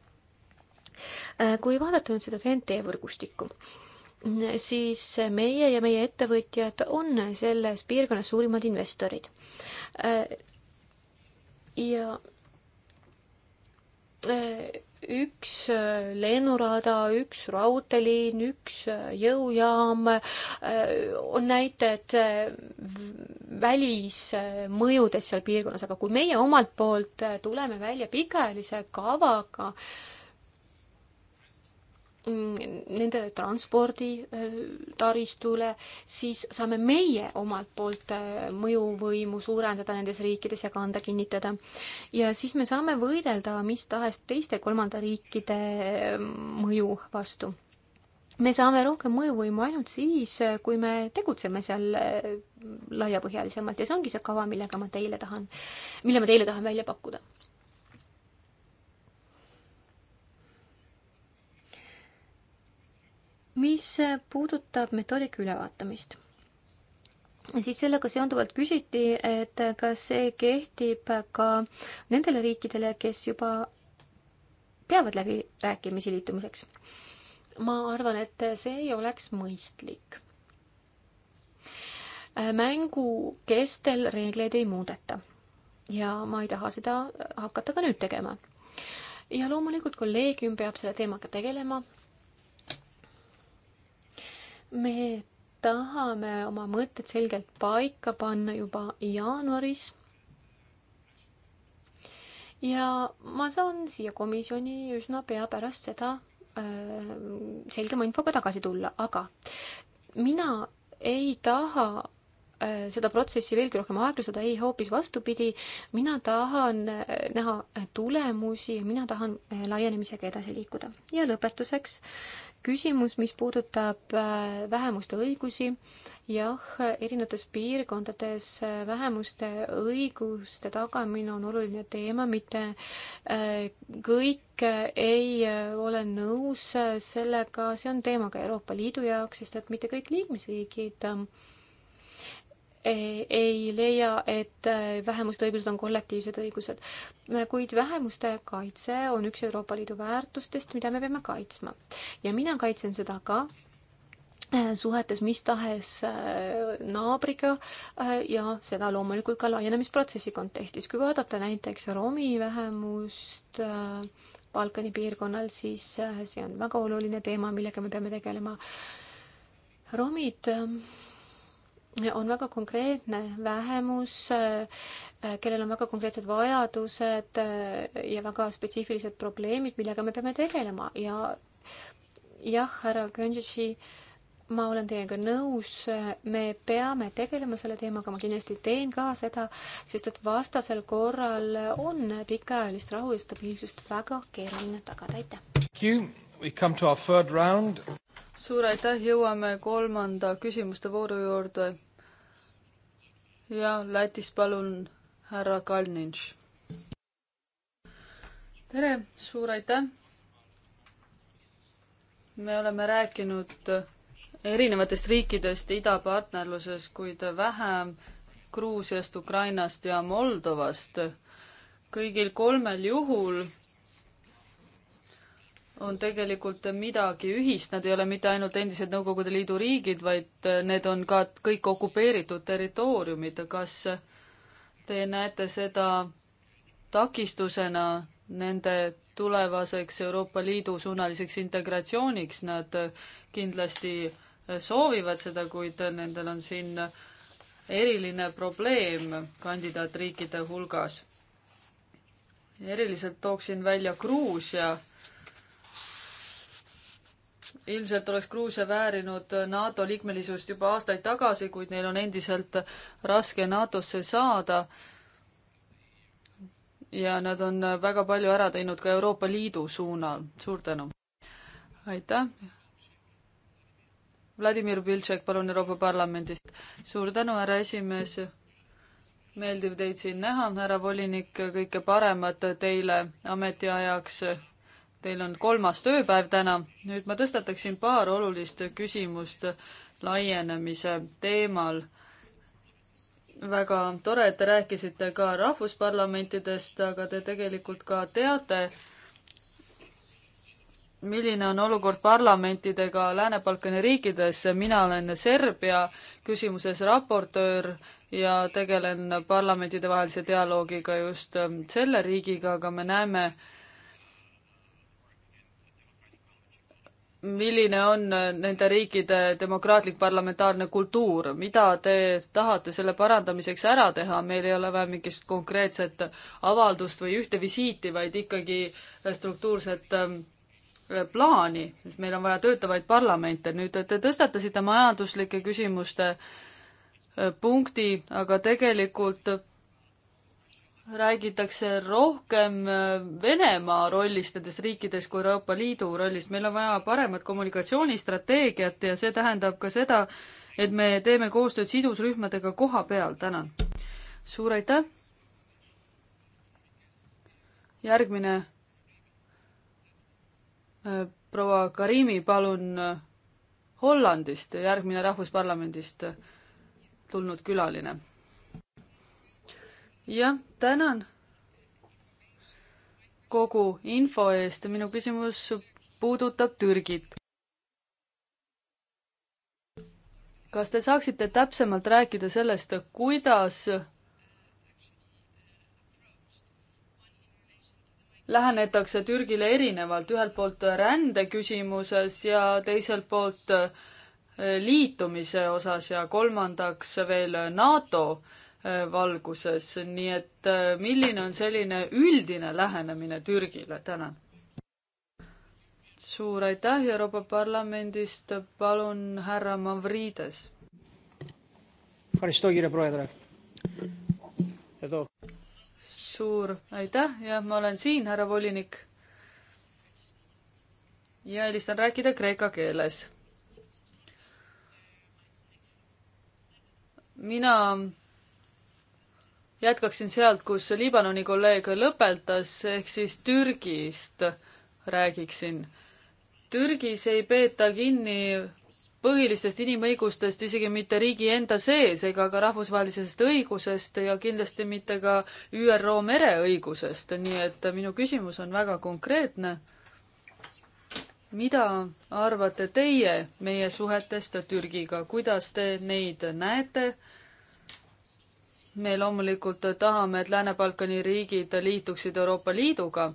Äh, kui vaadata nüüd seda TNT võrgustikku, siis meie ja meie ettevõtjad on selles piirkonnas suurimad investorid. Äh, ja äh, üks äh, lennurada, üks raudteeliin, üks äh, jõujaam, äh, on näited välismõjudest seal piirkonnas, aga kui meie omalt poolt tuleme välja pikaajalise kavaga ka,, Mm, nende transporditaristule, äh, siis saame meie omalt poolt äh, mõjuvõimu suurendada nendes riikides ja kanda kinnitada. ja siis me saame võidelda mis tahes teiste kolmanda riikide äh, mõju vastu. me saame rohkem mõjuvõimu ainult siis, kui me tegutseme seal laiapõhjalisemalt ja see ongi see kava, millega ma teile tahan, mille ma teile tahan välja pakkuda mis puudutab metoodika ülevaatamist, siis sellega seonduvalt küsiti, et kas see kehtib ka nendele riikidele, kes juba peavad läbirääkimisi liitumiseks. ma arvan, et see ei oleks mõistlik mängu kestel reegleid ei muudeta. ja ma ei taha seda hakata ka nüüd tegema. ja loomulikult kolleegium peab selle teemaga tegelema, me tahame oma mõtted selgelt paika panna juba jaanuaris. ja ma saan siia komisjoni üsna pea pärast seda äh, selgema infoga tagasi tulla, aga mina ei taha äh, seda protsessi veelgi rohkem aeglustada, ei, hoopis vastupidi, mina tahan äh, näha tulemusi ja mina tahan äh, laienemisega edasi liikuda. ja lõpetuseks äh, küsimus, mis puudutab äh, vähemuste õigusi, jah, erinevates piirkondades äh, vähemuste õiguste tagamine on oluline teema, mitte äh, kõik ei ole nõus sellega, see on teema ka Euroopa Liidu jaoks, sest et mitte kõik liikmesriigid ähm, ei leia, et äh, vähemuste õigused on kollektiivsed õigused. kuid vähemuste kaitse on üks Euroopa Liidu väärtustest, mida me peame kaitsma. ja mina kaitsen seda ka äh, suhetes mis tahes äh, naabriga ja seda loomulikult ka laienemisprotsessi kontekstis. kui vaadata näiteks romi vähemust Balkani piirkonnal, siis see on väga oluline teema, millega me peame tegelema. romid ähm, on väga konkreetne vähemus, äh, kellel on väga konkreetsed vajadused äh, ja väga spetsiifilised probleemid, millega me peame tegelema ja jah, härra Gönši, ma olen teiega nõus, äh, me peame tegelema selle teemaga, ma kindlasti teen ka seda, sest et vastasel korral on pikaajalist rahu ja stabiilsust väga keeruline tagada, aitäh! suur aitäh, jõuame kolmanda küsimuste vooru juurde ja Lätis palun härra Kalnins. tere, suur aitäh. me oleme rääkinud erinevatest riikidest idapartnerluses, kuid vähem Gruusiast, Ukrainast ja Moldovast. kõigil kolmel juhul on tegelikult midagi ühist, nad ei ole mitte ainult endised Nõukogude Liidu riigid, vaid äh, need on ka kõik okupeeritud territooriumid. kas te näete seda takistusena nende tulevaseks Euroopa Liidu suunaliseks integratsiooniks, nad kindlasti äh, soovivad seda, kuid nendel on siin eriline probleem kandidaatriikide hulgas. eriliselt tooksin välja Gruusia ilmselt oleks Gruusia väärinud NATO liikmelisust juba aastaid tagasi, kuid neil on endiselt raske NATO-sse saada. ja nad on väga palju ära teinud ka Euroopa Liidu suunal. suur tänu! aitäh! Vladimir Viltšek, palun Euroopa Parlamendist. suur tänu, härra esimees! meeldiv teid siin näha, härra volinik, kõike paremat teile ametiajaks Teil on kolmas tööpäev täna. nüüd ma tõstataksin paar olulist küsimust laienemise teemal. väga tore, et te rääkisite ka rahvusparlamentidest, aga te tegelikult ka teate, milline on olukord parlamentidega Lääne-Balkani riikides. mina olen Serbia küsimuses raportöör ja tegelen parlamentide vahelise dialoogiga just selle riigiga, aga me näeme, milline on äh, nende riikide demokraatlik parlamentaarne kultuur, mida te tahate selle parandamiseks ära teha, meil ei ole vaja mingit konkreetset avaldust või ühte visiiti, vaid ikkagi äh, struktuurset ähm, plaani, sest meil on vaja töötavaid parlamente. nüüd te tõstatasite majanduslike küsimuste äh, punkti, aga tegelikult räägitakse rohkem äh, Venemaa rollist nendes riikides kui Euroopa Liidu rollist. meil on vaja paremat kommunikatsioonistrateegiat ja see tähendab ka seda, et me teeme koostööd sidusrühmadega koha peal. tänan. suur aitäh. järgmine. Äh, proua Karimi, palun äh, Hollandist, järgmine Rahvusparlamendist tulnud külaline jah, tänan kogu info eest ja minu küsimus puudutab Türgit. kas te saaksite täpsemalt rääkida sellest, kuidas lähenetakse Türgile erinevalt, ühelt poolt rändeküsimuses ja teiselt poolt liitumise osas ja kolmandaks veel NATO äh, Äh, valguses, nii et äh, milline on selline üldine lähenemine Türgile, tänan. suur aitäh Euroopa Parlamendist, palun härra Mavrides. suur aitäh, jah, ma olen siin, härra volinik. ja eelistan rääkida kreeka keeles. mina jätkaksin sealt, kus Liibanoni kolleeg lõpetas, ehk siis Türgist räägiksin. Türgis ei peeta kinni põhilistest inimõigustest isegi mitte riigi enda sees ega ka rahvusvahelisest õigusest ja kindlasti mitte ka ÜRO mereõigusest, nii et minu küsimus on väga konkreetne. mida arvate teie meie suhetest Türgiga, kuidas te neid näete? me loomulikult tahame, et Lääne-Balkani riigid liituksid Euroopa Liiduga,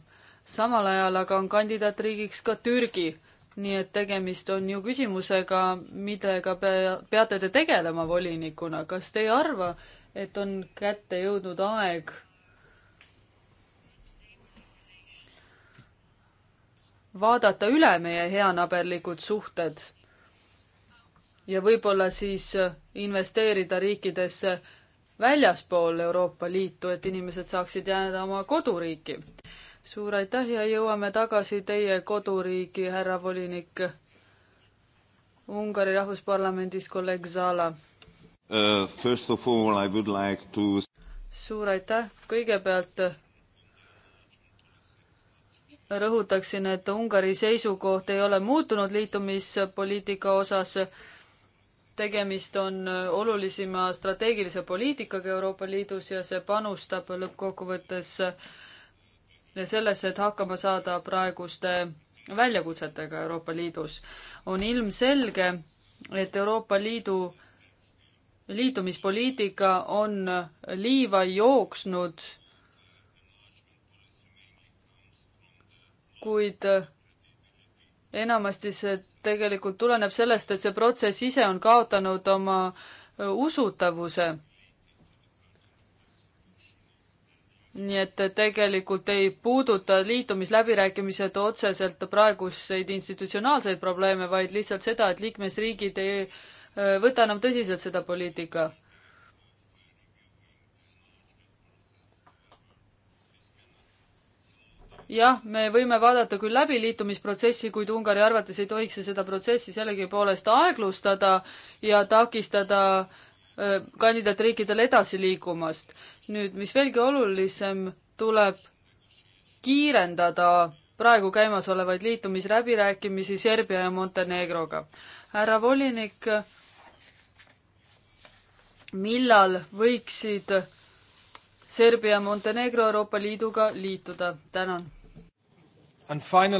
samal ajal aga on kandidaatriigiks ka Türgi. nii et tegemist on ju küsimusega, millega pe-, peate te tegelema volinikuna, kas te ei arva, et on kätte jõudnud aeg vaadata üle meie heanaberlikud suhted ja võib-olla siis investeerida riikidesse, väljaspool Euroopa Liitu, et inimesed saaksid jääda oma koduriiki. suur aitäh ja jõuame tagasi teie koduriigi, härra volinik. Ungari Rahvusparlamendis kolleeg Zala uh,. First of all I would like to suur aitäh, kõigepealt rõhutaksin, et Ungari seisukoht ei ole muutunud liitumispoliitika osas tegemist on äh, olulisima strateegilise poliitikaga Euroopa Liidus ja see panustab lõppkokkuvõttes äh, sellesse, et hakkama saada praeguste väljakutsetega Euroopa Liidus. on ilmselge, et Euroopa Liidu liitumispoliitika on äh, liiva jooksnud, kuid enamasti see tegelikult tuleneb sellest, et see protsess ise on kaotanud oma äh, usutavuse. nii et tegelikult ei puuduta liitumisläbirääkimised otseselt praeguseid institutsionaalseid probleeme, vaid lihtsalt seda, et liikmesriigid ei äh, võta enam tõsiselt seda poliitika jah, me võime vaadata küll läbi liitumisprotsessi, kuid Ungari arvates ei tohiks see seda protsessi sellegipoolest aeglustada ja takistada äh, kandidaatriikidel edasi liikumast. nüüd, mis veelgi olulisem, tuleb kiirendada praegu käimasolevaid liitumisläbirääkimisi Serbia ja Montenegroga. härra volinik, millal võiksid Serbia ja Montenegro Euroopa Liiduga liituda. tänan.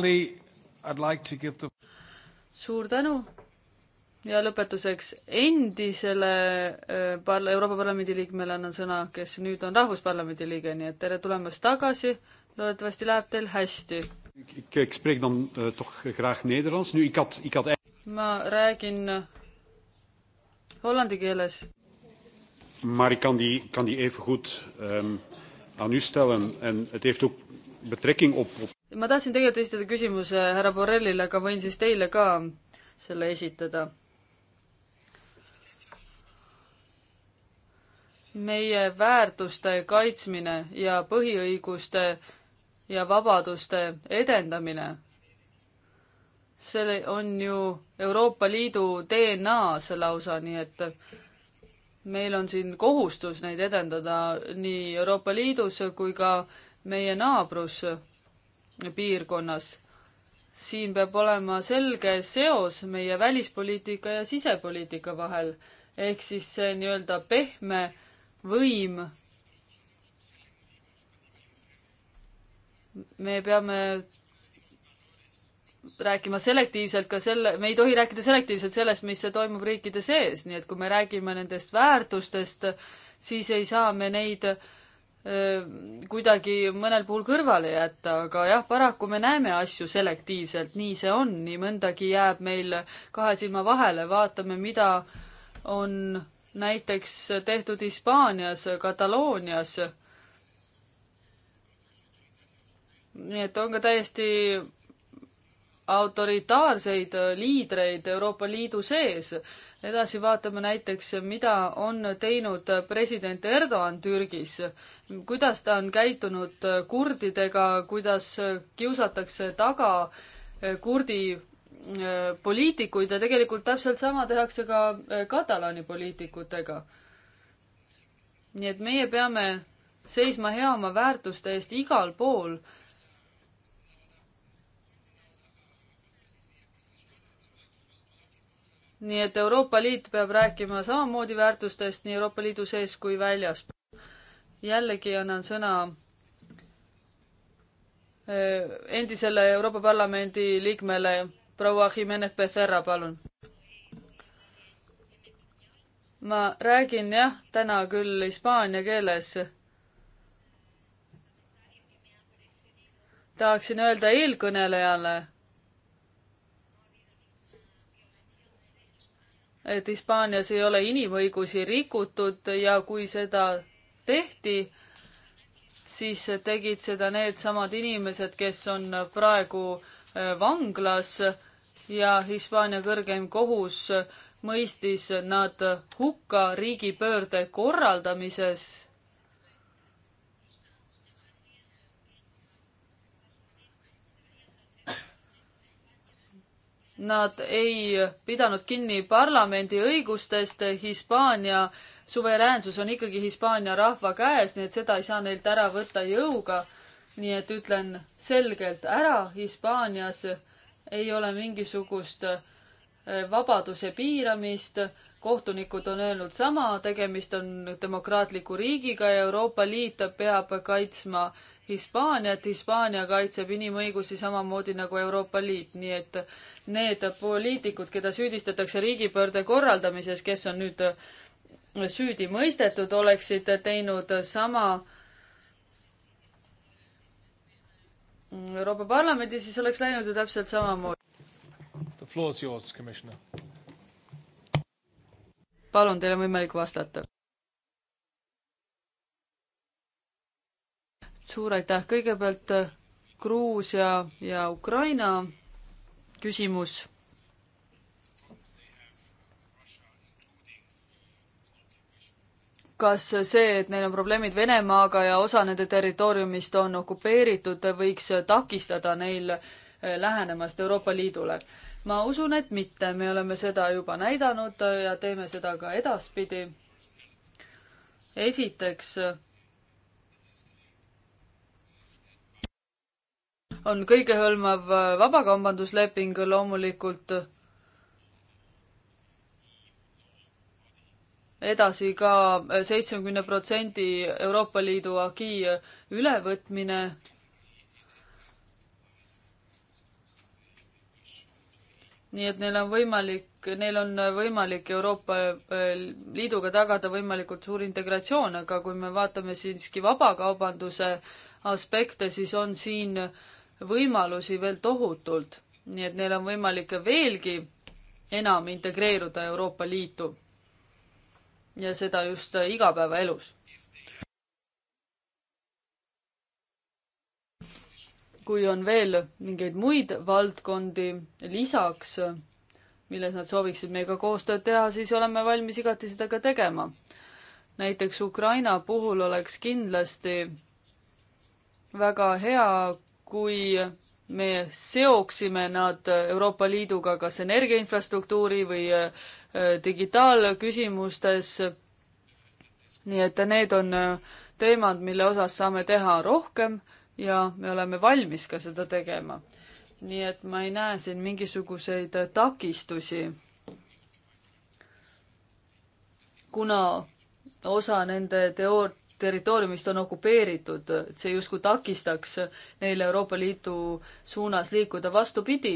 Like the... suur tänu ja lõpetuseks endisele äh, parla-, Euroopa Parlamendi liikmele annan sõna, kes nüüd on Rahvusparlamendi liige, nii et tere tulemast tagasi, loodetavasti läheb teil hästi. ma räägin hollandi keeles. Maar ik kan die, kan die even goed um, aan u stellen. En het heeft ook betrekking op, op... ma tahtsin tegelikult esitada küsimuse eh, härra Borrellile, aga võin siis teile ka selle esitada. meie väärtuste kaitsmine ja põhiõiguste ja vabaduste edendamine, see on ju Euroopa Liidu DNA-s lausa, nii et meil on siin kohustus neid edendada nii Euroopa Liidus kui ka meie naabruspiirkonnas. siin peab olema selge seos meie välispoliitika ja sisepoliitika vahel, ehk siis see nii-öelda pehme võim. me peame rääkima selektiivselt ka selle, me ei tohi rääkida selektiivselt sellest, mis toimub riikide sees, nii et kui me räägime nendest väärtustest, siis ei saa me neid kuidagi mõnel puhul kõrvale jätta, aga jah, paraku me näeme asju selektiivselt, nii see on, nii mõndagi jääb meil kahe silma vahele, vaatame, mida on näiteks tehtud Hispaanias, Kataloonias. nii et on ka täiesti autoritaarseid äh, liidreid Euroopa Liidu sees. edasi vaatame näiteks, mida on teinud president Erdoğan Türgis, kuidas ta on käitunud äh, kurdidega, kuidas äh, kiusatakse taga kurdi poliitikuid ja tegelikult täpselt sama tehakse ka katalaani poliitikutega. nii et meie peame seisma hea oma väärtuste eest igal pool nii et Euroopa Liit peab rääkima samamoodi väärtustest nii Euroopa Liidu sees kui väljas. jällegi annan sõna äh, endisele Euroopa Parlamendi liikmele proua Jimenez Becerra, palun. ma räägin jah, täna küll hispaania keeles. tahaksin öelda eelkõnelejale et Hispaanias ei ole inimõigusi rikutud ja kui seda tehti, siis tegid seda needsamad inimesed, kes on praegu äh, vanglas ja Hispaania kõrgeim kohus mõistis nad hukka riigipöörde korraldamises nad ei pidanud kinni parlamendi õigustest, Hispaania suveräänsus on ikkagi Hispaania rahva käes, nii et seda ei saa neilt ära võtta jõuga. nii et ütlen selgelt ära, Hispaanias ei ole mingisugust eh, vabaduse piiramist, kohtunikud on öelnud sama, tegemist on demokraatliku riigiga ja Euroopa Liit peab kaitsma äh, Hispaaniat, Hispaania kaitseb inimõigusi samamoodi nagu Euroopa Liit, nii et need poliitikud, keda süüdistatakse riigipöörde korraldamises, kes on nüüd süüdi mõistetud, oleksid teinud sama Euroopa Parlamendi, siis oleks läinud ju täpselt samamoodi. The floor is yours, commissioner. palun, teil on võimalik vastata. suur aitäh, kõigepealt äh, Gruusia ja Ukraina küsimus. kas see, et neil on probleemid Venemaaga ja osa nende territooriumist on okupeeritud, võiks takistada neil äh, lähenemast Euroopa Liidule? ma usun, et mitte, me oleme seda juba näidanud ja teeme seda ka edaspidi. esiteks on kõigehõlmav äh, vabakaubandusleping loomulikult. edasi ka äh, seitsmekümne protsendi Euroopa Liidu agi ülevõtmine nii et neil on võimalik, neil on äh, võimalik Euroopa Liiduga tagada võimalikult suur integratsioon, aga kui me vaatame siiski vabakaubanduse aspekte, siis on siin äh, võimalusi veel tohutult, nii et neil on võimalik veelgi enam integreeruda Euroopa Liitu. ja seda just igapäevaelus. kui on veel mingeid muid valdkondi lisaks, milles nad sooviksid meiega koostööd teha, siis oleme valmis igati seda ka tegema. näiteks Ukraina puhul oleks kindlasti väga hea, kui me seoksime nad Euroopa Liiduga kas energiainfrastruktuuri või äh, digitaalküsimustes. nii et need on äh, teemad, mille osas saame teha rohkem ja me oleme valmis ka seda tegema. nii et ma ei näe siin mingisuguseid takistusi. kuna osa nende teoor-, territooriumist on okupeeritud, et see justkui takistaks neil Euroopa Liidu suunas liikuda, vastupidi,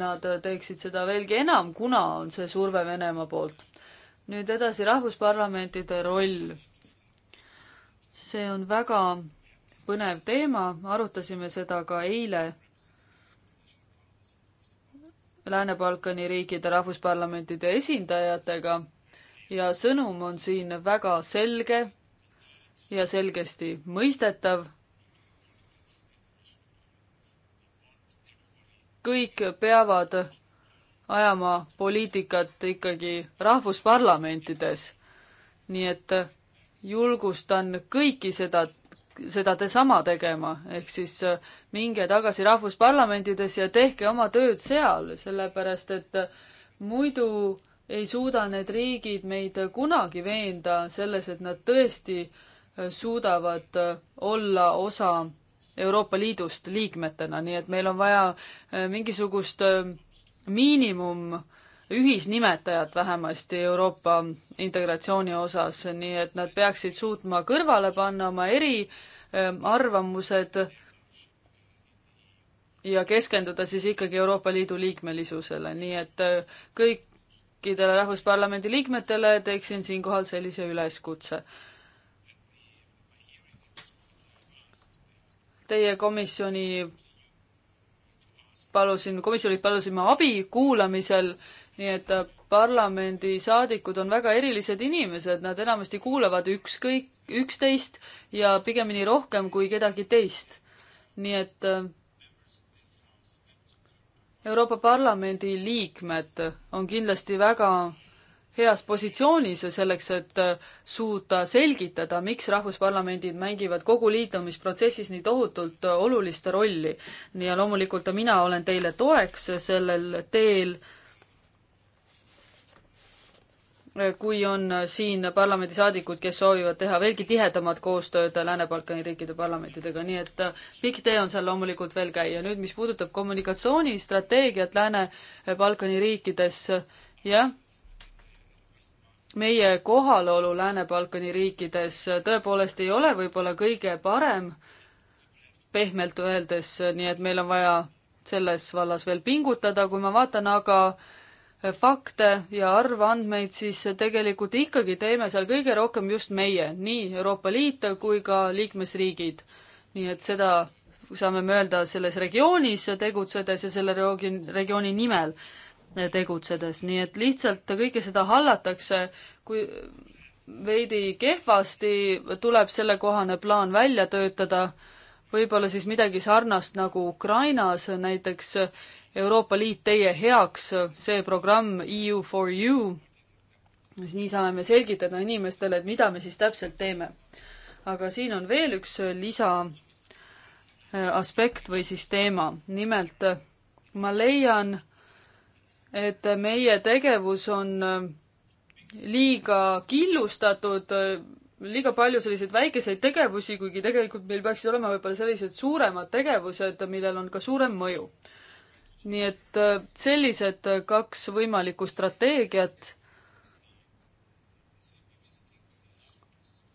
nad teeksid seda veelgi enam, kuna on see surve Venemaa poolt. nüüd edasi, rahvusparlamentide roll. see on väga põnev teema, arutasime seda ka eile Lääne-Balkani riikide rahvusparlamentide esindajatega ja sõnum on siin väga selge, ja selgesti mõistetav. kõik peavad ajama poliitikat ikkagi rahvusparlamentides. nii et julgustan kõiki seda, seda te sama tegema, ehk siis äh, minge tagasi rahvusparlamentides ja tehke oma tööd seal, sellepärast et äh, muidu ei suuda need riigid meid kunagi veenda selles, et nad tõesti äh, suudavad äh, olla osa Euroopa Liidust liikmetena, nii et meil on vaja äh, mingisugust äh, miinimum ühisnimetajat vähemasti Euroopa integratsiooni osas, nii et nad peaksid suutma kõrvale panna oma eriarvamused ja keskenduda siis ikkagi Euroopa Liidu liikmelisusele, nii et kõikidele Rahvusparlamendi liikmetele teeksin siinkohal sellise üleskutse teie komisjoni palusin, komisjonilt palusin ma abi kuulamisel, nii et parlamendisaadikud on väga erilised inimesed, nad enamasti kuulavad ükskõik, üksteist ja pigemini rohkem kui kedagi teist. nii et äh, Euroopa Parlamendi liikmed on kindlasti väga heas positsioonis selleks, et äh, suuta selgitada, miks rahvusparlamendid mängivad kogu liitumisprotsessis nii tohutult äh, olulist rolli. ja loomulikult mina olen teile toeks sellel teel, äh, kui on siin parlamendisaadikud, kes soovivad teha veelgi tihedamat koostööd Lääne-Balkani riikide parlamentidega, nii et pikk tee on seal loomulikult veel käia. nüüd, mis puudutab kommunikatsioonistrateegiat Lääne-Balkani riikides, jah meie kohalolu Lääne-Balkani riikides tõepoolest ei ole võib-olla kõige parem, pehmelt öeldes, nii et meil on vaja selles vallas veel pingutada, kui ma vaatan aga fakte ja arvandmeid, siis tegelikult ikkagi teeme seal kõige rohkem just meie, nii Euroopa Liit kui ka liikmesriigid. nii et seda saame me öelda selles regioonis tegutsedes ja selle regiooni, regiooni nimel tegutsedes, nii et lihtsalt kõike seda hallatakse, kui veidi kehvasti tuleb sellekohane plaan välja töötada, võib-olla siis midagi sarnast nagu Ukrainas, näiteks Euroopa Liit teie heaks, see programm EU for you, siis nii saame me selgitada inimestele, et mida me siis täpselt teeme. aga siin on veel üks lisa äh, aspekt või siis teema, nimelt ma leian, et meie tegevus on äh, liiga killustatud, äh, liiga palju selliseid väikeseid tegevusi, kuigi tegelikult meil peaksid olema võib-olla sellised suuremad tegevused, millel on ka suurem mõju. nii et äh, sellised kaks võimalikku strateegiat.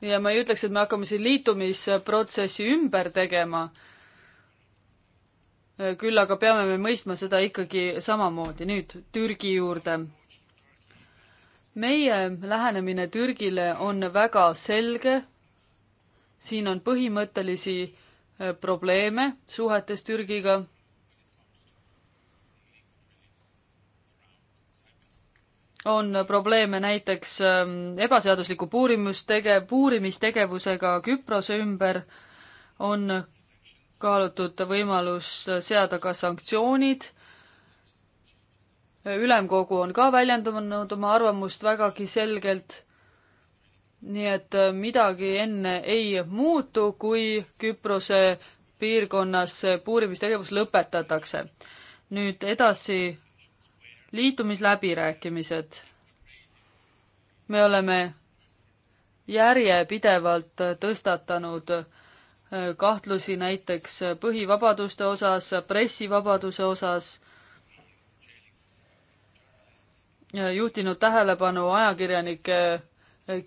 ja ma ei ütleks, et me hakkame siin liitumisprotsessi ümber tegema Äh, küll aga peame me mõistma seda ikkagi samamoodi. nüüd Türgi juurde. meie lähenemine Türgile on väga selge. siin on põhimõttelisi äh, probleeme suhetes Türgiga. on probleeme näiteks ähm, ebaseadusliku puurimustege-, puurimistegevusega Küprose ümber, on kaalutud võimalus seada ka sanktsioonid. ülemkogu on ka väljendanud oma arvamust vägagi selgelt. nii et midagi enne ei muutu, kui Küprose piirkonnas puurimistegevus lõpetatakse. nüüd edasi liitumisläbirääkimised. me oleme järjepidevalt tõstatanud äh, kahtlusi näiteks põhivabaduste osas, pressivabaduse osas, juhtinud tähelepanu ajakirjanike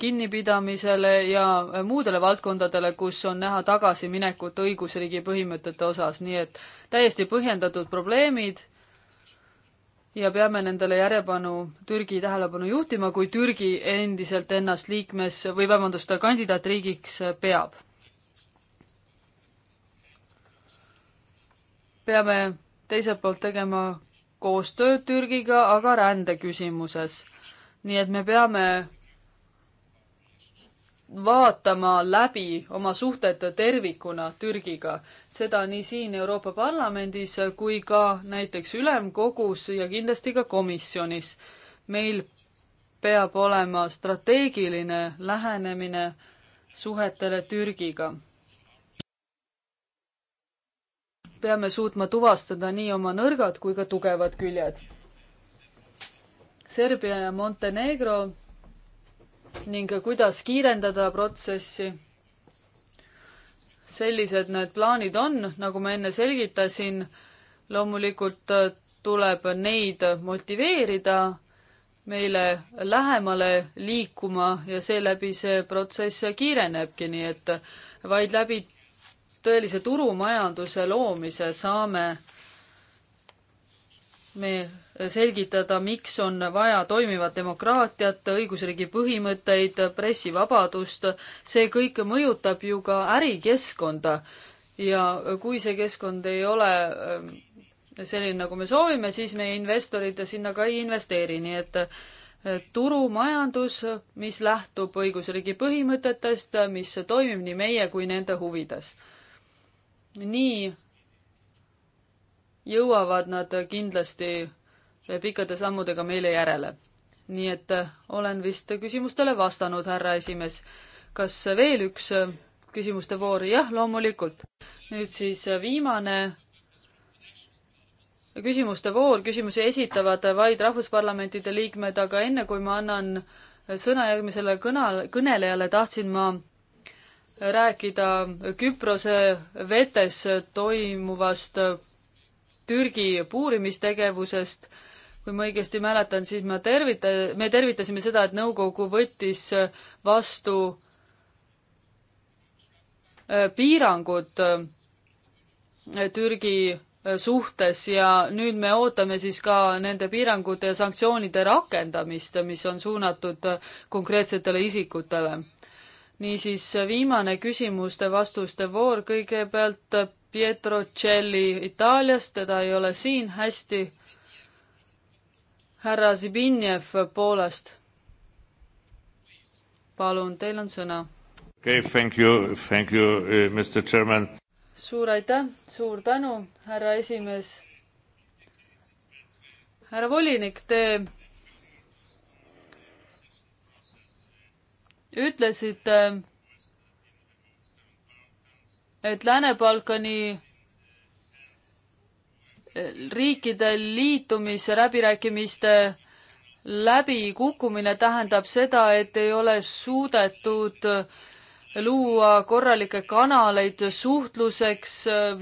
kinnipidamisele ja muudele valdkondadele, kus on näha tagasiminekut õigusriigi põhimõtete osas, nii et täiesti põhjendatud probleemid ja peame nendele järjepanu, Türgi tähelepanu juhtima, kui Türgi endiselt ennast liikmes või vabandust, kandidaatriigiks peab peame teiselt poolt tegema koostööd Türgiga, aga rändeküsimuses. nii et me peame vaatama läbi oma suhted tervikuna Türgiga, seda nii siin Euroopa Parlamendis kui ka näiteks ülemkogus ja kindlasti ka komisjonis. meil peab olema strateegiline lähenemine suhetele Türgiga. peame suutma tuvastada nii oma nõrgad kui ka tugevad küljed. Serbia ja Montenegro ning kuidas kiirendada protsessi. sellised need plaanid on, nagu ma enne selgitasin, loomulikult äh, tuleb neid motiveerida meile lähemale liikuma ja seeläbi see protsess kiirenebki, nii et vaid läbi tõelise turumajanduse loomise saame me selgitada, miks on vaja toimivat demokraatiat, õigusriigi põhimõtteid, pressivabadust, see kõik mõjutab ju ka ärikeskkonda. ja kui see keskkond ei ole ähm, selline, nagu me soovime, siis meie investorid sinna ka ei investeeri, nii et äh, turumajandus, mis lähtub õigusriigi põhimõtetest, mis toimib nii meie kui nende huvides nii jõuavad nad kindlasti pikkade sammudega meile järele. nii et olen vist küsimustele vastanud, härra esimees. kas veel üks küsimuste voor? jah, loomulikult. nüüd siis viimane küsimuste voor, küsimusi esitavad vaid rahvusparlamentide liikmed, aga enne kui ma annan sõna järgmisele kõnal-, kõnelejale, tahtsin ma rääkida Küprose vetes toimuvast Türgi puurimistegevusest. kui ma õigesti mäletan, siis ma tervita-, me tervitasime seda, et nõukogu võttis vastu äh, piirangud äh, Türgi äh, suhtes ja nüüd me ootame siis ka nende piirangute ja sanktsioonide rakendamist, mis on suunatud konkreetsetele isikutele niisiis viimane küsimuste-vastuste voor, kõigepealt Pietro Celli Itaaliast, teda ei ole siin, hästi. härra Zibinjev Poolast. palun, teil on sõna. okei okay,, thank you, thank you, eh, Mr Chairman. suur aitäh, suur tänu, härra esimees. härra volinik, te ütlesite, äh, et Lääne-Balkani äh, riikide liitumise läbirääkimiste läbikukkumine tähendab seda, et ei ole suudetud äh, luua korralikke kanaleid suhtluseks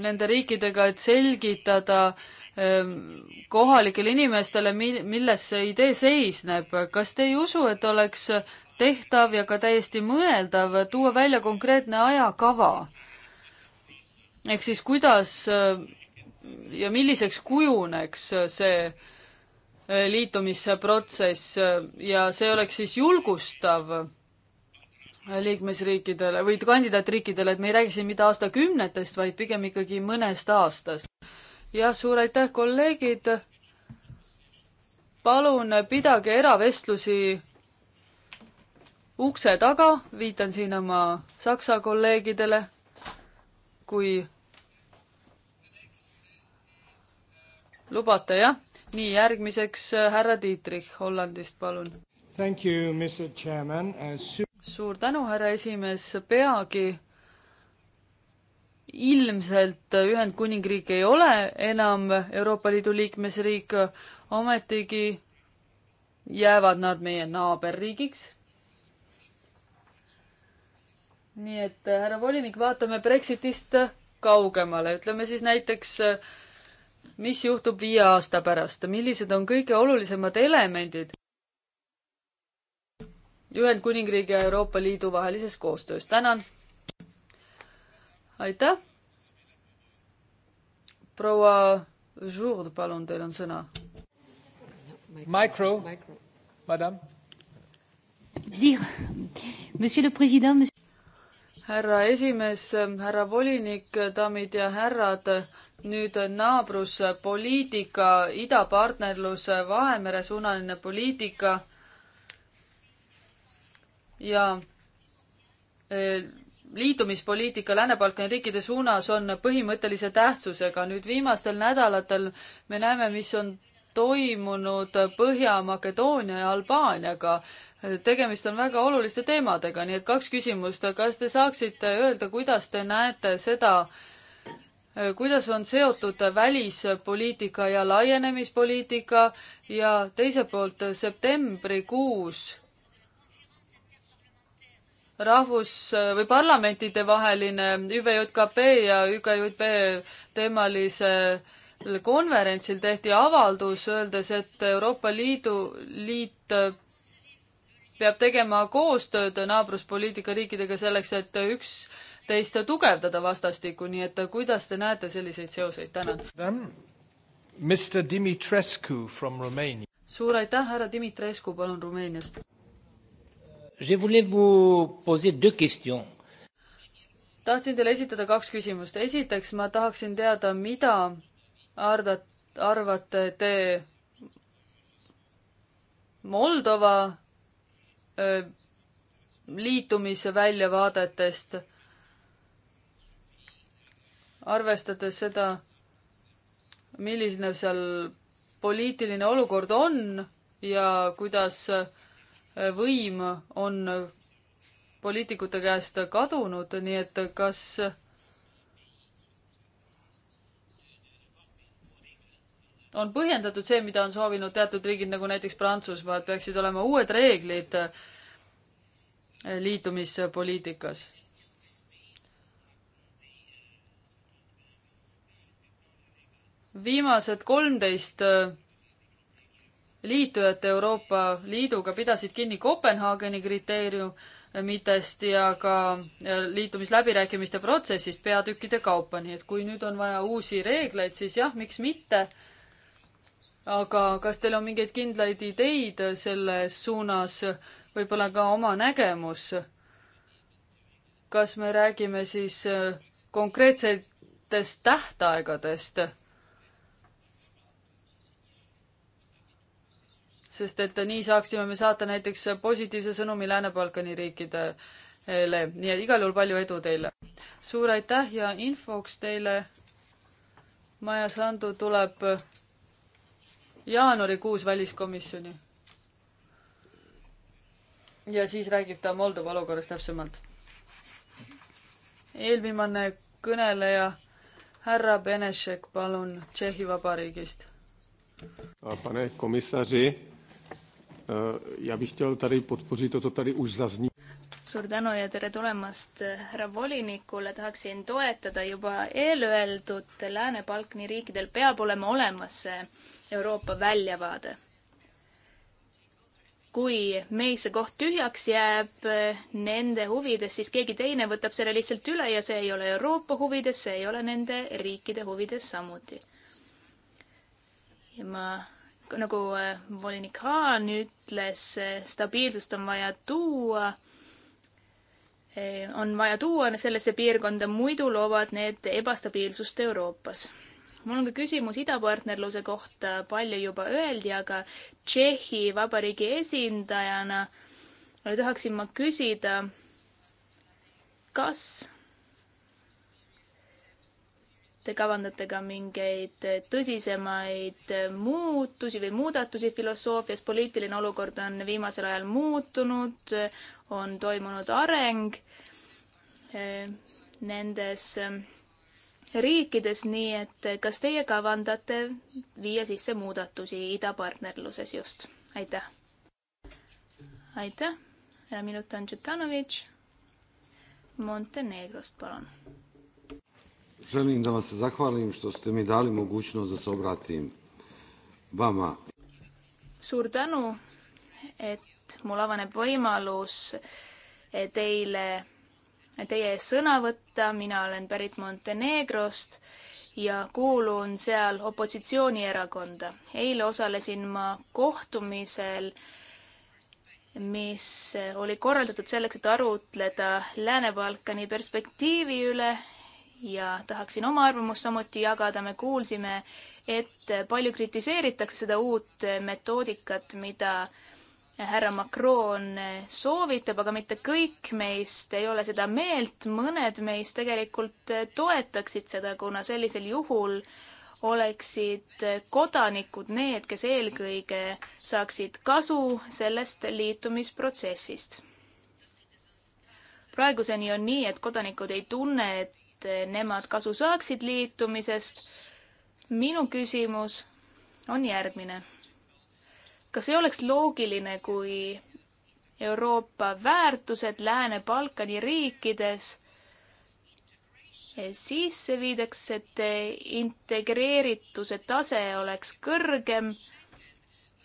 nende riikidega, et selgitada ähm, kohalikele inimestele, milles see idee seisneb. kas te ei usu, et oleks tehtav ja ka täiesti mõeldav tuua välja konkreetne ajakava. ehk siis kuidas äh, ja milliseks kujuneks see äh, liitumisprotsess äh, ja see oleks siis julgustav liikmesriikidele või kandidaatriikidele, et me ei räägi siin mitte aastakümnetest, vaid pigem ikkagi mõnest aastast. jah, suur aitäh, kolleegid. palun pidage eravestlusi ukse taga, viitan siin oma saksa kolleegidele, kui lubate, jah? nii, järgmiseks äh, härra Dietrich Hollandist, palun. Uh, suur tänu, härra esimees, peagi ilmselt Ühendkuningriik ei ole enam Euroopa Liidu liikmesriik, ometigi jäävad nad meie naaberriigiks nii et äh, härra volinik, vaatame Brexitist äh, kaugemale, ütleme siis näiteks, äh, mis juhtub viie aasta pärast, millised on kõige olulisemad elemendid Ühendkuningriigi ja Euroopa Liidu vahelises koostöös. tänan. aitäh. proua Jourde, palun, teil on sõna. Micro, Micro., madam. Dire, monsieur le president, monsieur härra esimees, härra volinik, daamid ja härrad, nüüd naabruspoliitika, idapartnerluse, Vahemere suunaline poliitika ja e, liitumispoliitika Lääne-Balkani riikide suunas on põhimõttelise tähtsusega. nüüd viimastel nädalatel me näeme, mis on toimunud Põhja-Makedoonia ja Albaaniaga tegemist on väga oluliste teemadega, nii et kaks küsimust. kas te saaksite öelda, kuidas te näete seda, kuidas on seotud välispoliitika ja laienemispoliitika ja teiselt poolt septembrikuus rahvus- või parlamentidevaheline ÜVJKP ja ÜKJP teemalise konverentsil tehti avaldus, öeldes, et Euroopa Liidu, liit peab tegema koostööd naabruspoliitika riikidega selleks, et üksteist tugevdada vastastikku, nii et kuidas te näete selliseid seoseid, tänan. Mr Dimitrescu from Romania. suur aitäh, härra Dimitrescu, palun Rumeeniast. Je voulais vous poser deux questions tahtsin teile esitada kaks küsimust. esiteks ma tahaksin teada, mida ardat-, arvate te Moldova liitumisväljavaadetest. arvestades seda, milline seal poliitiline olukord on ja kuidas äh, võim on poliitikute käest kadunud, nii et kas on põhjendatud see, mida on soovinud teatud riigid, nagu näiteks Prantsusmaa, et peaksid olema uued reeglid eh, liitumispoliitikas. viimased kolmteist eh, liitujat Euroopa Liiduga pidasid kinni Kopenhaageni kriteeriumitest eh, ja ka liitumisläbirääkimiste protsessist peatükkide kaupa, nii et kui nüüd on vaja uusi reegleid, siis jah, miks mitte aga kas teil on mingeid kindlaid ideid selles suunas, võib-olla ka oma nägemus? kas me räägime siis äh, konkreetsetest tähtaegadest? sest et nii saaksime me saata näiteks positiivse sõnumi Lääne-Balkani riikidele, nii et igal juhul palju edu teile! suur aitäh ja infoks teile, Maja Sandu tuleb jaanuarikuus väliskomisjoni. ja siis räägib ta Moldova olukorrast täpsemalt. eelviimane kõneleja, härra Benešek, palun, Tšehhi Vabariigist. pane komissari, e, ja bych chtěl tady podpořit to, co tady už zazní. suur tänu ja tere tulemast härra volinikule, tahaksin toetada juba eelöeldut, Lääne-Balkani riikidel peab olema olemas see Euroopa väljavaade. kui meil see koht tühjaks jääb eh, nende huvides, siis keegi teine võtab selle lihtsalt üle ja see ei ole Euroopa huvides, see ei ole nende riikide huvides samuti. ja ma nagu eh, volinik Haan ütles, eh, stabiilsust on vaja tuua on vaja tuua sellesse piirkonda, muidu loovad need ebastabiilsust Euroopas mul on ka küsimus idapartnerluse kohta, palju juba öeldi, aga Tšehhi Vabariigi esindajana tahaksin ma küsida, kas te kavandate ka mingeid tõsisemaid muutusi või muudatusi filosoofias, poliitiline olukord on viimasel ajal muutunud, on toimunud areng nendes riikides, nii et kas teie kavandate viia sisse muudatusi idapartnerluses just? aitäh! aitäh, härra Milutan Tšutanovitš Montenegrost, palun! želim da vam se zahvalim što ste mi dali mogućnost da se obratim vama. suur tänu, et mul avaneb võimalus teile teie ees sõna võtta, mina olen pärit Montenegrost ja kuulun seal opositsioonierakonda. eile osalesin ma kohtumisel, mis oli korraldatud selleks, et arutleda Lääne-Balkani perspektiivi üle ja tahaksin oma arvamust samuti jagada. me kuulsime, et palju kritiseeritakse seda uut metoodikat, mida härra Macron eh, soovitab, aga mitte kõik meist ei ole seda meelt, mõned meist tegelikult eh, toetaksid seda, kuna sellisel juhul oleksid eh, kodanikud need, kes eelkõige saaksid kasu sellest liitumisprotsessist. praeguseni on nii, et kodanikud ei tunne, et nemad kasu saaksid liitumisest. minu küsimus on järgmine kas ei oleks loogiline, kui Euroopa väärtused Lääne-Balkani riikides eh, sisse viidaks, et eh, integreerituse tase oleks kõrgem,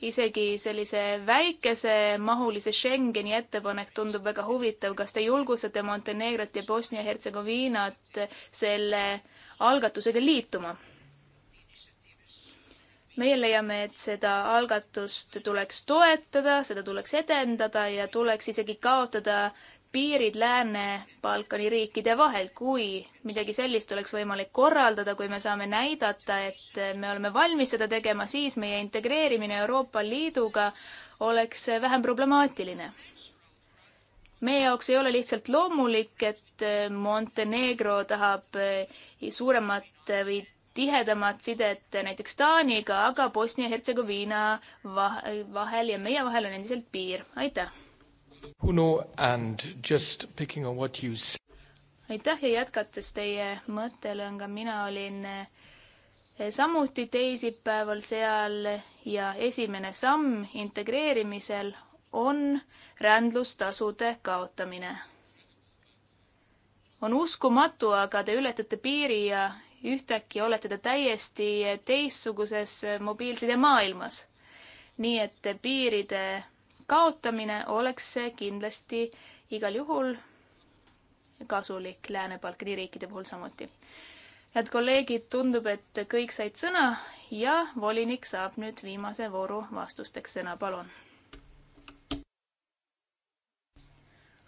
isegi sellise väikesemahulise Schengeni ettepanek tundub väga huvitav. kas te julgustate Montenegrot ja Bosnia-Hertsegoviinat selle algatusega liituma? meie leiame, et seda algatust tuleks toetada, seda tuleks edendada ja tuleks isegi kaotada piirid Lääne-Balkani riikide vahel, kui midagi sellist oleks võimalik korraldada, kui me saame näidata, et me oleme valmis seda tegema, siis meie integreerimine Euroopa Liiduga oleks vähem problemaatiline. meie jaoks ei ole lihtsalt loomulik, et Montenegro tahab suuremat või tihedamat sidet näiteks Taaniga, aga Bosnia-Hertsegoviina vahel ja meie vahel on endiselt piir. aitäh! Uno and just picking on what you said. aitäh ja jätkates teie mõttelõnga, mina olin eh, samuti teisipäeval seal ja esimene samm integreerimisel on rändlustasude kaotamine. on uskumatu, aga te ületate piiri ja yhtäkkiä olette te täiesti teistsuguses mobiilsidemaailmas. nii et piiride kaotamine oleks kindlasti igal juhul kasulik Lääne-Balkani riikide puhul samuti. head kolleegid, tundub, et kõik said sõna ja volinik saab nüüd viimase vooru vastusteks sõna, palun.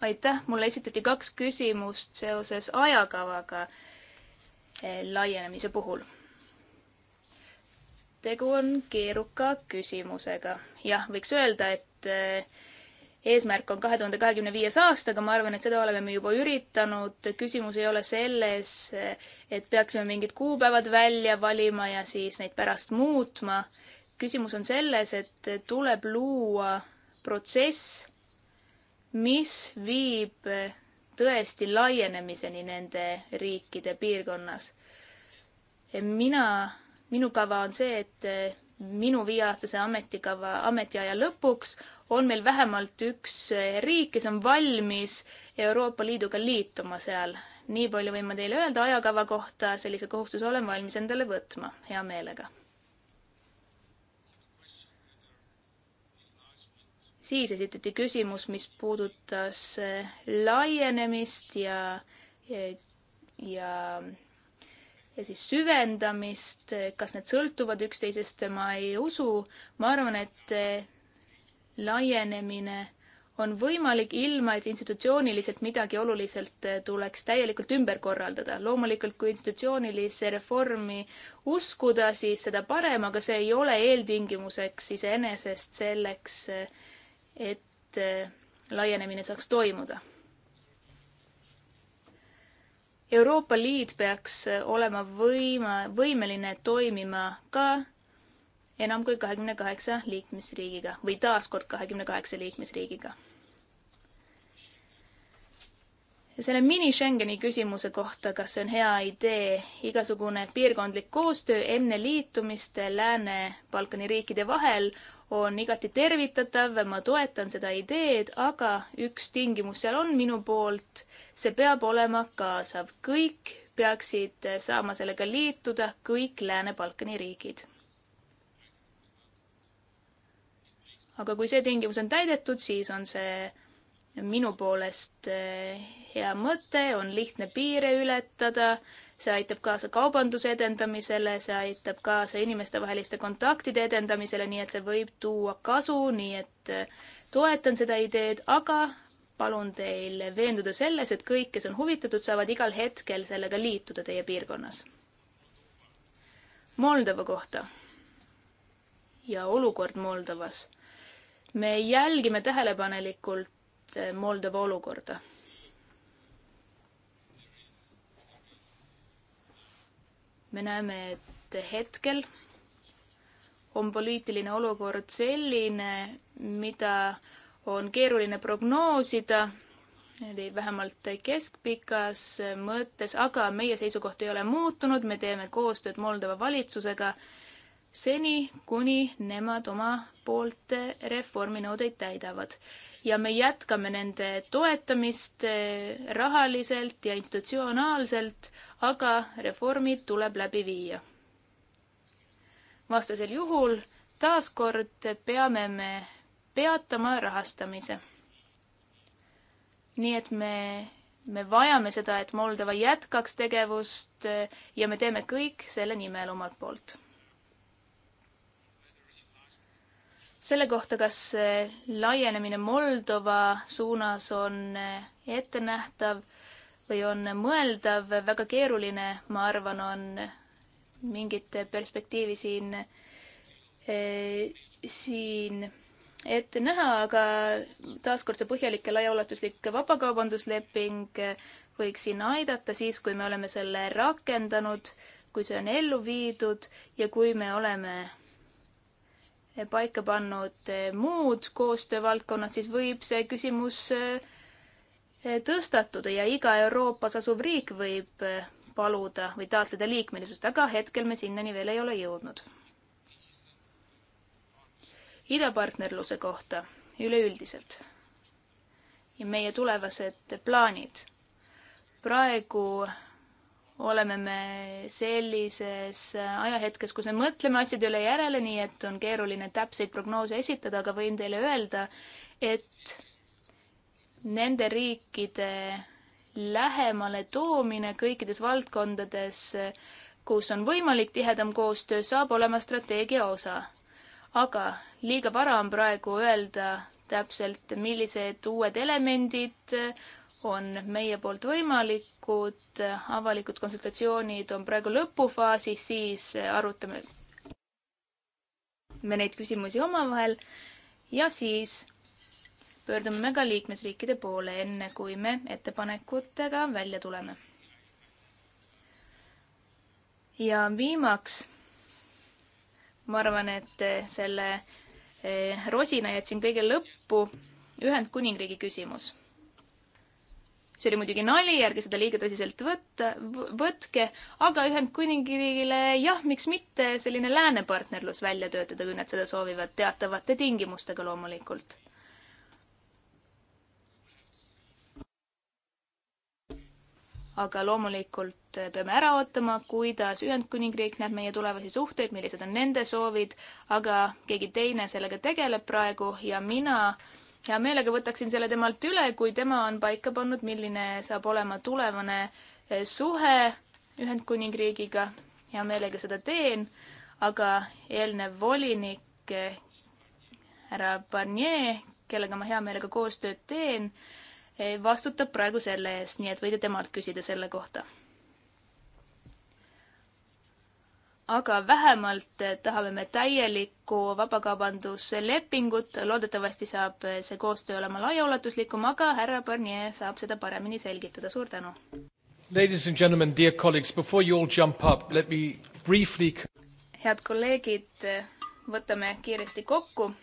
aitäh, mulle esitati kaks küsimust seoses ajakavaga laienemise puhul. tegu on keeruka küsimusega. jah, võiks öelda, et eh, eesmärk on kahe tuhande kahekümne viies aasta, aga ma arvan, et seda oleme me juba üritanud. küsimus ei ole selles, eh, et peaksime mingid kuupäevad välja valima ja siis neid pärast muutma. küsimus on selles, et tuleb luua protsess, mis viib eh, tõesti laienemiseni nende riikide piirkonnas. mina, minu kava on see, et eh, minu viieaastase ametikava, ametiaja lõpuks on meil vähemalt üks eh, riik, kes on valmis Euroopa Liiduga liituma seal. nii palju võin ma teile öelda ajakava kohta, sellise kohustuse olen valmis endale võtma hea meelega siis esitati küsimus, mis puudutas äh, laienemist ja, ja, ja ja siis süvendamist, äh, kas need sõltuvad üksteisest, ma ei usu. ma arvan, et äh, laienemine on võimalik ilma, et institutsiooniliselt midagi oluliselt tuleks täielikult ümber korraldada. loomulikult, kui institutsioonilisse reformi uskuda, siis seda parem, aga see ei ole eeltingimuseks iseenesest selleks, selleks et äh, laienemine saaks toimuda. Euroopa Liit peaks äh, olema võima, võimeline toimima ka enam kui kahekümne kaheksa liikmesriigiga või taaskord kahekümne kaheksa liikmesriigiga. ja selle mini Schengeni küsimuse kohta, kas see on hea idee, igasugune piirkondlik koostöö enne liitumist Lääne-Balkani riikide vahel on igati tervitatav, ma toetan seda ideed, aga üks tingimus seal on minu poolt, see peab olema kaasav. kõik peaksid saama sellega liituda, kõik Lääne-Balkani riigid. aga kui see tingimus on täidetud, siis on see minu poolest eh, hea mõte, on lihtne piire ületada, see aitab kaasa kaubanduse edendamisele, see aitab kaasa inimestevaheliste kontaktide edendamisele, nii et see võib tuua kasu, nii et eh, toetan seda ideed, aga palun teil veenduda selles, et kõik, kes on huvitatud, saavad igal hetkel sellega liituda teie piirkonnas. Moldova kohta ja olukord Moldovas. me jälgime tähelepanelikult eh, Moldova olukorda me näeme, et hetkel on poliitiline olukord selline, mida on keeruline prognoosida, vähemalt keskpikas mõttes, aga meie seisukoht ei ole muutunud, me teeme koostööd Moldova valitsusega seni, kuni nemad oma poolt reforminõudeid täidavad. ja me jätkame nende toetamist eh, rahaliselt ja institutsionaalselt, aga reformid tuleb läbi viia. vastasel juhul taaskord peame me peatama rahastamise nii et me, me vajame seda, et Moldova jätkaks tegevust eh, ja me teeme kõik selle nimel omalt poolt. selle kohta, kas laienemine Moldova suunas on ettenähtav või on mõeldav, väga keeruline, ma arvan, on mingit perspektiivi siin, eh, siin ette näha, aga taaskord see põhjalik ja laiaulatuslik vabakaubandusleping eh, võiks siin aidata siis, kui me oleme selle rakendanud, kui see on ellu viidud ja kui me oleme Eh, paika pannud eh, muud koostöövaldkonnad, siis võib see küsimus eh, tõstatuda ja iga Euroopas asuv riik võib paluda või taotleda liikmelisust, aga hetkel me sinnani veel ei ole jõudnud. idapartnerluse kohta üleüldiselt ja meie tulevased plaanid. praegu oleme me sellises äh, ajahetkes, kus me mõtleme asjade üle järele, nii et on keeruline täpseid prognoose esitada, aga võin teile öelda, et nende riikide lähemale toomine kõikides valdkondades, kus on võimalik tihedam koostöö, saab olema strateegia osa. aga liiga vara on praegu öelda täpselt, millised uued elemendid on meie poolt võimalik avalikud, avalikud konsultatsioonid on praegu lõpufaasis, siis arutame me neid küsimusi omavahel ja siis pöördume me ka liikmesriikide poole, enne kui me ettepanekutega välja tuleme. ja viimaks, ma arvan, et selle eh, rosina jätsin kõige lõppu Ühendkuningriigi küsimus see oli muidugi nali, ärge seda liiga tõsiselt võtta, võtke, aga Ühendkuningriigile jah, miks mitte selline läänepartnerlus välja töötada, kui nad seda soovivad, teatavate tingimustega loomulikult aga loomulikult peame ära ootama, kuidas Ühendkuningriik näeb meie tulevasi suhteid, millised on nende soovid, aga keegi teine sellega tegeleb praegu ja mina hea meelega võtaksin selle temalt üle, kui tema on paika pannud, milline saab olema tulevane eh, suhe Ühendkuningriigiga. hea meelega seda teen, aga eelnev volinik eh, härra Barnier, kellega ma hea meelega koostööd teen, eh, vastutab praegu selle eest, nii et võite temalt küsida selle kohta aga vähemalt tahame me täielikku vabakaubanduslepingut, loodetavasti saab see koostöö olema laiaulatuslikum, aga härra Barnier saab seda paremini selgitada, suur tänu. Ladies and gentlemen, dear colleagues, before you all jump up, let me briefly head kolleegid, võtame kiiresti kokku.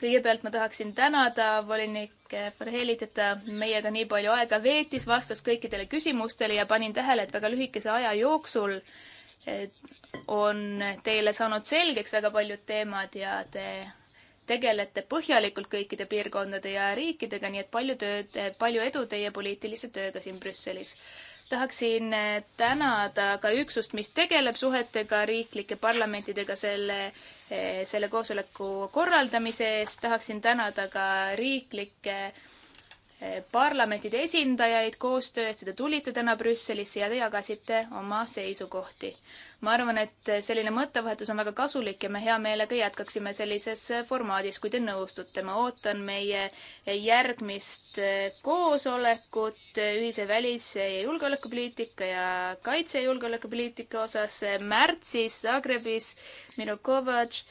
kõigepealt ma tahaksin tänada volinik Verhelit, et ta meiega nii palju aega veetis, vastas kõikidele küsimustele ja panin tähele, et väga lühikese aja jooksul äh, on teile saanud selgeks väga paljud teemad ja te tegelete põhjalikult kõikide piirkondade ja riikidega, nii et palju tööd, palju edu teie poliitilise tööga siin Brüsselis. tahaksin tänada ka üksust, mis tegeleb suhetega riiklike parlamentidega selle, eh, selle koosoleku korraldamise eest, tahaksin tänada ka riiklikke parlamentide esindajaid koostöö eest, et te tulite täna Brüsselisse ja te jagasite oma seisukohti. ma arvan, et selline mõttevahetus on väga kasulik ja me hea meelega jätkaksime sellises formaadis, kui te nõustute. ma ootan meie järgmist koosolekut ühise välis- ja julgeolekupoliitika ja kaitse- ja julgeolekupoliitika osas märtsis Zagrebis. Miro Kovač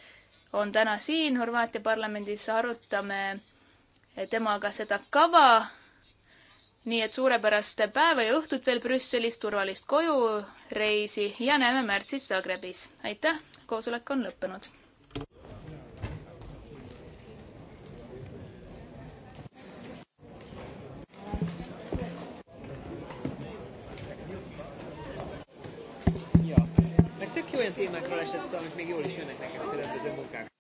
on täna siin Horvaatia parlamendis, arutame temaga seda kava. nii et suurepärast päeva ja õhtut veel Brüsselis, turvalist kojureisi ja näeme märtsis Zagrebis. aitäh, koosolek on lõppenud. tök jó olyan témákról esett szó, amit még jól is jönnek nekem a különböző munkák.